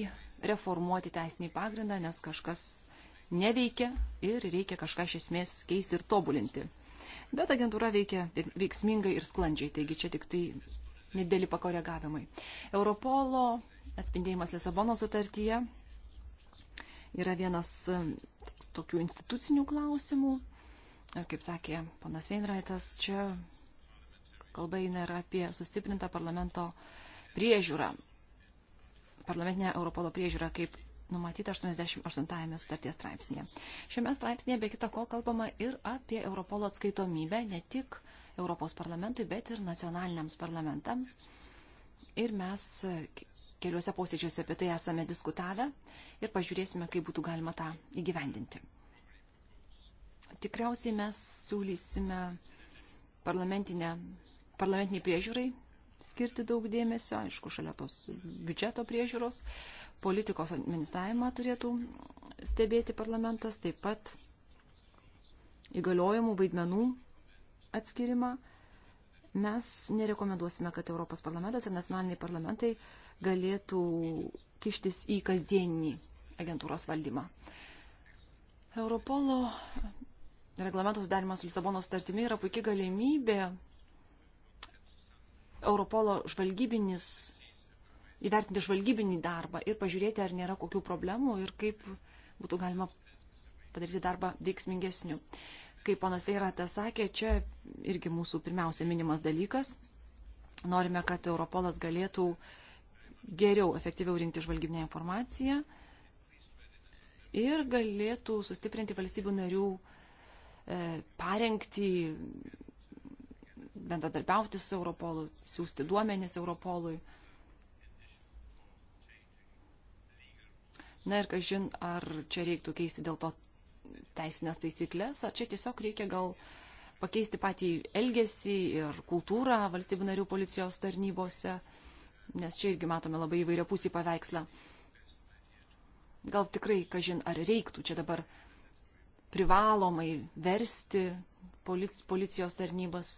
reformuoti teisinį pagrindą, nes kažkas neveikia ir reikia kažką iš esmės keisti ir tobulinti. Bet agentūra veikia veiksmingai ir sklandžiai, taigi čia tik tai nedėlį pakoregavimai. Europolo atspindėjimas Lisabono sutartyje yra vienas tokių institucinių klausimų. Ir kaip sakė panas Veinraitas, čia kalba eina ir apie sustiprintą parlamento priežiūrą, parlamentinę Europolo priežiūrą, kaip numatyta 88 sutarties straipsnėje. Šiame straipsnėje be kita ko kalbama ir apie Europolo atskaitomybę ne tik Europos parlamentui, bet ir nacionaliniams parlamentams ir mes e, keliuose posėdžiuose apie tai esame diskutavę ir pažiūrėsime, kaip būtų galima tą įgyvendinti. Tikriausiai mes siūlysime parlamentiniai priežiūrai skirti daug dėmesio, aišku, šalia tos biudžeto priežiūros, politikos administravimą turėtų stebėti parlamentas, taip pat įgaliojimų vaidmenų atskirimą Mes nerekomenduosime, kad Europos parlamentas ir nacionaliniai parlamentai galėtų kištis į kasdienį agentūros valdymą. Europolo reglamentos darimas Lisabono sutartimi yra puikia galimybė Europolo žvalgybinis, įvertinti žvalgybinį darbą ir pažiūrėti, ar nėra kokių problemų ir kaip būtų galima padaryti darbą veiksmingesniu kaip ponas Veiratas sakė, čia irgi mūsų pirmiausia minimas dalykas. Norime, kad Europolas galėtų geriau, efektyviau rinkti žvalgybinę informaciją ir galėtų sustiprinti valstybių narių e, parengti, bendradarbiauti su Europolu, siūsti duomenis Europolui. Na ir kažin, ar čia reiktų keisti dėl to teisinės taisyklės, ar čia tiesiog reikia gal pakeisti patį elgesį ir kultūrą valstybių narių policijos tarnybose, nes čia irgi matome labai įvairia pusį paveikslą. Gal tikrai, kažin, ar reiktų čia dabar privalomai versti policijos tarnybas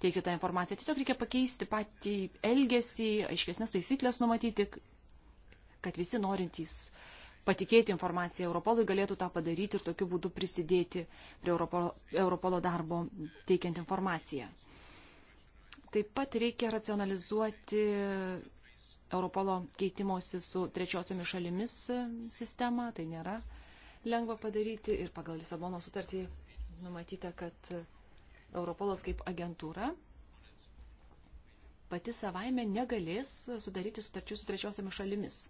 teikti tą informaciją. Tiesiog reikia pakeisti patį elgesį, aiškesnės taisyklės numatyti, kad visi norintys uh, patikėti informaciją Europolui, galėtų tą padaryti ir tokiu būdu prisidėti prie Europolo, Europolo darbo teikiant informaciją. Taip pat reikia racionalizuoti Europolo keitimosi su trečiosiomis šalimis sistemą, tai nėra lengva padaryti ir pagal Lisabono sutartį numatyta, kad Europolas kaip agentūra pati savaime negalės sudaryti sutarčių su trečiosiomis šalimis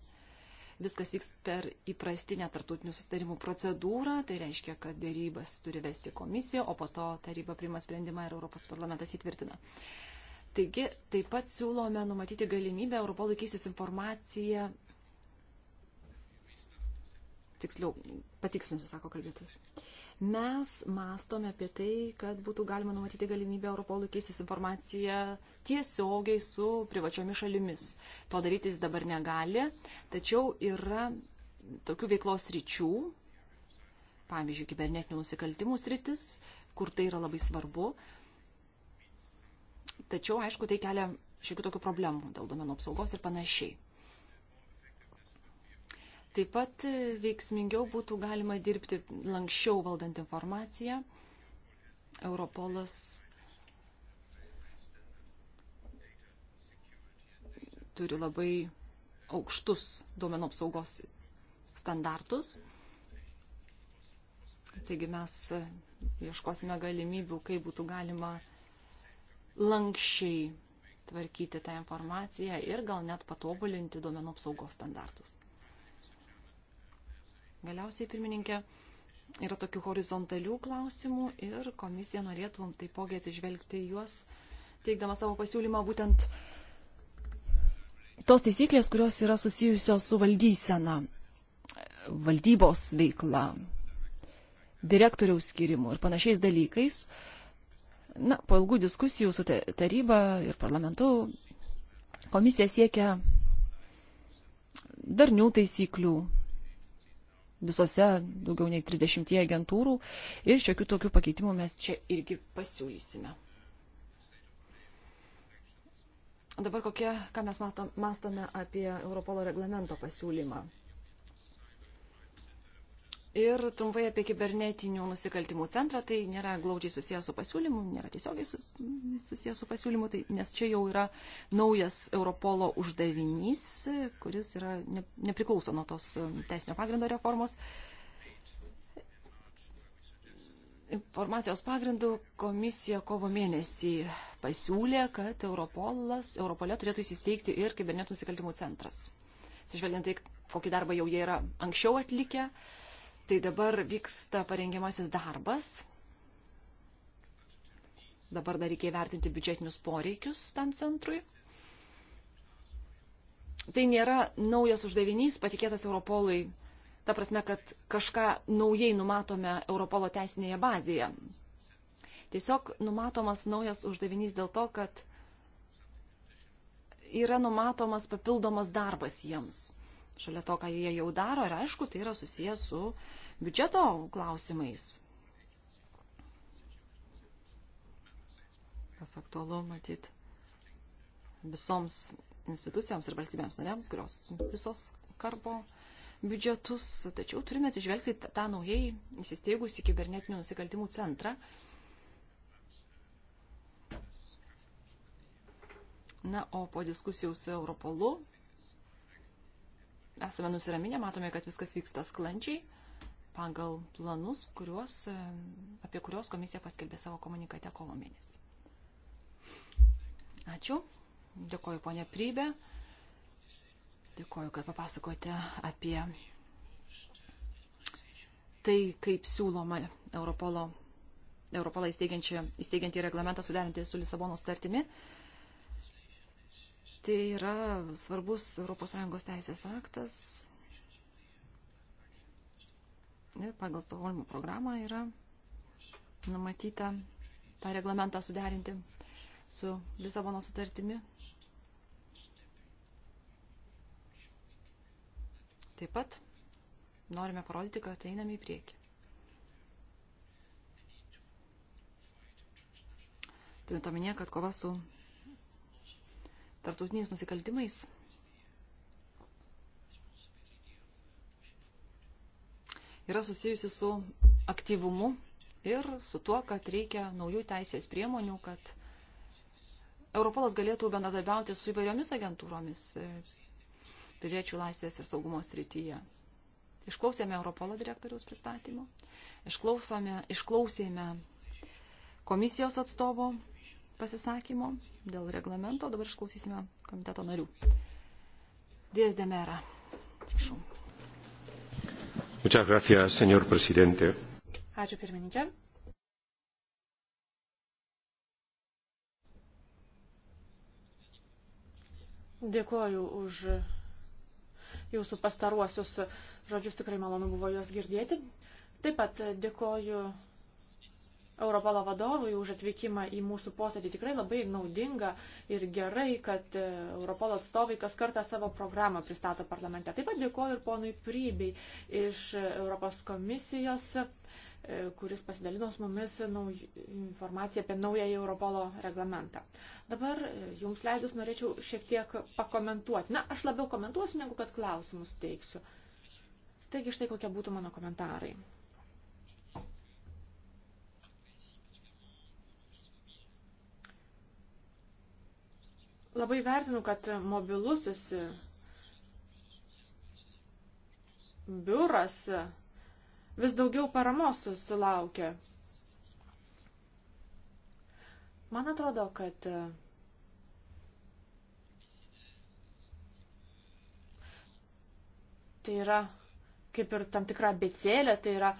viskas vyks per įprastinę tartutinių sustarimų procedūrą, tai reiškia, kad dėrybas turi vesti komisija, o po to taryba priima sprendimą ir Europos parlamentas įtvirtina. Taigi, taip pat siūlome numatyti galimybę Europolui keistis informaciją. Tiksliau, patikslinsiu, sako kalbėtas. Uh, Mes mastome apie tai, kad būtų galima numatyti galimybę Europolui keistis informaciją tiesiogiai su privačiomis šalimis. To daryti jis dabar negali, tačiau yra tokių veiklos ryčių, pavyzdžiui, kibernetinių nusikaltimų sritis, kur tai yra labai svarbu. Tačiau, aišku, tai kelia šiokių tokių problemų dėl duomenų apsaugos ir panašiai. Taip pat veiksmingiau būtų galima dirbti lankščiau valdant informaciją. Europolas turi labai aukštus duomenų apsaugos standartus. Taigi mes ieškosime galimybių, kaip būtų galima lankščiai tvarkyti tą informaciją ir gal net patobulinti duomenų apsaugos standartus. Galiausiai, pirmininkė, yra tokių horizontalių klausimų ir komisija norėtų taipogi atsižvelgti juos, teikdama savo pasiūlymą būtent tos taisyklės, kurios yra susijusios su valdysena, valdybos veikla, direktoriaus skirimu ir panašiais dalykais. Na, po ilgų diskusijų su taryba ir parlamentu komisija siekia darnių taisyklių, visose daugiau nei 30 agentūrų ir šiokių tokių pakeitimų mes čia irgi pasiūlysime. Dabar kokie, ką mes mastome apie Europolo reglamento pasiūlymą. Ir trumpai apie kibernetinių nusikaltimų centrą, tai nėra glaudžiai susijęs su pasiūlymu, nėra tiesiogiai susijęs su pasiūlymu, tai, nes čia jau yra naujas Europolo uždavinys, kuris yra ne, nepriklauso nuo tos um, teisinio pagrindo reformos. Informacijos pagrindų komisija kovo mėnesį pasiūlė, kad Europolas, Europolė turėtų įsisteigti ir kibernetinių nusikaltimų centras. Sižvelgiant tai, kokį darbą jau jie yra anksčiau atlikę, uh, Tai dabar vyksta parengiamasis darbas. Dabar dar reikia vertinti biudžetinius poreikius tam centrui. Tai nėra naujas uždavinys patikėtas Europolui, ta prasme, kad kažką naujai numatome Europolo teisinėje bazėje. Tiesiog numatomas naujas uždavinys dėl to, kad yra numatomas papildomas darbas jiems šalia to, ką jie jau daro. Ir aišku, tai yra susijęs su biudžeto klausimais. Kas aktualu, matyt, visoms institucijoms ir valstybėms nariams, kurios visos karpo biudžetus. Tačiau turime atsižvelgti tą naujai įsisteigusi kibernetinių nusikaltimų centrą. Na, o po diskusijų su Europolu esame nusiraminę, matome, kad viskas vyksta sklandžiai pagal planus, kuriuos, e, apie kuriuos komisija paskelbė savo komunikate kovo mėnesį. Ačiū. Dėkoju, ponė Prybė. Dėkoju, kad papasakote apie tai, kaip siūloma Europolo, Europolą įsteigiantį reglamentą suderinti su Lisabono startimi. Uh, Tai yra svarbus ES teisės aktas. Ir pagal Stoholmo programą yra numatyta tą reglamentą suderinti su Lisabono sutartimi. Taip pat norime parodyti, kad einame į priekį. Turint omenyje, kad kova su tartutiniais nusikaltimais. Yra susijusi su aktyvumu ir su tuo, kad reikia naujų teisės priemonių, kad Europolas galėtų bendradarbiauti su įvairiomis agentūromis e, piliečių laisvės ir saugumo srityje. Išklausėme Europolo direktoriaus pristatymo, išklausėme, išklausėme komisijos atstovo pasisakymo dėl reglamento. Dabar išklausysime komiteto narių. Dės Demera. Prašau. Muchas gracias, señor presidente. Ačiū pirmininkė. Dėkuoju už jūsų pastaruosius žodžius, tikrai malonu buvo juos girdėti. Taip pat dėkoju Europolo vadovui už atvykimą į mūsų posėdį. Tikrai labai naudinga ir gerai, kad e, Europolo atstovai kas kartą savo programą pristato parlamente. Taip pat dėkoju ir ponui Prybei iš Europos komisijos, e, kuris pasidalino su mumis nauj... informaciją apie naująjį Europolo reglamentą. Dabar e, jums leidus norėčiau šiek tiek pakomentuoti. Na, aš labiau komentuosiu, negu kad klausimus teiksiu. Taigi štai kokie būtų mano komentarai. Labai vertinu, kad mobilusis biuras vis daugiau paramos sulaukia. Man atrodo, kad tai yra kaip ir tam tikra becėlė, tai yra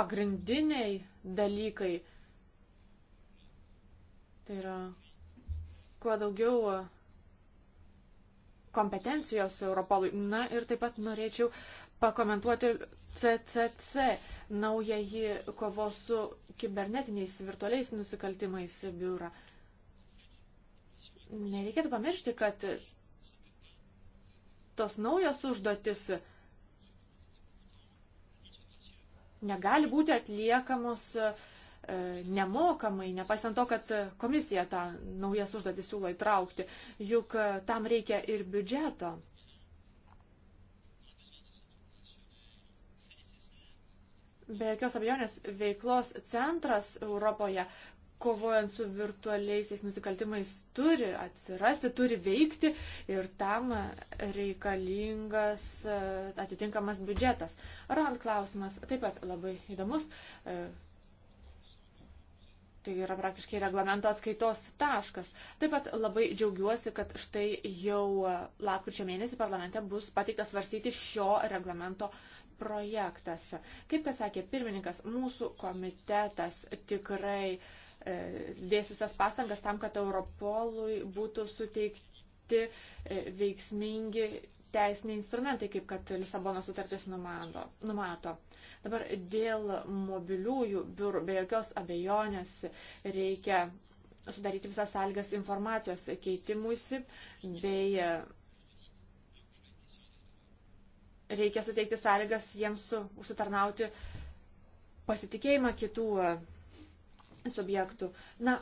pagrindiniai dalykai. Tai yra kuo daugiau e, kompetencijos Europolui. Na ir taip pat norėčiau pakomentuoti CCC, naująjį kovos su kibernetiniais virtualiais nusikaltimais biurą. Nereikėtų pamiršti, kad tos naujos užduotis negali būti atliekamos uh, E, nemokamai, nepaisant to, kad komisija tą naujas užduotis siūlo įtraukti, juk e, tam reikia ir biudžeto. Be jokios abejonės veiklos centras Europoje, kovojant su virtualiaisiais nusikaltimais, turi atsirasti, turi veikti ir tam reikalingas e, atitinkamas biudžetas. Rand klausimas taip pat labai įdomus Tai yra praktiškai reglamento atskaitos taškas. Taip pat labai džiaugiuosi, kad štai jau lapkričio mėnesį parlamente bus pateiktas svarstyti šio reglamento projektas. Kaip kad sakė pirmininkas, mūsų komitetas tikrai e, dės visas pastangas tam, kad Europolui būtų suteikti e, veiksmingi teisiniai instrumentai, kaip kad Lisabono sutartis numando, numato. Dabar dėl mobiliųjų biurų be jokios abejonės reikia sudaryti visas sąlygas informacijos keitimuisi bei e, reikia suteikti sąlygas jiems užsitarnauti pasitikėjimą kitų e, subjektų. Na,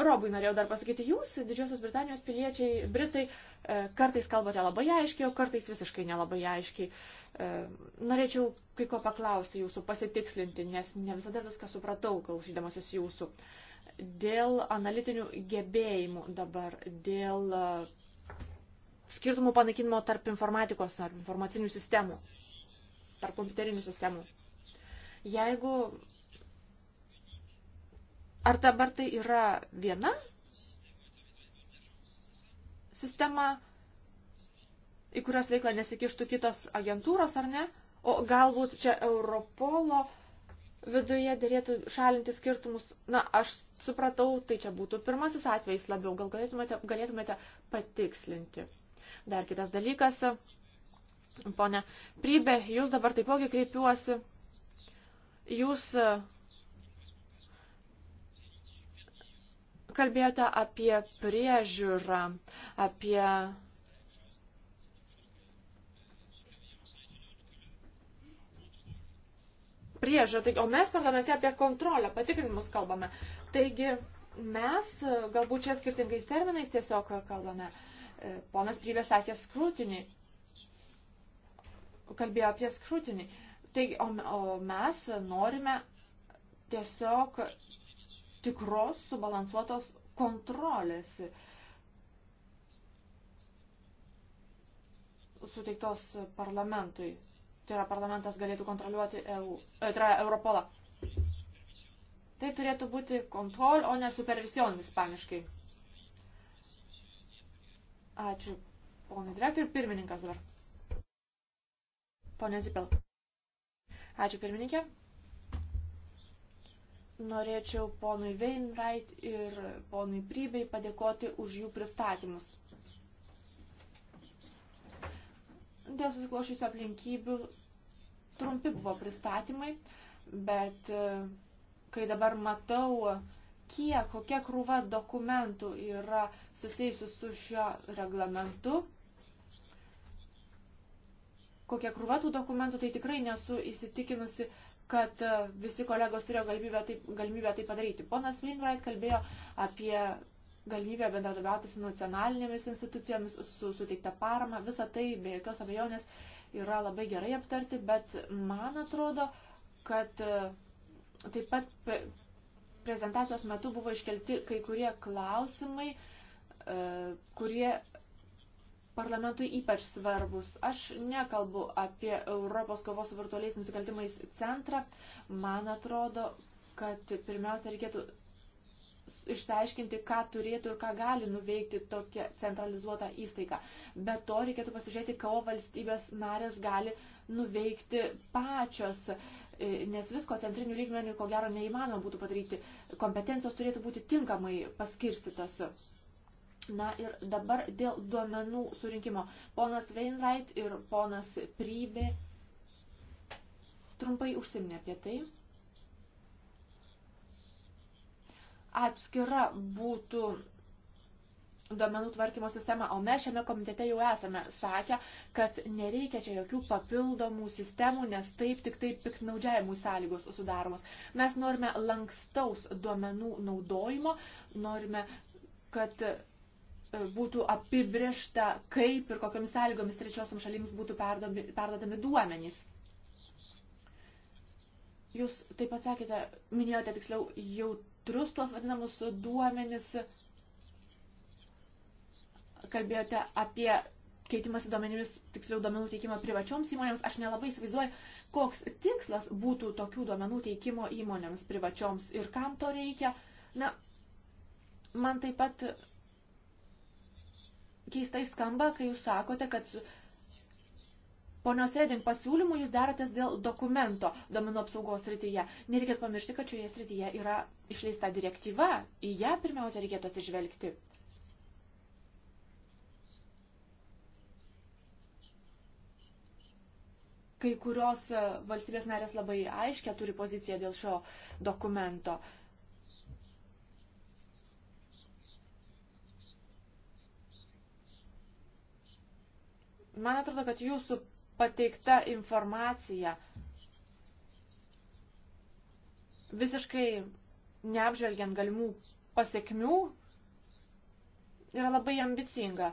Robui norėjau dar pasakyti, jūs, Didžiosios Britanijos piliečiai, Britai, uh, E, kartais kalbate labai aiškiai, o kartais visiškai nelabai aiškiai. E, norėčiau kai ko paklausti jūsų, pasitikslinti, nes ne visada viską supratau, klausydamasis jūsų. Dėl analitinių gebėjimų dabar, dėl e, skirtumų panaikinimo tarp informatikos, tarp informacinių sistemų, tarp kompiuterinių sistemų. Jeigu Ar dabar tai yra viena sistema, į kurios veiklą nesikištų kitos agentūros, ar ne? O galbūt čia Europolo viduje dėlėtų šalinti skirtumus. Na, aš supratau, tai čia būtų pirmasis atvejis labiau. Gal galėtumėte, galėtumėte patikslinti. Dar kitas dalykas. Pone Prybė, jūs dabar taipogi kreipiuosi. Jūs Kalbėjote apie priežiūrą, apie priežiūrą, tai, o mes parlamente apie kontrolę, patikrinimus kalbame. Taigi mes galbūt čia skirtingais terminais tiesiog kalbame. E, ponas Prybė sakė skrutinį. Kalbėjo apie skrutinį. Taigi, o, o mes norime tiesiog tikros subalansuotos kontrolės suteiktos parlamentui. Tai yra parlamentas galėtų kontroliuoti EU, e, tai yra Europolą. Tai turėtų būti kontrol, o ne supervision ispaniškai. Ačiū, ponai direktoriui, pirmininkas dabar. Pone Zipel. Ačiū, pirmininkė. Norėčiau ponui Weinreit ir ponui Prybei padėkoti už jų pristatymus. Dėl susiklošysių aplinkybių trumpi buvo pristatymai, bet e, kai dabar matau, kiek, kokia krūva dokumentų yra susijusių su šio reglamentu, kokia krūva tų dokumentų, tai tikrai nesu įsitikinusi, kad e, visi kolegos turėjo galimybę tai, galimybę tai padaryti. Ponas Wainwright kalbėjo apie galimybę bendradarbiauti su nacionalinėmis institucijomis, su suteikta parama. Visą tai be jokios abejonės yra labai gerai aptarti, bet man atrodo, kad e, taip pat prezentacijos metu buvo iškelti kai kurie klausimai, e, kurie parlamentui ypač svarbus. Aš nekalbu apie Europos kovos su virtualiais nusikaltimais centrą. Man atrodo, kad pirmiausia reikėtų išsiaiškinti, ką turėtų ir ką gali nuveikti tokia centralizuota įstaiga. Be to reikėtų pasižiūrėti, ką valstybės narės gali nuveikti pačios, e, nes visko centrinių lygmenių ko gero neįmanoma būtų padaryti. Kompetencijos turėtų būti tinkamai paskirstytos. Na ir dabar dėl duomenų surinkimo. Ponas Wainwright ir ponas Prybė trumpai užsiminė apie tai. Atskira būtų duomenų tvarkymo sistema, o mes šiame komitete jau esame sakę, kad nereikia čia jokių papildomų sistemų, nes taip tik taip piknaudžiavimų sąlygos sudaromos. Mes norime lankstaus duomenų naudojimo, norime, kad būtų apibriešta, kaip ir kokiamis sąlygomis trečiosiam šalims būtų perdodami duomenys. Jūs taip pat sakėte, minėjote tiksliau jautrus tuos vadinamus duomenis, kalbėjote apie keitimąsi duomenimis, tiksliau duomenų teikimą privačioms įmonėms. Aš nelabai įsivaizduoju, koks tikslas būtų tokių duomenų teikimo įmonėms privačioms ir kam to reikia. Na, man taip pat keistai skamba, kai jūs sakote, kad ponios Reding pasiūlymų jūs deratės dėl dokumento domenų apsaugos srityje. Nereikėtų pamiršti, kad šioje srityje yra išleista direktyva, į ją pirmiausia reikėtų atsižvelgti. Kai kurios valstybės narės labai aiškia turi poziciją dėl šio dokumento. Man atrodo, kad jūsų pateikta informacija visiškai neapžvelgiant galimų pasiekmių yra labai ambicinga.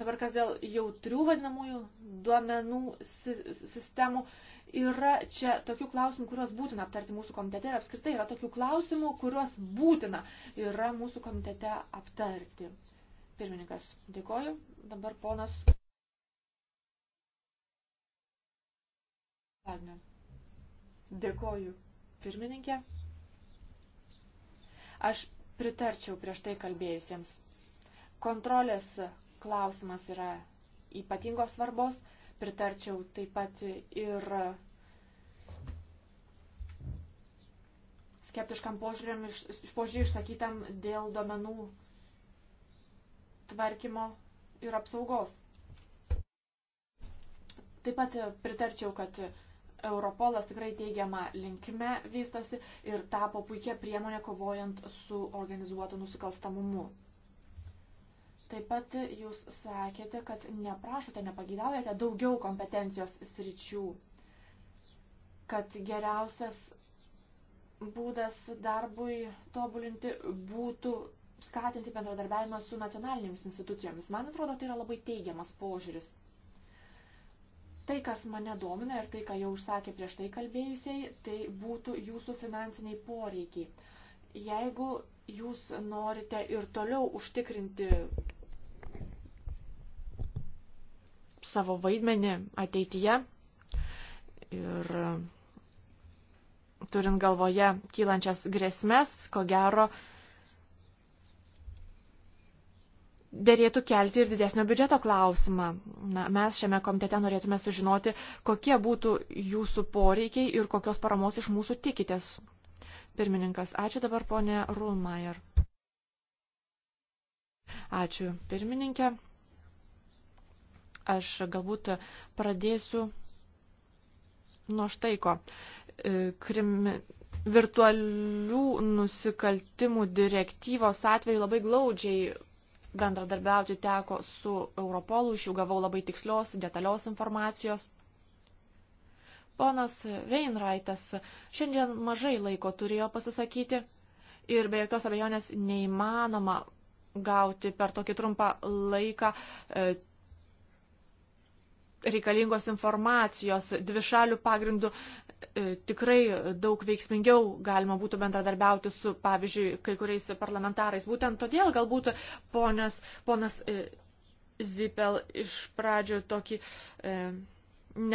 Dabar kas dėl jautrių vadinamųjų duomenų si sistemų, yra čia tokių klausimų, kuriuos būtina aptarti mūsų komitete ir apskritai yra tokių klausimų, kuriuos būtina yra mūsų komitete aptarti. Pirmininkas, dėkoju. Dabar ponas Agniu. Dėkoju, pirmininkė. Aš pritarčiau prieš tai kalbėjusiems. Kontrolės klausimas yra ypatingos svarbos. Pritarčiau taip pat ir skeptiškam požiūrėm iš, iš požiūrį išsakytam dėl duomenų tvarkymo ir apsaugos. Taip pat pritarčiau, kad Europolas tikrai teigiama linkme vystosi ir tapo puikia priemonė kovojant su organizuotu nusikalstamumu. Taip pat jūs sakėte, kad neprašote, nepagidaujate daugiau kompetencijos sričių, kad geriausias būdas darbui tobulinti būtų skatinti bendradarbiavimą su nacionalinėmis institucijomis. Man atrodo, tai yra labai teigiamas požiūris. Tai, kas mane domina ir tai, ką jau užsakė prieš tai kalbėjusiai, tai būtų jūsų finansiniai poreikiai. Jeigu jūs norite ir toliau užtikrinti savo vaidmenį ateityje ir turint galvoje kylančias grėsmės, ko gero, dėrėtų kelti ir didesnio biudžeto klausimą. Na, mes šiame komitete norėtume sužinoti, kokie būtų jūsų poreikiai ir kokios paramos iš mūsų tikitės. Pirmininkas, ačiū dabar ponė Rulmeier. Ačiū, pirmininkė. Aš galbūt pradėsiu nuo štai ko. E, Krimi... Virtualių nusikaltimų direktyvos atveju labai glaudžiai bendradarbiauti teko su Europolu, iš jų gavau labai tikslios, detalios informacijos. Ponas Veinraitas šiandien mažai laiko turėjo pasisakyti ir be jokios abejonės neįmanoma gauti per tokį trumpą laiką e, reikalingos informacijos dvišalių pagrindų E, tikrai daug veiksmingiau galima būtų bendradarbiauti su, pavyzdžiui, kai kuriais parlamentarais. Būtent todėl galbūt ponas, ponas e, Zipel iš pradžio tokį e,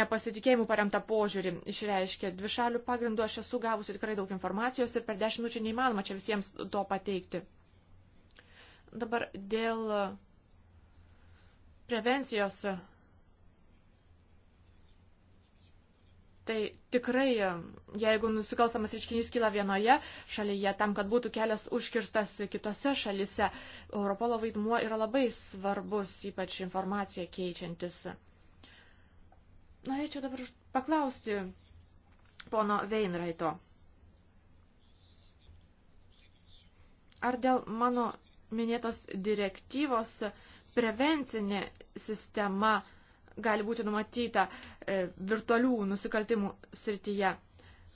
nepasitikėjimų paremtą požiūrį išreiškia. Dvišalių pagrindų aš esu gavusi tikrai daug informacijos ir per dešimt minučių neįmanoma čia visiems to pateikti. Dabar dėl prevencijos Tai tikrai, jeigu nusikalstamas reiškinys kyla vienoje šalyje, tam, kad būtų kelias užkirtas kitose šalise, Europolo vaidmuo yra labai svarbus, ypač informacija keičiantis. Norėčiau dabar paklausti pono Veinraito. Ar dėl mano minėtos direktyvos prevencinė sistema gali būti numatyta e, virtualių nusikaltimų srityje.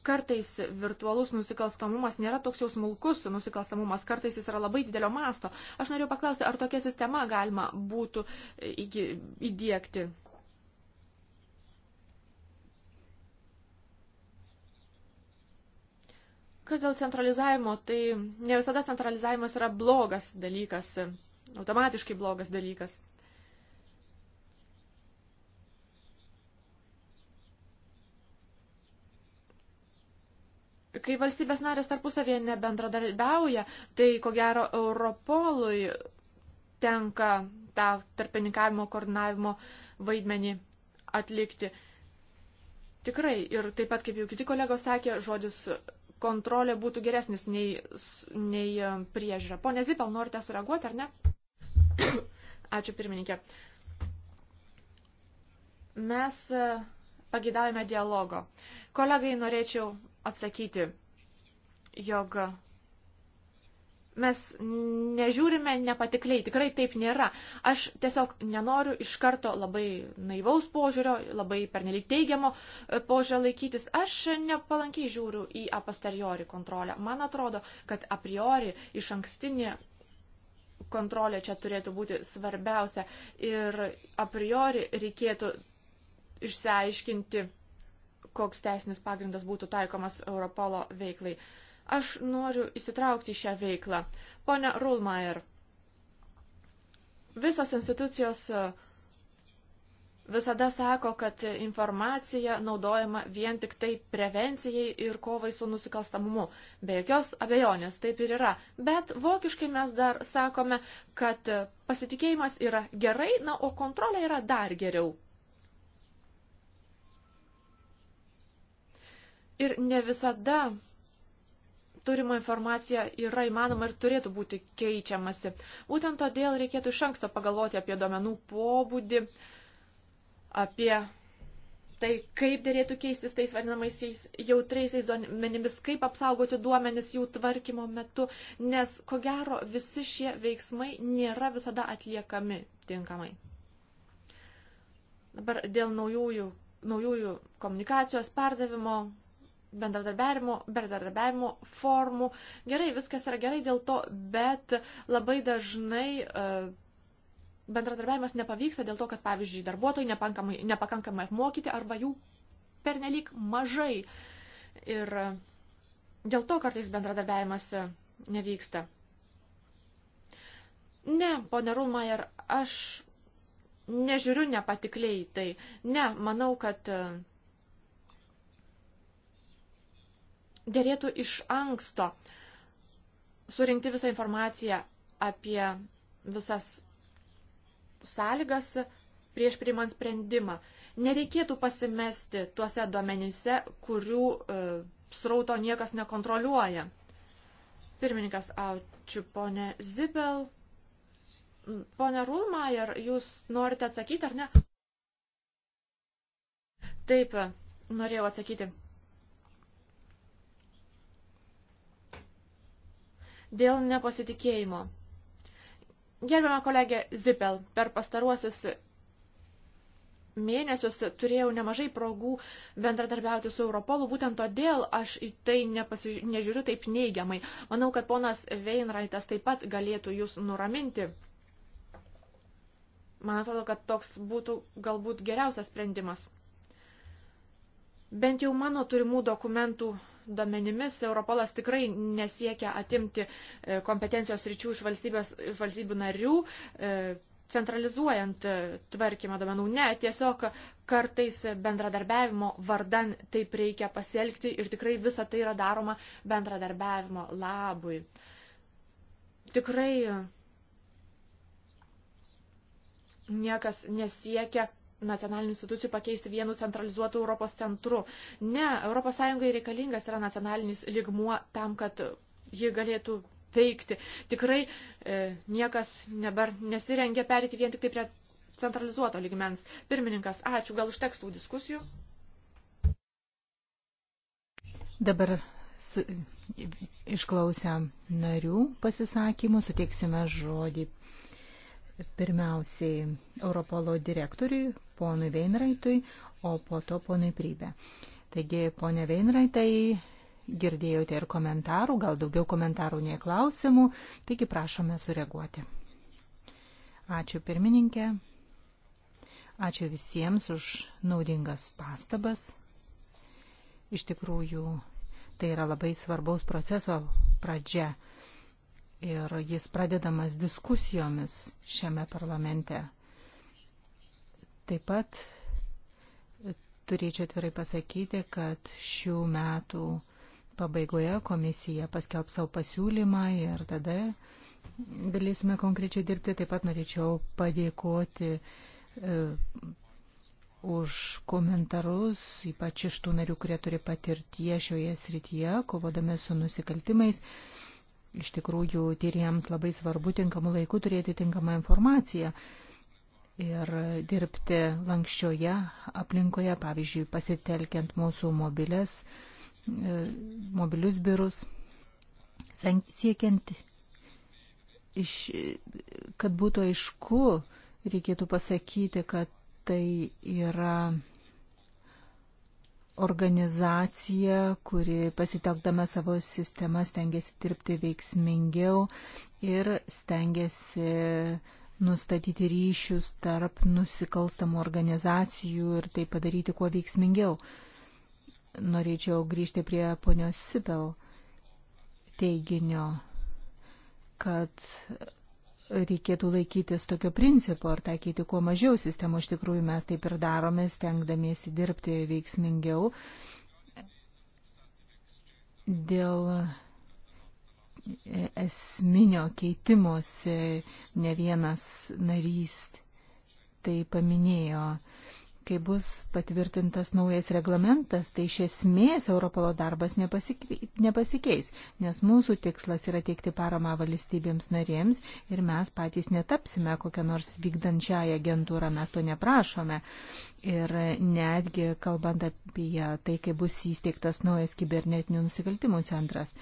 Kartais virtualus nusikalstamumas nėra toks jau smulkus nusikalstamumas, kartais jis yra labai didelio masto. Aš noriu paklausti, ar tokia sistema galima būtų e, įdėkti? Kas dėl centralizavimo, tai ne visada centralizavimas yra blogas dalykas, automatiškai blogas dalykas. Kai valstybės narės tarpusavėje nebendradarbiauja, tai ko gero Europolui tenka tą tarpininkavimo koordinavimo vaidmenį atlikti. Tikrai, ir taip pat, kaip jau kiti kolegos sakė, žodis kontrolė būtų geresnis nei, nei priežiūra. Pone Zipel, norite sureaguoti ar ne? Ačiū pirmininkė. Mes e, pagidavome dialogo. Kolegai norėčiau atsakyti, jog mes nežiūrime nepatikliai, tikrai taip nėra. Aš tiesiog nenoriu iš karto labai naivaus požiūrio, labai pernelyg teigiamo e, požiūrio laikytis. Aš nepalankiai žiūriu į a posteriori kontrolę. Man atrodo, kad a priori iš ankstinė kontrolė čia turėtų būti svarbiausia ir a priori reikėtų išsiaiškinti koks teisinis pagrindas būtų taikomas Europolo veiklai. Aš noriu įsitraukti į šią veiklą. Pone Rulmaier, visos institucijos e, visada sako, kad informacija naudojama vien tik tai prevencijai ir kovai su nusikalstamumu. Be jokios abejonės taip ir yra. Bet vokiškai mes dar sakome, kad pasitikėjimas yra gerai, na, o kontrolė yra dar geriau. ir ne visada turima informacija yra įmanoma ir turėtų būti keičiamasi. Būtent todėl reikėtų iš anksto pagalvoti apie duomenų pobūdį, apie tai, kaip dėlėtų keistis tais vadinamaisiais jautriaisiais duomenimis, kaip apsaugoti duomenis jų tvarkymo metu, nes ko gero visi šie veiksmai nėra visada atliekami tinkamai. Dabar dėl naujųjų, naujųjų komunikacijos perdavimo bendradarbiavimo, bendradarbiavimo formų. Gerai, viskas yra gerai dėl to, bet labai dažnai e, bendradarbiavimas nepavyksta dėl to, kad, pavyzdžiui, darbuotojai nepakankamai, nepakankamai apmokyti arba jų pernelyg mažai. Ir e, dėl to kartais bendradarbiavimas e, nevyksta. Ne, ponė Rulmajer, aš nežiūriu nepatikliai tai. Ne, manau, kad dėrėtų iš anksto surinkti visą informaciją apie visas sąlygas prieš priimant sprendimą. Nereikėtų pasimesti tuose duomenyse, kurių e, srauto niekas nekontroliuoja. Pirmininkas, ačiū ponė Zibel. Pone Rulmajer, jūs norite atsakyti ar ne? Taip, norėjau atsakyti. dėl nepasitikėjimo. Gerbiama kolegė Zipel, per pastaruosius mėnesius turėjau nemažai progų bendradarbiauti su Europolu, būtent todėl aš į tai nepasiž... nežiūriu taip neigiamai. Manau, kad ponas Veinraitas taip pat galėtų jūs nuraminti. Man atrodo, kad toks būtų galbūt geriausias sprendimas. Bent jau mano turimų dokumentų duomenimis Europolas tikrai nesiekia atimti e, kompetencijos ryčių iš, iš valstybių narių, e, centralizuojant e, tvarkymą duomenų. Ne, tiesiog kartais bendradarbiavimo vardan taip reikia pasielgti ir tikrai visa tai yra daroma bendradarbiavimo labui. Tikrai niekas nesiekia, nacionalinių institucijų pakeisti vienu centralizuotu Europos centru. Ne, ES reikalingas yra nacionalinis ligmuo tam, kad ji galėtų veikti. Tikrai e, niekas dabar nesirengia perėti vien tik tai prie centralizuoto ligmens. Pirmininkas, ačiū, gal užteks tų diskusijų. Dabar su, išklausę narių pasisakymų suteiksime žodį pirmiausiai Europolo direktoriui, ponui Veinraitui, o po to ponui Prybė. Taigi, ponė Veinraitai, girdėjote ir komentarų, gal daugiau komentarų nei klausimų, taigi prašome sureaguoti. Ačiū pirmininkė, ačiū visiems už naudingas pastabas. Iš tikrųjų, tai yra labai svarbaus proceso pradžia ir jis pradedamas diskusijomis šiame parlamente. Taip pat turėčiau atvirai pasakyti, kad šių metų pabaigoje komisija paskelb savo pasiūlymą ir tada galėsime konkrečiai dirbti. Taip pat norėčiau padėkoti e, už komentarus, ypač iš tų narių, kurie turi patirtie šioje srityje, kovodami su nusikaltimais. Iš tikrųjų, tyriems labai svarbu tinkamu laiku turėti tinkamą informaciją ir dirbti lankščioje aplinkoje, pavyzdžiui, pasitelkiant mūsų mobilės, e, mobilius birus, siekiant, iš, kad būtų aišku, reikėtų pasakyti, kad tai yra organizacija, kuri pasitelkdama savo sistemą stengiasi dirbti veiksmingiau ir stengiasi nustatyti ryšius tarp nusikalstamų organizacijų ir tai padaryti kuo veiksmingiau. Norėčiau grįžti prie ponios Sibel teiginio, kad reikėtų laikytis tokio principo ir taikyti kuo mažiau sistemų. Iš tikrųjų, mes taip ir darome, stengdamiesi dirbti veiksmingiau. Dėl esminio keitimosi ne vienas narys tai paminėjo kai bus patvirtintas naujas reglamentas, tai iš esmės Europolo darbas nepasikeis, nes mūsų tikslas yra teikti paramą valstybėms narėms ir mes patys netapsime kokią nors vykdančiąją agentūrą, mes to neprašome. Ir netgi kalbant apie tai, kai bus įsteigtas naujas kibernetinių nusikaltimų centras,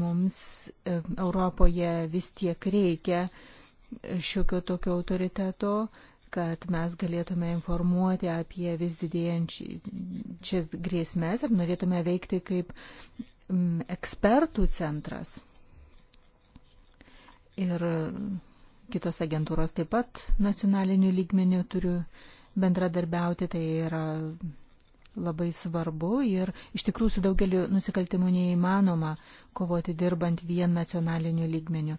mums e, Europoje vis tiek reikia šiokio tokio autoriteto kad mes galėtume informuoti apie vis didėjančias grėsmės ir norėtume veikti kaip mm, ekspertų centras. Ir kitos agentūros taip pat nacionaliniu lygmeniu turiu bendradarbiauti, tai yra labai svarbu ir iš tikrųjų su daugeliu nusikaltimų neįmanoma kovoti dirbant vien nacionaliniu lygmeniu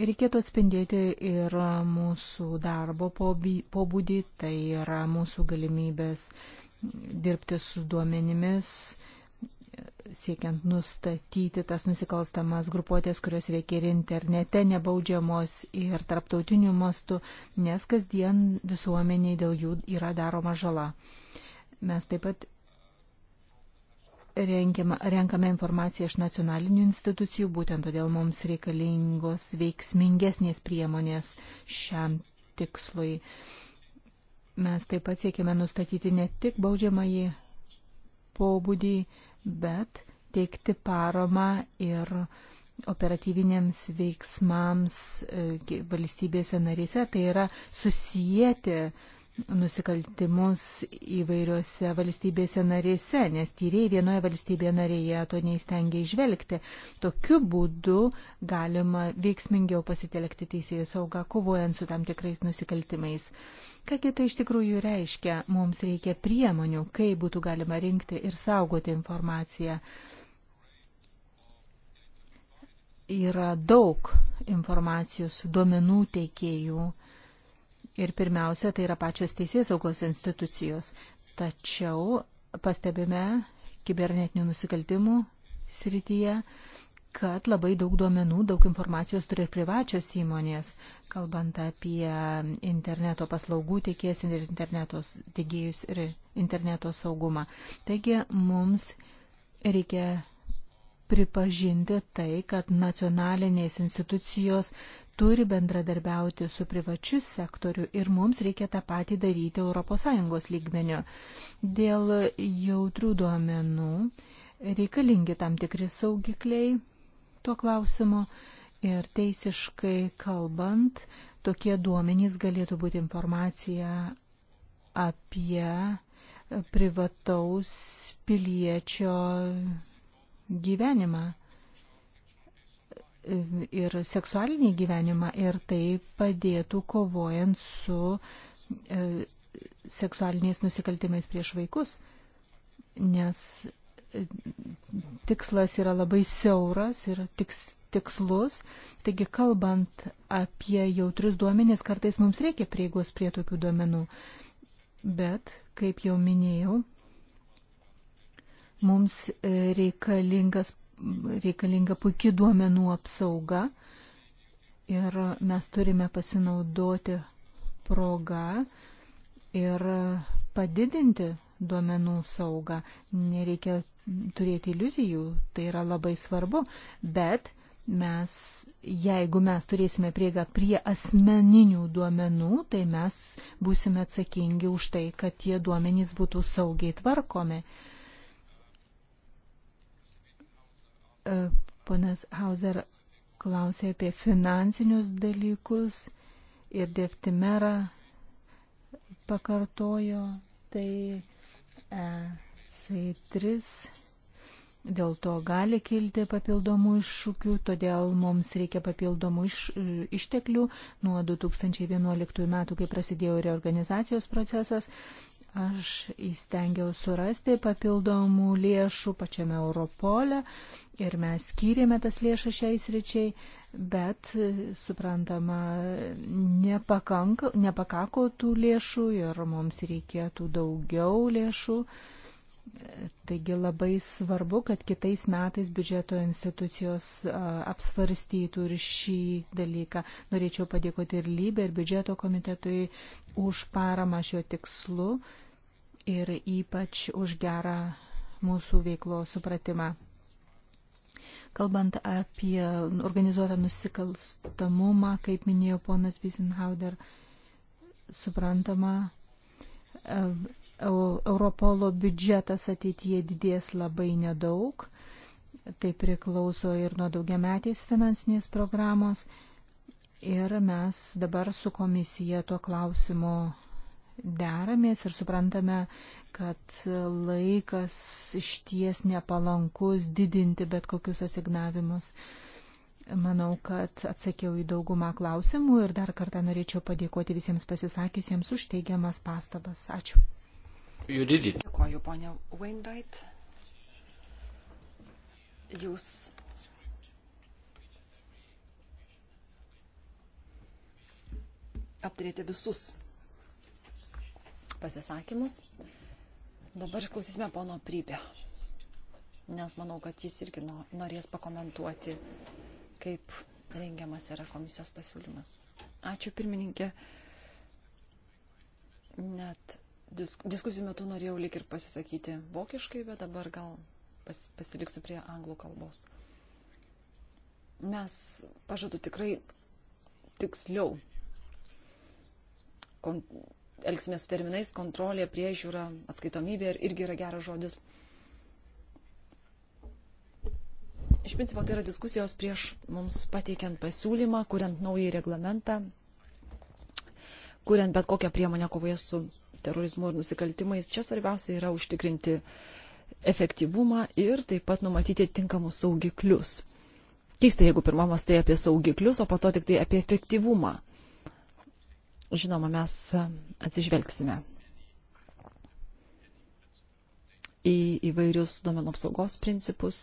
reikėtų atspindėti ir mūsų darbo pobūdį, tai yra mūsų galimybės dirbti su duomenimis, siekiant nustatyti tas nusikalstamas grupuotės, kurios veikia ir internete nebaudžiamos ir tarptautiniu mastu, nes kasdien visuomeniai dėl jų yra daroma žala. Mes taip pat renkiama, renkame informaciją iš nacionalinių institucijų, būtent todėl mums reikalingos veiksmingesnės priemonės šiam tikslui. Mes taip pat siekime nustatyti ne tik baudžiamąjį pobūdį, bet teikti paramą ir operatyviniams veiksmams e, valstybėse narėse, tai yra susijęti nusikaltimus įvairiose valstybėse narėse, nes tyriai vienoje valstybėje narėje to neįstengia išvelgti. Tokiu būdu galima veiksmingiau pasitelkti teisėjų saugą, kovojant su tam tikrais nusikaltimais. Kągi tai iš tikrųjų reiškia, mums reikia priemonių, kaip būtų galima rinkti ir saugoti informaciją. Yra daug informacijos duomenų teikėjų ir pirmiausia, tai yra pačios teisėsaugos institucijos. Tačiau pastebime kibernetinių nusikaltimų srityje, kad labai daug duomenų, daug informacijos turi ir privačios įmonės, kalbant apie interneto paslaugų tiekės ir internetos tiekėjus ir interneto saugumą. Taigi mums reikia pripažinti tai, kad nacionalinės institucijos turi bendradarbiauti su privačiu sektoriu ir mums reikia tą patį daryti ES lygmeniu. Dėl jautrių duomenų reikalingi tam tikri saugikliai tuo klausimu ir teisiškai kalbant, tokie duomenys galėtų būti informacija apie privataus piliečio gyvenimą ir seksualinį gyvenimą ir tai padėtų kovojant su e, seksualiniais nusikaltimais prieš vaikus, nes e, tikslas yra labai siauras ir tiks, tikslus. Taigi, kalbant apie jautrius duomenys, kartais mums reikia prieigos prie tokių duomenų. Bet, kaip jau minėjau, mums e, reikalingas reikalinga puikia duomenų apsauga ir mes turime pasinaudoti progą ir padidinti duomenų saugą. Nereikia turėti iliuzijų, tai yra labai svarbu, bet mes, jeigu mes turėsime prieigą prie asmeninių duomenų, tai mes būsime atsakingi už tai, kad tie duomenys būtų saugiai tvarkomi. Uh, E, ponas Hauser klausė apie finansinius dalykus ir Deftimera pakartojo tai e C3. Dėl to gali kilti papildomų iššūkių, todėl mums reikia papildomų iš, e, išteklių. Nuo 2011 metų, kai prasidėjo reorganizacijos procesas, Aš įstengiau surasti papildomų lėšų pačiame Europole ir mes skyrėme tas lėšas šiai sričiai, bet, suprantama, nepakanko, nepakako tų lėšų ir mums reikėtų daugiau lėšų. Uh, Taigi labai svarbu, kad kitais metais biudžeto institucijos apsvarstytų ir šį dalyką. Norėčiau padėkoti ir lybę, ir biudžeto komitetui už paramą šiuo tikslu ir ypač už gerą mūsų veiklos supratimą. Kalbant apie organizuotą nusikalstamumą, kaip minėjo ponas Bisenhauder, suprantama, Europolo biudžetas ateityje didės labai nedaug. Tai priklauso ir nuo daugiametės finansinės programos. Ir mes dabar su komisija tuo klausimu deramės ir suprantame, kad laikas išties nepalankus didinti bet kokius asignavimus. Manau, kad atsakiau į daugumą klausimų ir dar kartą norėčiau padėkoti visiems pasisakysiems už teigiamas pastabas. Ačiū. Dėkoju, ponia Wainwright. Jūs aptarėte visus pasisakymus. Dabar išklausysime pono Prybę, nes manau, kad jis irgi norės pakomentuoti, kaip rengiamas yra komisijos pasiūlymas. Ačiū pirmininkė. Net disk, diskusijų metu norėjau lik ir pasisakyti vokiškai, bet dabar gal pas, pasiliksiu prie anglų kalbos. Mes pažadu tikrai tiksliau kon, elgsime su terminais kontrolė, priežiūra, atskaitomybė ir irgi yra geras žodis. Iš principo tai yra diskusijos prieš mums pateikiant pasiūlymą, kuriant naują reglamentą, kuriant bet kokią priemonę kovoje su terorizmu ir nusikaltimais. Čia svarbiausia yra užtikrinti efektyvumą ir taip pat numatyti tinkamus saugiklius. Keista, jeigu pirmamas tai apie saugiklius, o po to tik tai apie efektyvumą. Žinoma, mes atsižvelgsime į įvairius duomenų apsaugos principus,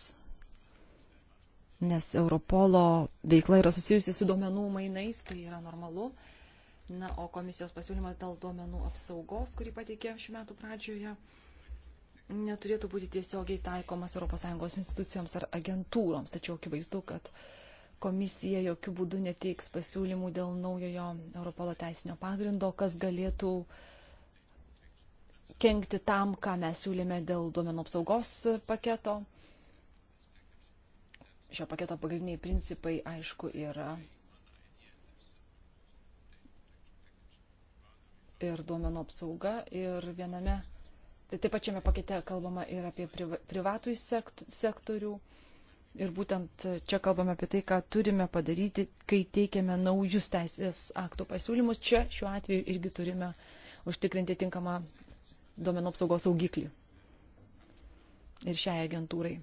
nes Europolo veikla yra susijusi su duomenų mainais, tai yra normalu. Na, o komisijos pasiūlymas dėl duomenų apsaugos, kurį pateikė šių metų pradžioje, neturėtų būti tiesiogiai taikomas ES institucijoms ar agentūroms. Tačiau akivaizdu, kad komisija jokių būdų neteiks pasiūlymų dėl naujojo Europolo teisinio pagrindo, kas galėtų kenkti tam, ką mes siūlėme dėl duomenų apsaugos paketo. Šio paketo pagrindiniai principai, aišku, yra ir duomenų apsauga. Ir viename, tai taip pačiame pakete kalbama ir apie privatų sektorių. Ir būtent čia kalbame apie tai, ką turime padaryti, kai teikiame naujus teisės aktų pasiūlymus. Čia šiuo atveju irgi turime užtikrinti tinkamą duomenų apsaugos saugiklį. Ir šiai agentūrai.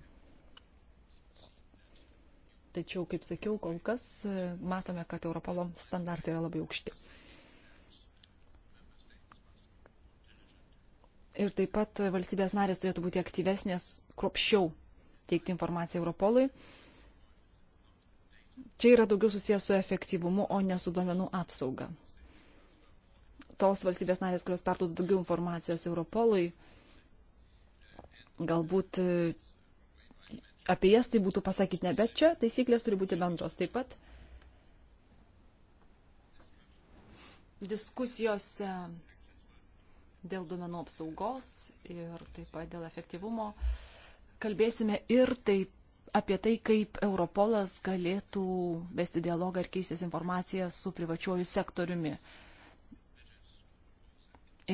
Tačiau, kaip sakiau, kol kas e, matome, kad Europolo standartai yra labai aukšti. Ir taip pat valstybės narės turėtų būti aktyvesnės, kropščiau teikti informaciją Europolui. Čia yra daugiau susijęs su efektyvumu, o ne su duomenų apsauga. Tos valstybės narės, kurios perduoda daugiau informacijos Europolui, galbūt e, apie jas tai būtų pasakyti ne, bet čia taisyklės turi būti bendros. Taip pat diskusijose dėl duomenų apsaugos ir taip pat dėl efektyvumo. Kalbėsime ir taip apie tai, kaip Europolas galėtų vesti dialogą ir keistis informaciją su privačiuoju sektoriumi.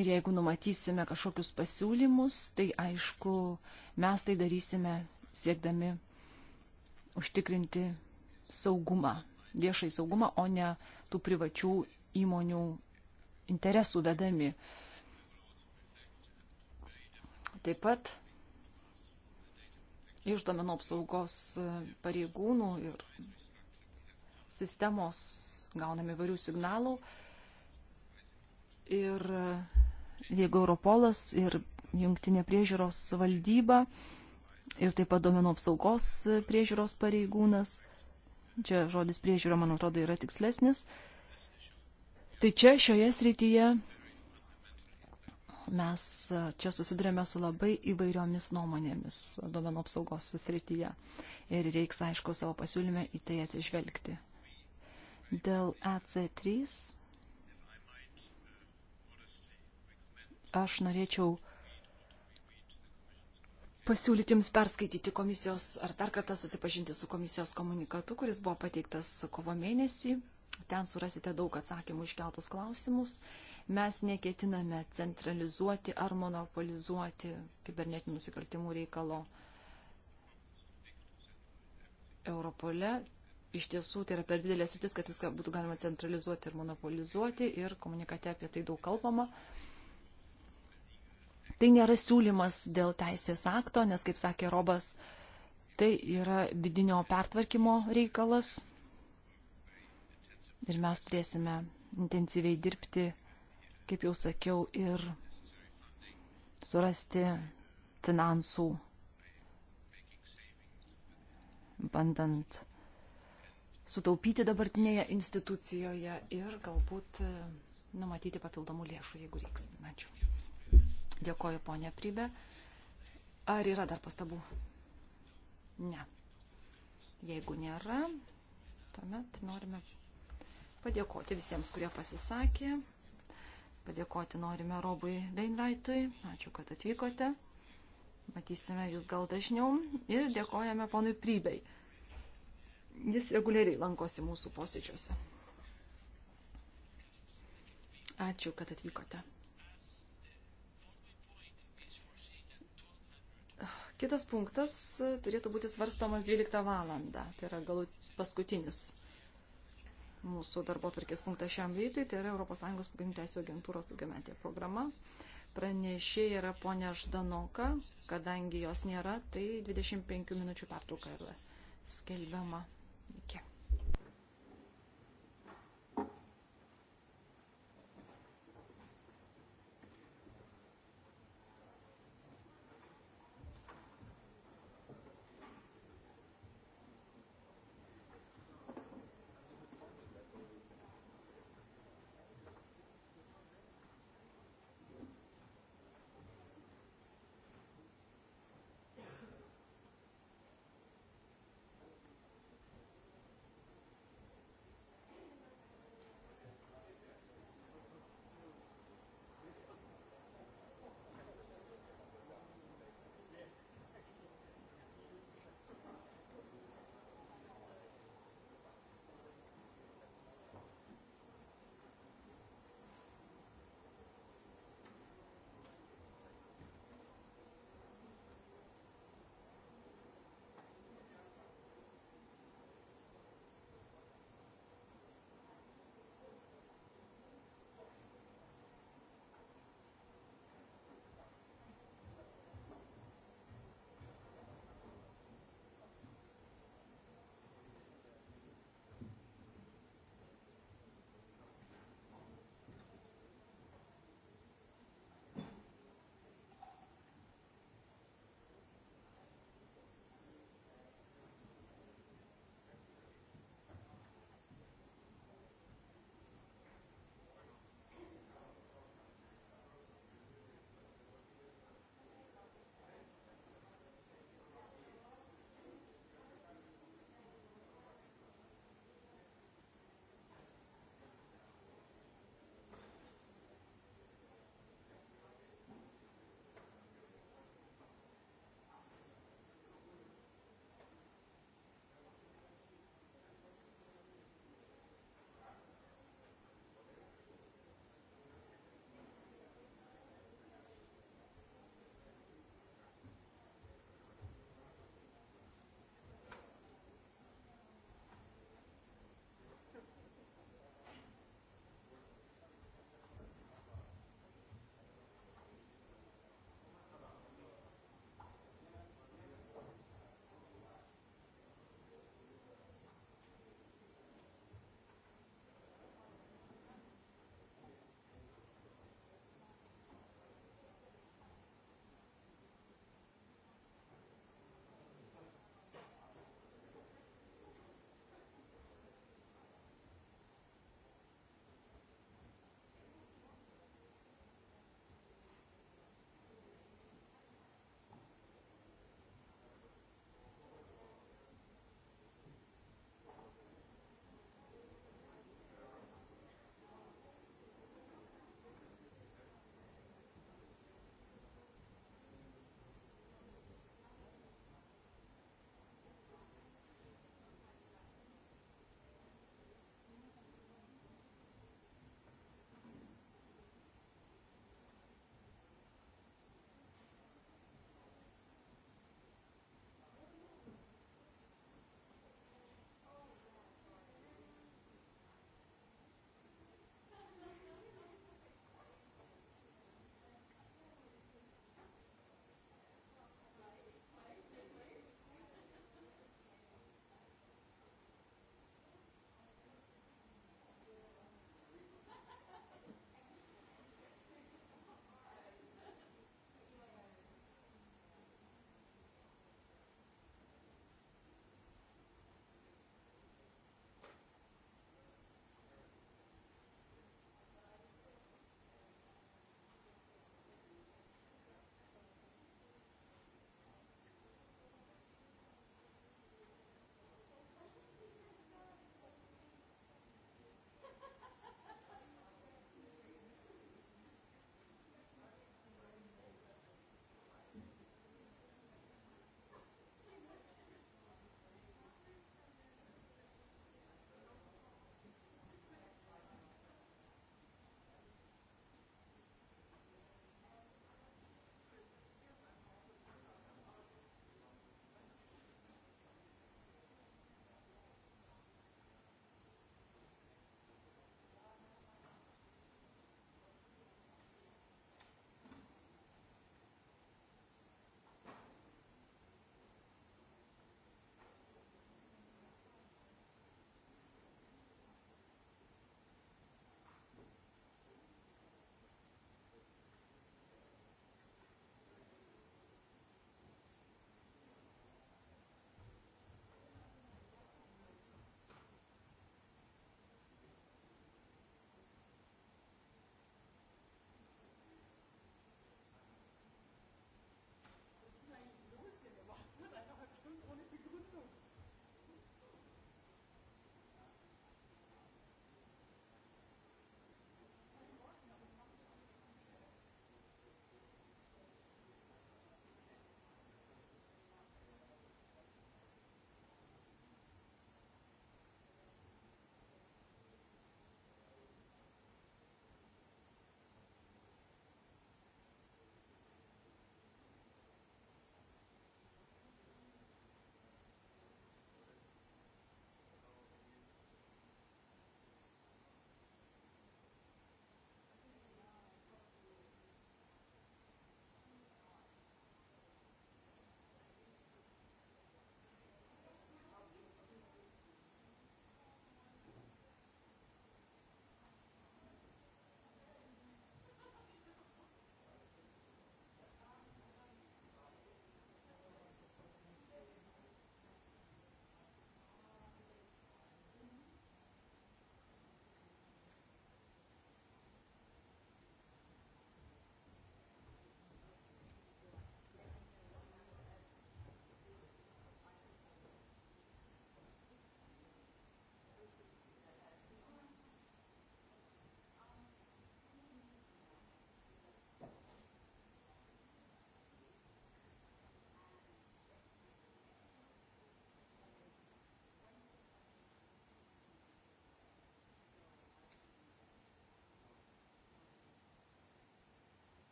Ir jeigu numatysime kažkokius pasiūlymus, tai aišku, mes tai darysime siekdami užtikrinti saugumą, viešai saugumą, o ne tų privačių įmonių interesų vedami. Uh, Taip pat iš domenų apsaugos pareigūnų ir sistemos gauname įvairių signalų. Ir jeigu Europolas ir jungtinė priežiūros valdyba ir taip pat domenų apsaugos priežiūros pareigūnas, čia žodis priežiūra, man atrodo, yra tikslesnis, tai čia šioje srityje mes čia susidurėme su labai įvairiomis nuomonėmis duomenų apsaugos srityje. Ir reiks, aišku, savo pasiūlyme į tai atsižvelgti. Dėl EC3 aš norėčiau pasiūlyti jums perskaityti komisijos ar dar kartą susipažinti su komisijos komunikatu, kuris buvo pateiktas kovo mėnesį. Ten surasite daug atsakymų iškeltus klausimus. Uh, Mes neketiname centralizuoti ar monopolizuoti kibernetinių nusikaltimų reikalo Europole. Iš tiesų, tai yra per didelė sritis, kad viską būtų galima centralizuoti ir monopolizuoti ir komunikate apie tai daug kalbama. Tai nėra siūlymas dėl teisės akto, nes, kaip sakė Robas, tai yra vidinio pertvarkymo reikalas. Ir mes turėsime intensyviai dirbti kaip jau sakiau, ir surasti finansų, bandant sutaupyti dabartinėje institucijoje ir galbūt e, numatyti papildomų lėšų, jeigu reiks. Ačiū. Dėkoju, ponė Prybė. Ar yra dar pastabų? Ne. Jeigu nėra, tuomet norime padėkoti visiems, kurie pasisakė. Padėkoti norime Robui Veinraitui. Ačiū, kad atvykote. Matysime jūs gal dažniau. Ir dėkojame ponui Prybei. Jis reguliariai lankosi mūsų posėdžiuose. Ačiū, kad atvykote. Kitas punktas turėtų būti svarstomas 12 valandą, tai yra galų paskutinis mūsų darbo tvarkės punktas šiam rytui, tai yra ES pagrindinių teisų agentūros daugiametė programa. Pranešė yra ponia Ždanoka, kadangi jos nėra, tai 25 minučių pertrauka yra skelbiama.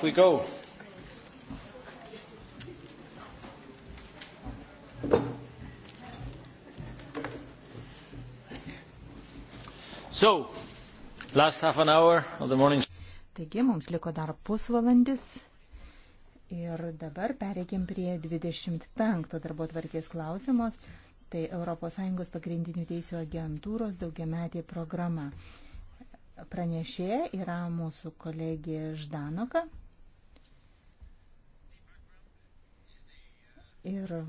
off we go. So, last half an hour of the morning. Taigi mums liko dar pusvalandis ir dabar pereikim prie 25 darbo tvarkės klausimos. Tai ES pagrindinių teisų agentūros daugiametė programa pranešėja yra mūsų kolegė Ždanoka. Ir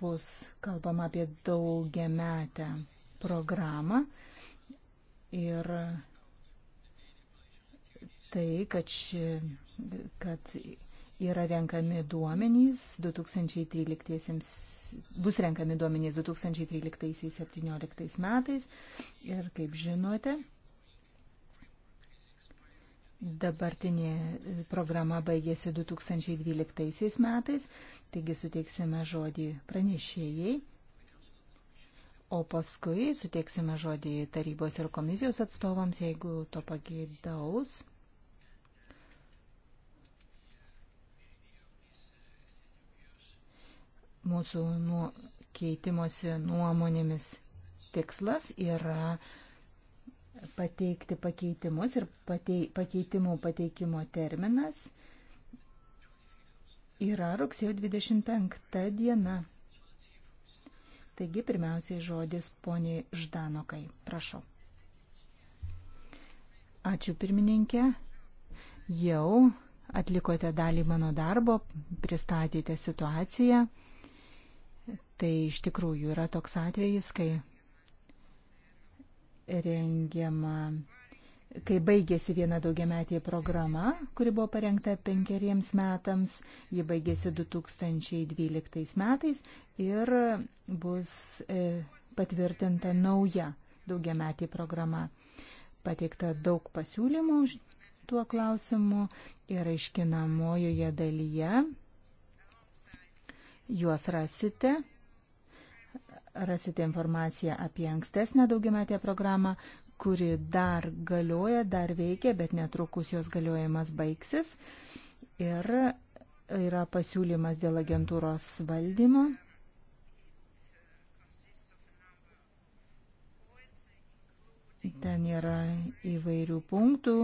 bus kalbama apie daugiametę programą ir tai, kad, ši, kad yra renkami duomenys 2013, bus renkami duomenys 2013-2017 metais ir kaip žinote, Dabartinė e, programa baigėsi 2012 metais, taigi suteiksime žodį pranešėjai, o paskui suteiksime žodį tarybos ir komisijos atstovams, jeigu to pageidaus. Mūsų nuo keitimosi nuomonėmis tikslas yra uh, pateikti pakeitimus ir patei, pakeitimų pateikimo terminas yra rugsėjo 25 diena. Taigi pirmiausiai žodis poniai Ždanokai. Prašau. Ačiū pirmininkė. Jau atlikote dalį mano darbo, pristatėte situaciją. Tai iš tikrųjų yra toks atvejis, kai rengiama, kai baigėsi viena daugiametė programa, kuri buvo parengta penkeriems metams, ji baigėsi 2012 metais ir bus e, patvirtinta nauja daugiametė programa. Pateikta daug pasiūlymų tuo klausimu ir aiškinamojoje dalyje. Juos rasite rasite informaciją apie ankstesnę daugiametę programą, kuri dar galioja, dar veikia, bet netrukus jos galiojimas baigsis. Ir yra pasiūlymas dėl agentūros valdymo. Ten yra įvairių punktų,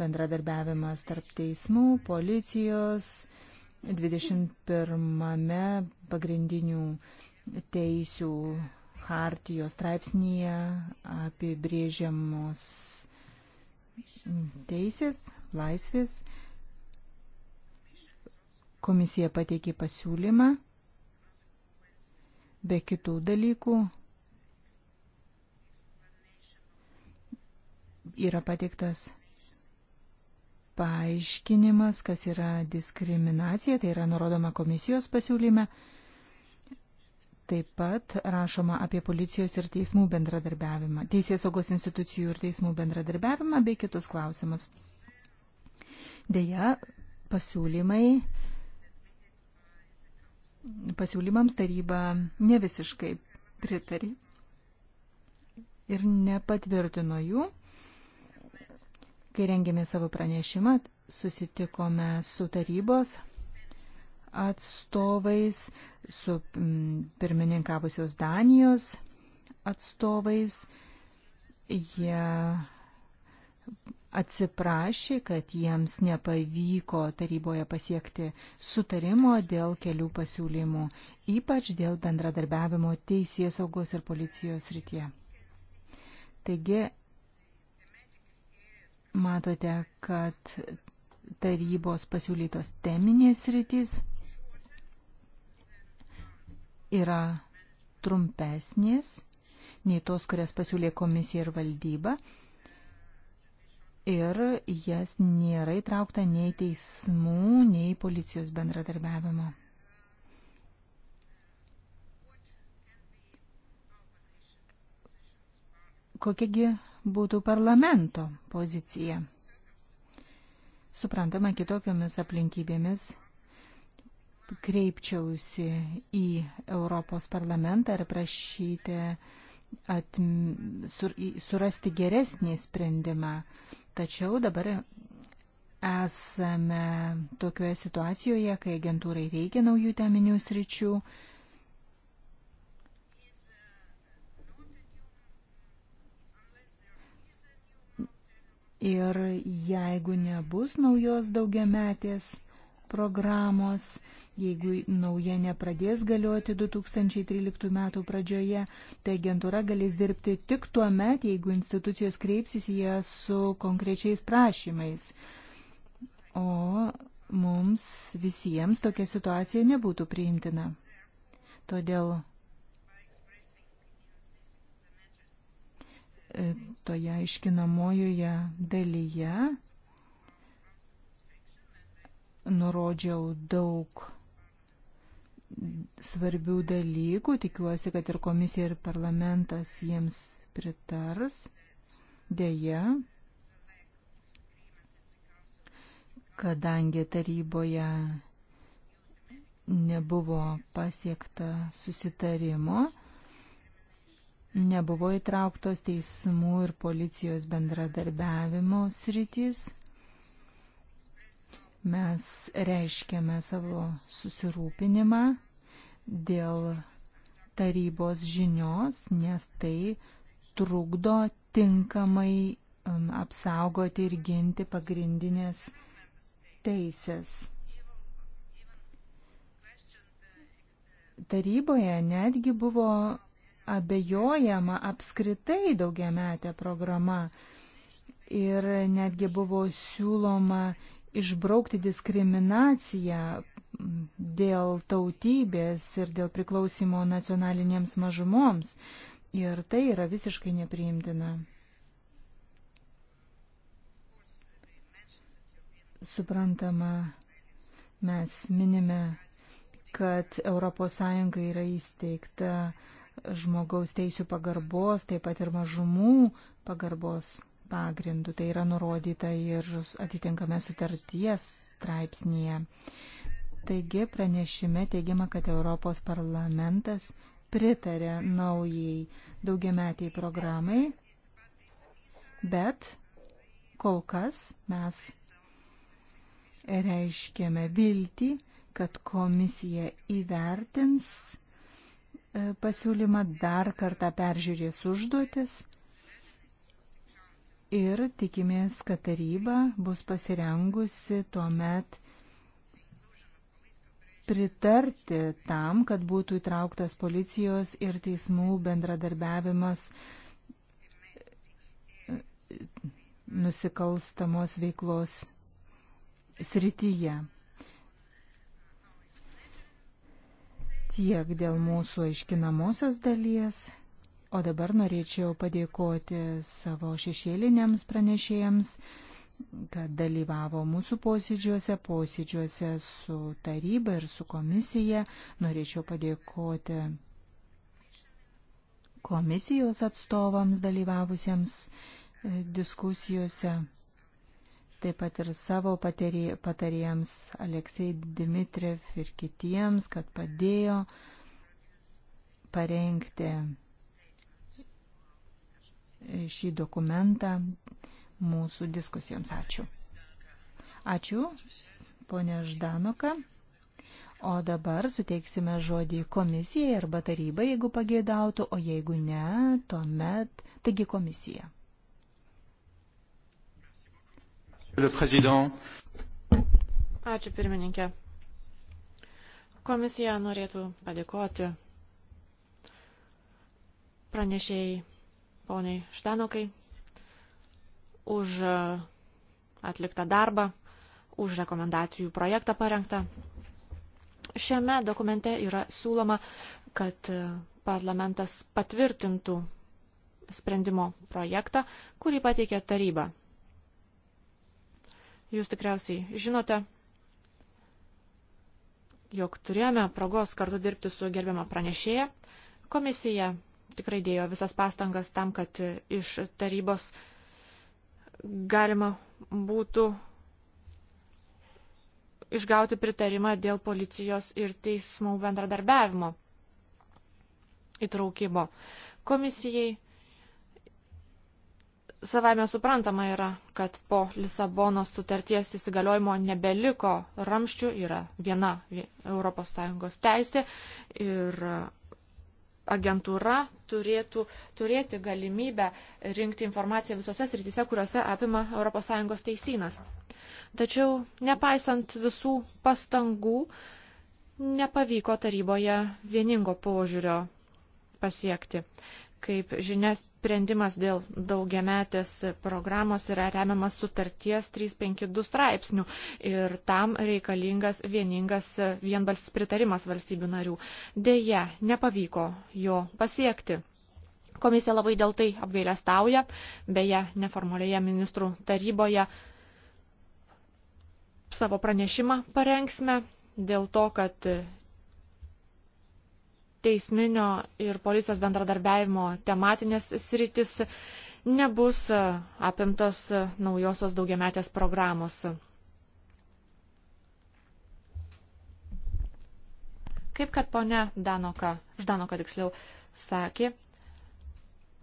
bendradarbiavimas tarp teismų, policijos, 21 pagrindinių teisių hartijos straipsnėje apibrėžiamos teisės, laisvės. Komisija pateikė pasiūlymą, be kitų dalykų yra pateiktas paaiškinimas, kas yra diskriminacija, tai yra nurodoma komisijos pasiūlyme. Taip pat rašoma apie policijos ir teismų bendradarbiavimą, teisės saugos institucijų ir teismų bendradarbiavimą bei kitus klausimus. Deja, pasiūlymai, pasiūlymams taryba ne visiškai pritarė ir nepatvirtino jų. Kai rengėme savo pranešimą, susitikome su tarybos atstovais, su mm, pirmininkavusios Danijos atstovais. Jie atsiprašė, kad jiems nepavyko taryboje pasiekti sutarimo dėl kelių pasiūlymų, ypač dėl bendradarbiavimo teisės saugos ir policijos rytie. Taigi, matote, kad tarybos pasiūlytos teminės rytis yra trumpesnės nei tos, kurias pasiūlė komisija ir valdyba. Ir jas nėra įtraukta nei teismų, nei policijos bendradarbiavimo. Kokiagi būtų parlamento pozicija? Suprantama, kitokiomis aplinkybėmis kreipčiausi į Europos parlamentą ir prašyti atm, sur, surasti geresnį sprendimą. Tačiau dabar esame tokioje situacijoje, kai agentūrai reikia naujų teminių sričių. Ir jeigu nebus naujos daugiametės, metės programos. Jeigu nauja nepradės galioti 2013 metų pradžioje, tai agentūra galės dirbti tik tuo met, jeigu institucijos kreipsis jie su konkrečiais prašymais. O mums visiems tokia situacija nebūtų priimtina. Todėl e, toje aiškinamojoje dalyje nurodžiau daug svarbių dalykų. Tikiuosi, kad ir komisija, ir parlamentas jiems pritars. Deja, kadangi taryboje nebuvo pasiekta susitarimo, nebuvo įtrauktos teismų ir policijos bendradarbiavimo sritys. Mes reiškiame savo susirūpinimą dėl tarybos žinios, nes tai trukdo tinkamai um, apsaugoti ir ginti pagrindinės teisės. Taryboje netgi buvo abejojama apskritai daugiametė programa ir netgi buvo siūloma išbraukti diskriminaciją dėl tautybės ir dėl priklausimo nacionalinėms mažumoms. Ir tai yra visiškai nepriimtina. Suprantama, mes minime, kad ES yra įsteigta žmogaus teisų pagarbos, taip pat ir mažumų pagarbos pagrindu, tai yra nurodyta ir atitinkame sutarties straipsnėje. Taigi pranešime teigiama, kad Europos parlamentas pritarė naujai daugiametiai programai, bet kol kas mes reiškėme viltį, kad komisija įvertins e, pasiūlymą dar kartą peržiūrės užduotis ir tikimės, kad taryba bus pasirengusi tuo met pritarti tam, kad būtų įtrauktas policijos ir teismų bendradarbiavimas nusikalstamos veiklos srityje. Tiek dėl mūsų aiškinamosios dalies, O dabar norėčiau padėkoti savo šešėliniams pranešėjams, kad dalyvavo mūsų posėdžiuose, posėdžiuose su taryba ir su komisija. Norėčiau padėkoti komisijos atstovams dalyvavusiems e, diskusijose, taip pat ir savo patarėjams Aleksei Dimitriev ir kitiems, kad padėjo parengti šį dokumentą mūsų diskusijoms. Ačiū. Ačiū, ponė Ždanoka. O dabar suteiksime žodį komisijai arba tarybai, jeigu pageidautų, o jeigu ne, tuomet taigi komisija. Ačiū pirmininkė. Komisija norėtų padėkoti pranešėjai poniai Štanokai už e, atliktą darbą, už rekomendacijų projektą parengtą. Šiame dokumente yra siūloma, kad e, parlamentas patvirtintų sprendimo projektą, kurį pateikė taryba. Jūs tikriausiai žinote, jog turėjome progos kartu dirbti su gerbiama pranešėja. Komisija tikrai dėjo visas pastangas tam, kad iš tarybos galima būtų išgauti pritarimą dėl policijos ir teismų bendradarbiavimo įtraukimo. Komisijai savame suprantama yra, kad po Lisabonos sutarties įsigaliojimo nebeliko ramščių, yra viena ES teisė ir agentūra turėtų turėti galimybę rinkti informaciją visose srityse, kuriuose apima ES teisynas. Tačiau, nepaisant visų pastangų, nepavyko taryboje vieningo požiūrio pasiekti. Kaip žinia, sprendimas dėl daugiametės programos yra remiamas sutarties 352 straipsnių ir tam reikalingas vieningas vienbalsis pritarimas valstybių narių. Deja, nepavyko jo pasiekti. Komisija labai dėl tai apgailę stauja, beje, neformalioje ministrų taryboje savo pranešimą parengsime dėl to, kad teisminio ir policijos bendradarbiavimo tematinės sritis nebus e, apimtos e, naujosios daugiametės programos. Kaip kad ponia Danoka, Ždanoka tiksliau, sakė,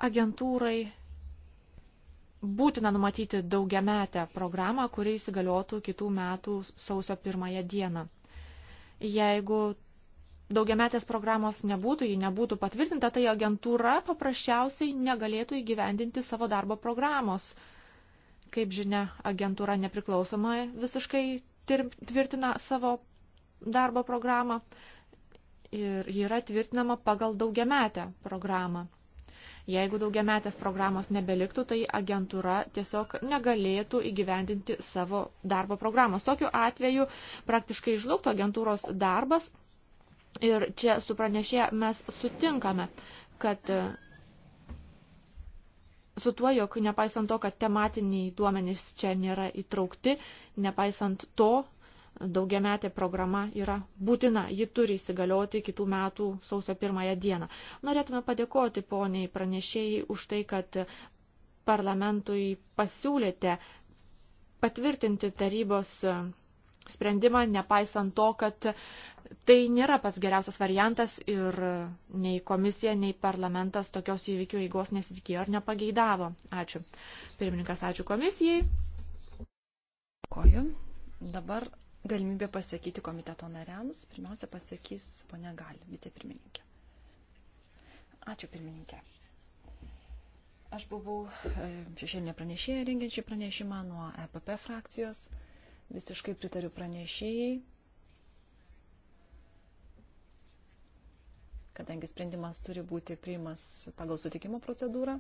agentūrai būtina numatyti daugiametę programą, kuri įsigaliotų kitų metų sausio pirmąją dieną. Jeigu daugiametės programos nebūtų, ji nebūtų patvirtinta, tai agentūra paprasčiausiai negalėtų įgyvendinti savo darbo programos. Kaip žinia, agentūra nepriklausomai visiškai tvirtina savo darbo programą ir ji yra tvirtinama pagal daugiametę programą. Jeigu daugiametės programos nebeliktų, tai agentūra tiesiog negalėtų įgyvendinti savo darbo programos. Tokiu atveju praktiškai žlugtų agentūros darbas Ir čia su pranešė mes sutinkame, kad e, su tuo, jog nepaisant to, kad tematiniai duomenys čia nėra įtraukti, nepaisant to, daugiametė programa yra būtina, ji turi įsigalioti kitų metų sausio pirmąją dieną. Norėtume padėkoti poniai pranešėjai už tai, kad parlamentui pasiūlėte patvirtinti tarybos e, sprendimą, nepaisant to, kad tai nėra pats geriausias variantas ir nei komisija, nei parlamentas tokios įvykių eigos nesitikėjo ar nepageidavo. Ačiū. Pirmininkas, ačiū komisijai. Koju. Dabar galimybė pasakyti komiteto nariams. Pirmiausia, pasakys ponia Gali, vicepirmininkė. Ačiū, pirmininkė. Aš buvau e, šešėlinė pranešėja rengiant šį pranešimą nuo EPP frakcijos. Visiškai pritariu pranešėjai kadangi sprendimas turi būti priimas pagal sutikimo procedūrą,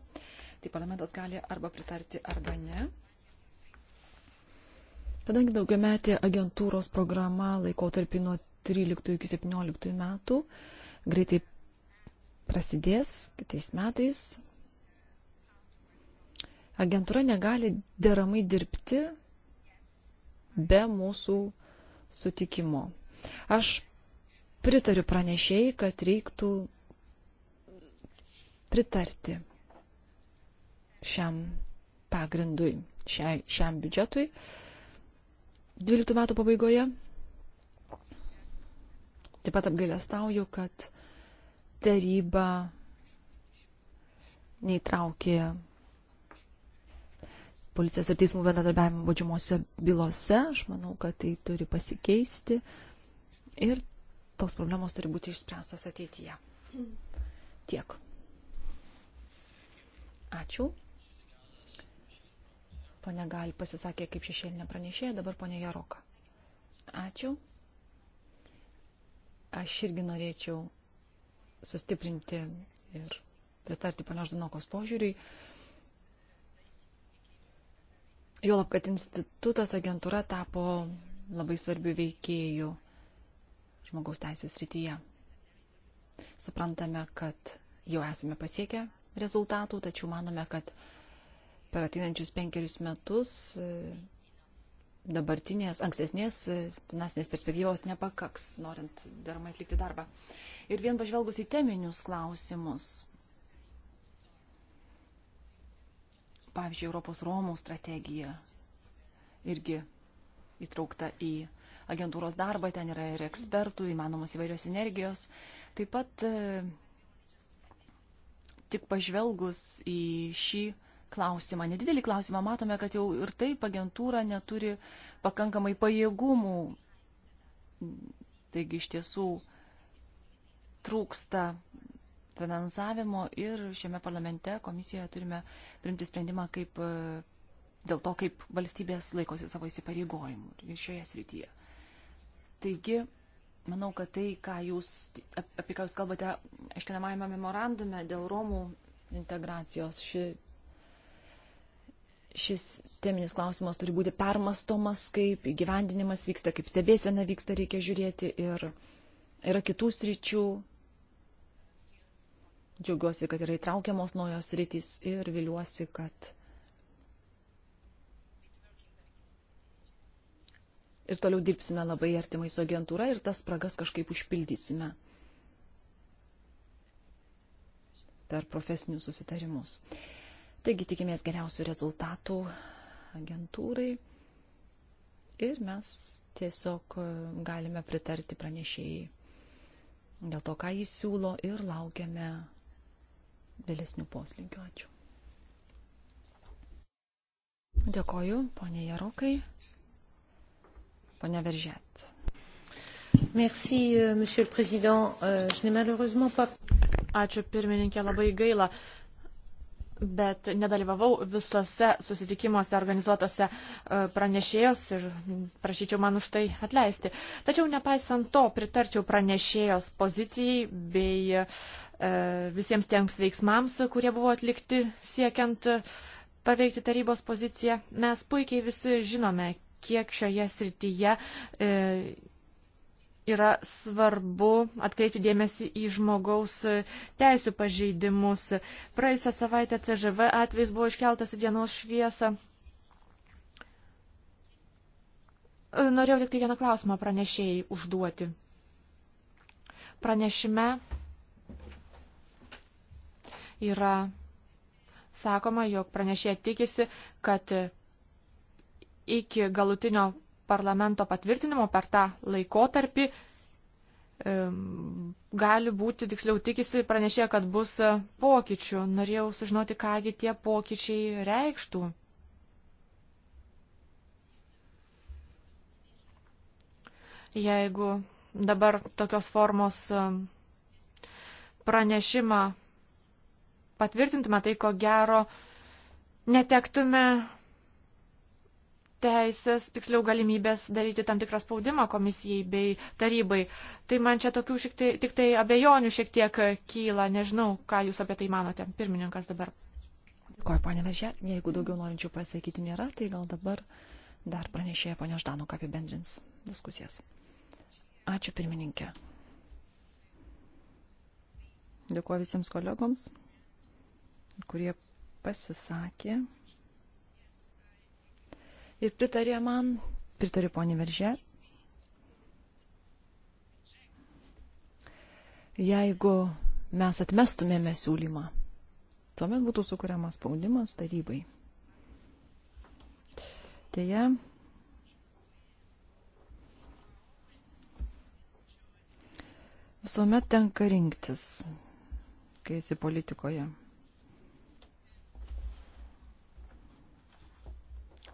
tai parlamentas gali arba pritarti, arba ne. Kadangi daugiametė agentūros programa laikotarpį nuo 13 iki 17 metų greitai prasidės kitais metais, agentūra negali deramai dirbti be mūsų sutikimo. Aš pritariu pranešėjai, kad reiktų pritarti šiam pagrindui, šiai, šiam biudžetui 12 metų pabaigoje. Taip pat apgailestauju, kad taryba neįtraukė policijos ir teismų bendradarbiavimo baudžiamosiose bylose. Aš manau, kad tai turi pasikeisti. Ir tos problemos turi būti išspręstos ateityje. Tiek. Ačiū. Pone Gal pasisakė kaip šešėlinė pranešėja, dabar ponė Jaroka. Ačiū. Aš irgi norėčiau sustiprinti ir pritarti ponios Danokos požiūriui. Juolab, kad institutas agentūra tapo labai svarbių veikėjų žmogaus teisės rytyje. Suprantame, kad jau esame pasiekę rezultatų, tačiau manome, kad per ateinančius penkerius metus e, dabartinės, ankstesnės e, finansinės perspektyvos nepakaks, norint deramai atlikti darbą. Ir vien pažvelgus į teminius klausimus, pavyzdžiui, Europos Romų strategija irgi įtraukta į agentūros darbą, ten yra ir ekspertų, įmanomos įvairios energijos. Taip pat e, tik pažvelgus į šį klausimą, nedidelį klausimą, matome, kad jau ir taip agentūra neturi pakankamai pajėgumų. Taigi iš tiesų trūksta finansavimo ir šiame parlamente komisijoje turime primti sprendimą kaip, e, dėl to, kaip valstybės laikosi savo įsipareigojimų šioje srityje. Taigi, manau, kad tai, ką jūs, apie ką jūs kalbate aiškinamajame memorandume dėl Romų integracijos, ši, šis teminis klausimas turi būti permastomas, kaip įgyvendinimas vyksta, kaip stebėsena vyksta, reikia žiūrėti ir yra kitų sričių. Džiaugiuosi, kad yra įtraukiamos naujos rytis ir viliuosi, kad ir toliau dirbsime labai artimai su agentūra ir tas spragas kažkaip užpildysime per profesinius susitarimus. Taigi tikimės geriausių rezultatų agentūrai ir mes tiesiog e, galime pritarti pranešėjai dėl to, ką jis siūlo ir laukiame vėlesnių poslinkių. Ačiū. Dėkoju, ponė Jarokai. Pone Veržet. Merci, euh, monsieur le président. Euh, je n'ai malheureusement pas. Ačiū pirmininkė, labai gaila bet nedalyvavau visose susitikimuose organizuotose e, pranešėjos ir prašyčiau man už tai atleisti. Tačiau nepaisant to, pritarčiau pranešėjos pozicijai bei e, visiems tiems veiksmams, kurie buvo atlikti siekiant paveikti tarybos poziciją. Mes puikiai visi žinome, kiek šioje srityje e, yra svarbu atkreipti dėmesį į žmogaus teisų pažeidimus. Praėjusią savaitę CŽV atvejs buvo iškeltas į dienos šviesą. E, norėjau tik tai vieną klausimą pranešėjai užduoti. Pranešime yra sakoma, jog pranešėja tikisi, kad iki galutinio parlamento patvirtinimo per tą laikotarpį gali būti, tiksliau tikisi pranešė, kad bus e, pokyčių. Norėjau sužinoti, kągi tie pokyčiai reikštų. Jeigu dabar tokios formos e, pranešimą patvirtintume, tai ko gero netektume teisės, tiksliau galimybės daryti tam tikrą spaudimą komisijai bei tarybai. Tai man čia tokių šiek tiek, tik tai abejonių šiek tiek kyla, nežinau, ką jūs apie tai manote, pirmininkas dabar. Dėkuoju, ponė Vežė, jeigu daugiau norinčių pasakyti nėra, tai gal dabar dar pranešėja ponė Ždanoka apibendrins diskusijas. Ačiū pirmininkė. Dėkuoju visiems kolegoms, kurie pasisakė ir pritarė man, pritarė ponė Veržė. Jeigu mes atmestumėme siūlymą, tuomet būtų sukuriamas spaudimas tarybai. Deja, visuomet tenka rinktis, kai esi politikoje.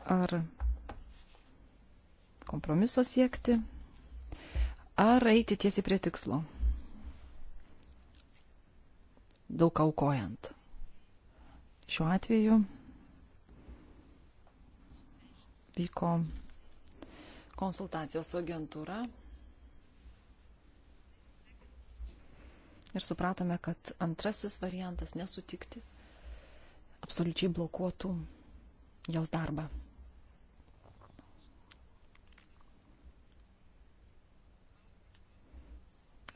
ar kompromiso siekti, ar eiti tiesiai prie tikslo, daug aukojant. Šiuo atveju vyko konsultacijos su agentūra ir supratome, kad antrasis variantas nesutikti absoliučiai blokuotų jos darbą.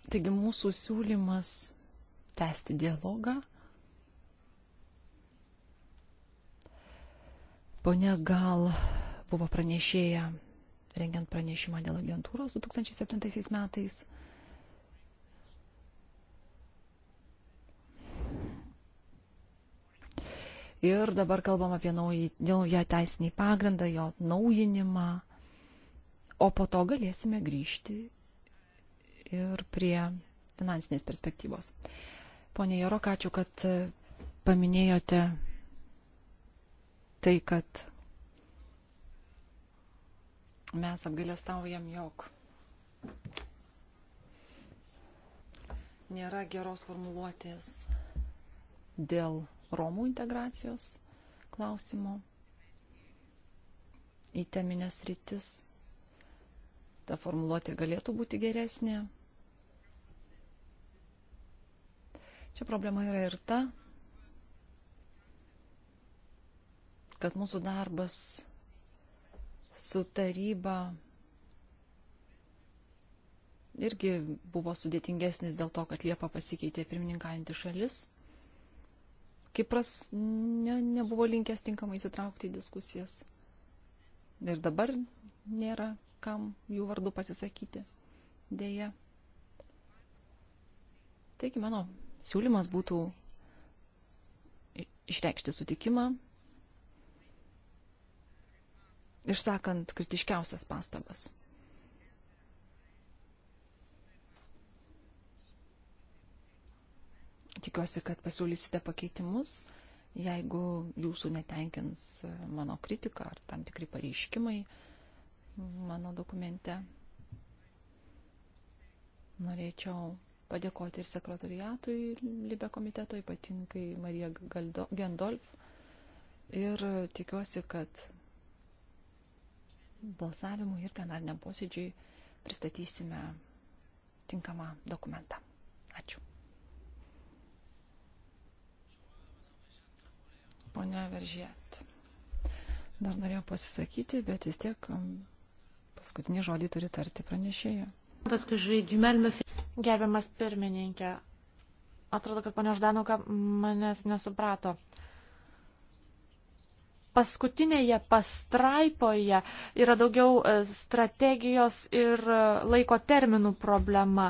Taigi mūsų siūlymas tęsti dialogą. Pone gal buvo pranešėja, rengiant pranešimą dėl agentūros 2007 metais. Ir dabar kalbam apie naują, naują teisinį pagrindą, jo naujinimą. O po to galėsime grįžti ir prie finansinės perspektyvos. Pone Jarok, ačiū, kad e, paminėjote tai, kad mes apgailestaujam, jog nėra geros formuluotės dėl Romų integracijos klausimo į teminės rytis. Ta formuluotė galėtų būti geresnė, Čia problema yra ir ta, kad mūsų darbas su taryba irgi buvo sudėtingesnis dėl to, kad Liepa pasikeitė pirmininkaujantį šalis. Kipras ne, nebuvo linkęs tinkamai įsitraukti į diskusijas. Ir dabar nėra kam jų vardu pasisakyti. Deja. Taigi mano siūlymas būtų išreikšti sutikimą, išsakant kritiškiausias pastabas. Tikiuosi, kad pasiūlysite pakeitimus, jeigu jūsų netenkins e, mano kritika ar tam tikri pareiškimai mano dokumente. Norėčiau padėkoti ir sekretariatui Libe komiteto, ypatingai Marija Gendolf. Ir tikiuosi, kad balsavimui ir plenariniam posėdžiui pristatysime tinkamą dokumentą. Ačiū. Pone Veržėt. Dar norėjau pasisakyti, bet vis tiek um, paskutinį žodį turi tarti pranešėjai. Gerbiamas pirmininkė, atrodo, kad ponia Ždanoka manęs nesuprato paskutinėje pastraipoje yra daugiau e, strategijos ir e, laiko terminų problema.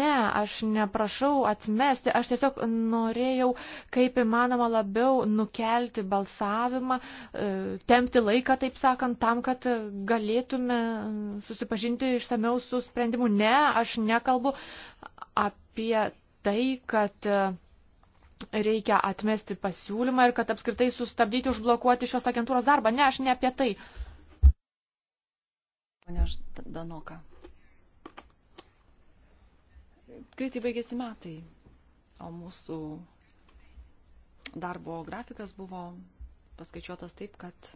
Ne, aš neprašau atmesti, aš tiesiog norėjau kaip įmanoma labiau nukelti balsavimą, e, tempti laiką, taip sakant, tam, kad galėtume susipažinti išsameu su sprendimu. Ne, aš nekalbu apie tai, kad uh, reikia atmesti pasiūlymą ir kad apskritai sustabdyti, užblokuoti šios agentūros darbą. Ne, aš ne apie tai. Pane Danoka. Greitai baigėsi metai, o mūsų darbo grafikas buvo paskaičiuotas taip, kad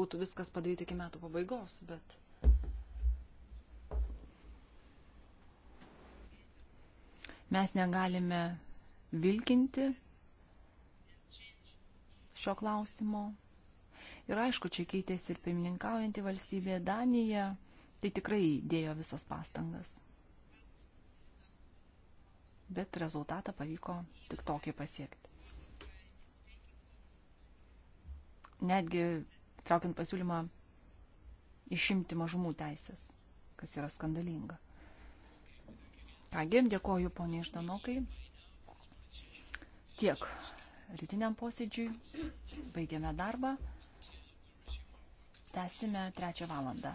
būtų viskas padaryti iki metų pabaigos, bet Mes negalime vilkinti šio klausimo. Ir aišku, čia keitėsi ir pirmininkaujanti valstybė Danija, tai tikrai dėjo visas pastangas. Bet rezultatą pavyko tik tokį pasiekti. Netgi traukiant pasiūlymą išimti mažumų teisės, kas yra skandalinga. Kągi, dėkoju poniai Ždanokai. Tiek rytiniam posėdžiui. Baigiame darbą. Tęsime trečią valandą.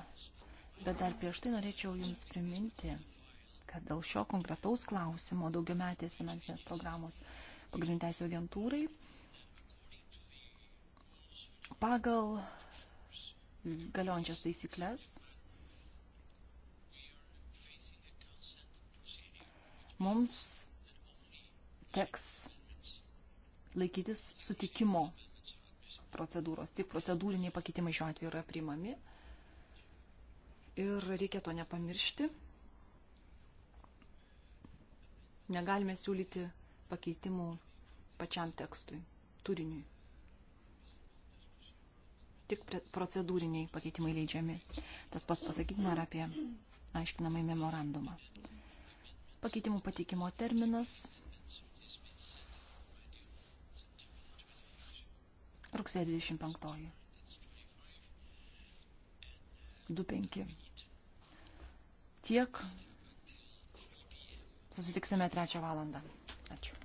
Bet dar prieš tai norėčiau Jums priminti, kad dėl šio konkretaus klausimo daugiametės finansinės programos pagrindinė teisė agentūrai pagal galiojančias taisyklės mums teks laikytis sutikimo procedūros. Tik procedūriniai pakeitimai šiuo atveju yra priimami. Ir reikia to nepamiršti. Negalime siūlyti pakeitimų pačiam tekstui, turiniui. Tik procedūriniai pakeitimai leidžiami. Tas pats pasakytina ir apie aiškinamąjį memorandumą. Pakeitimų pateikimo terminas rugsėjo 25. 25. Tiek. Susitiksime trečią valandą. Ačiū.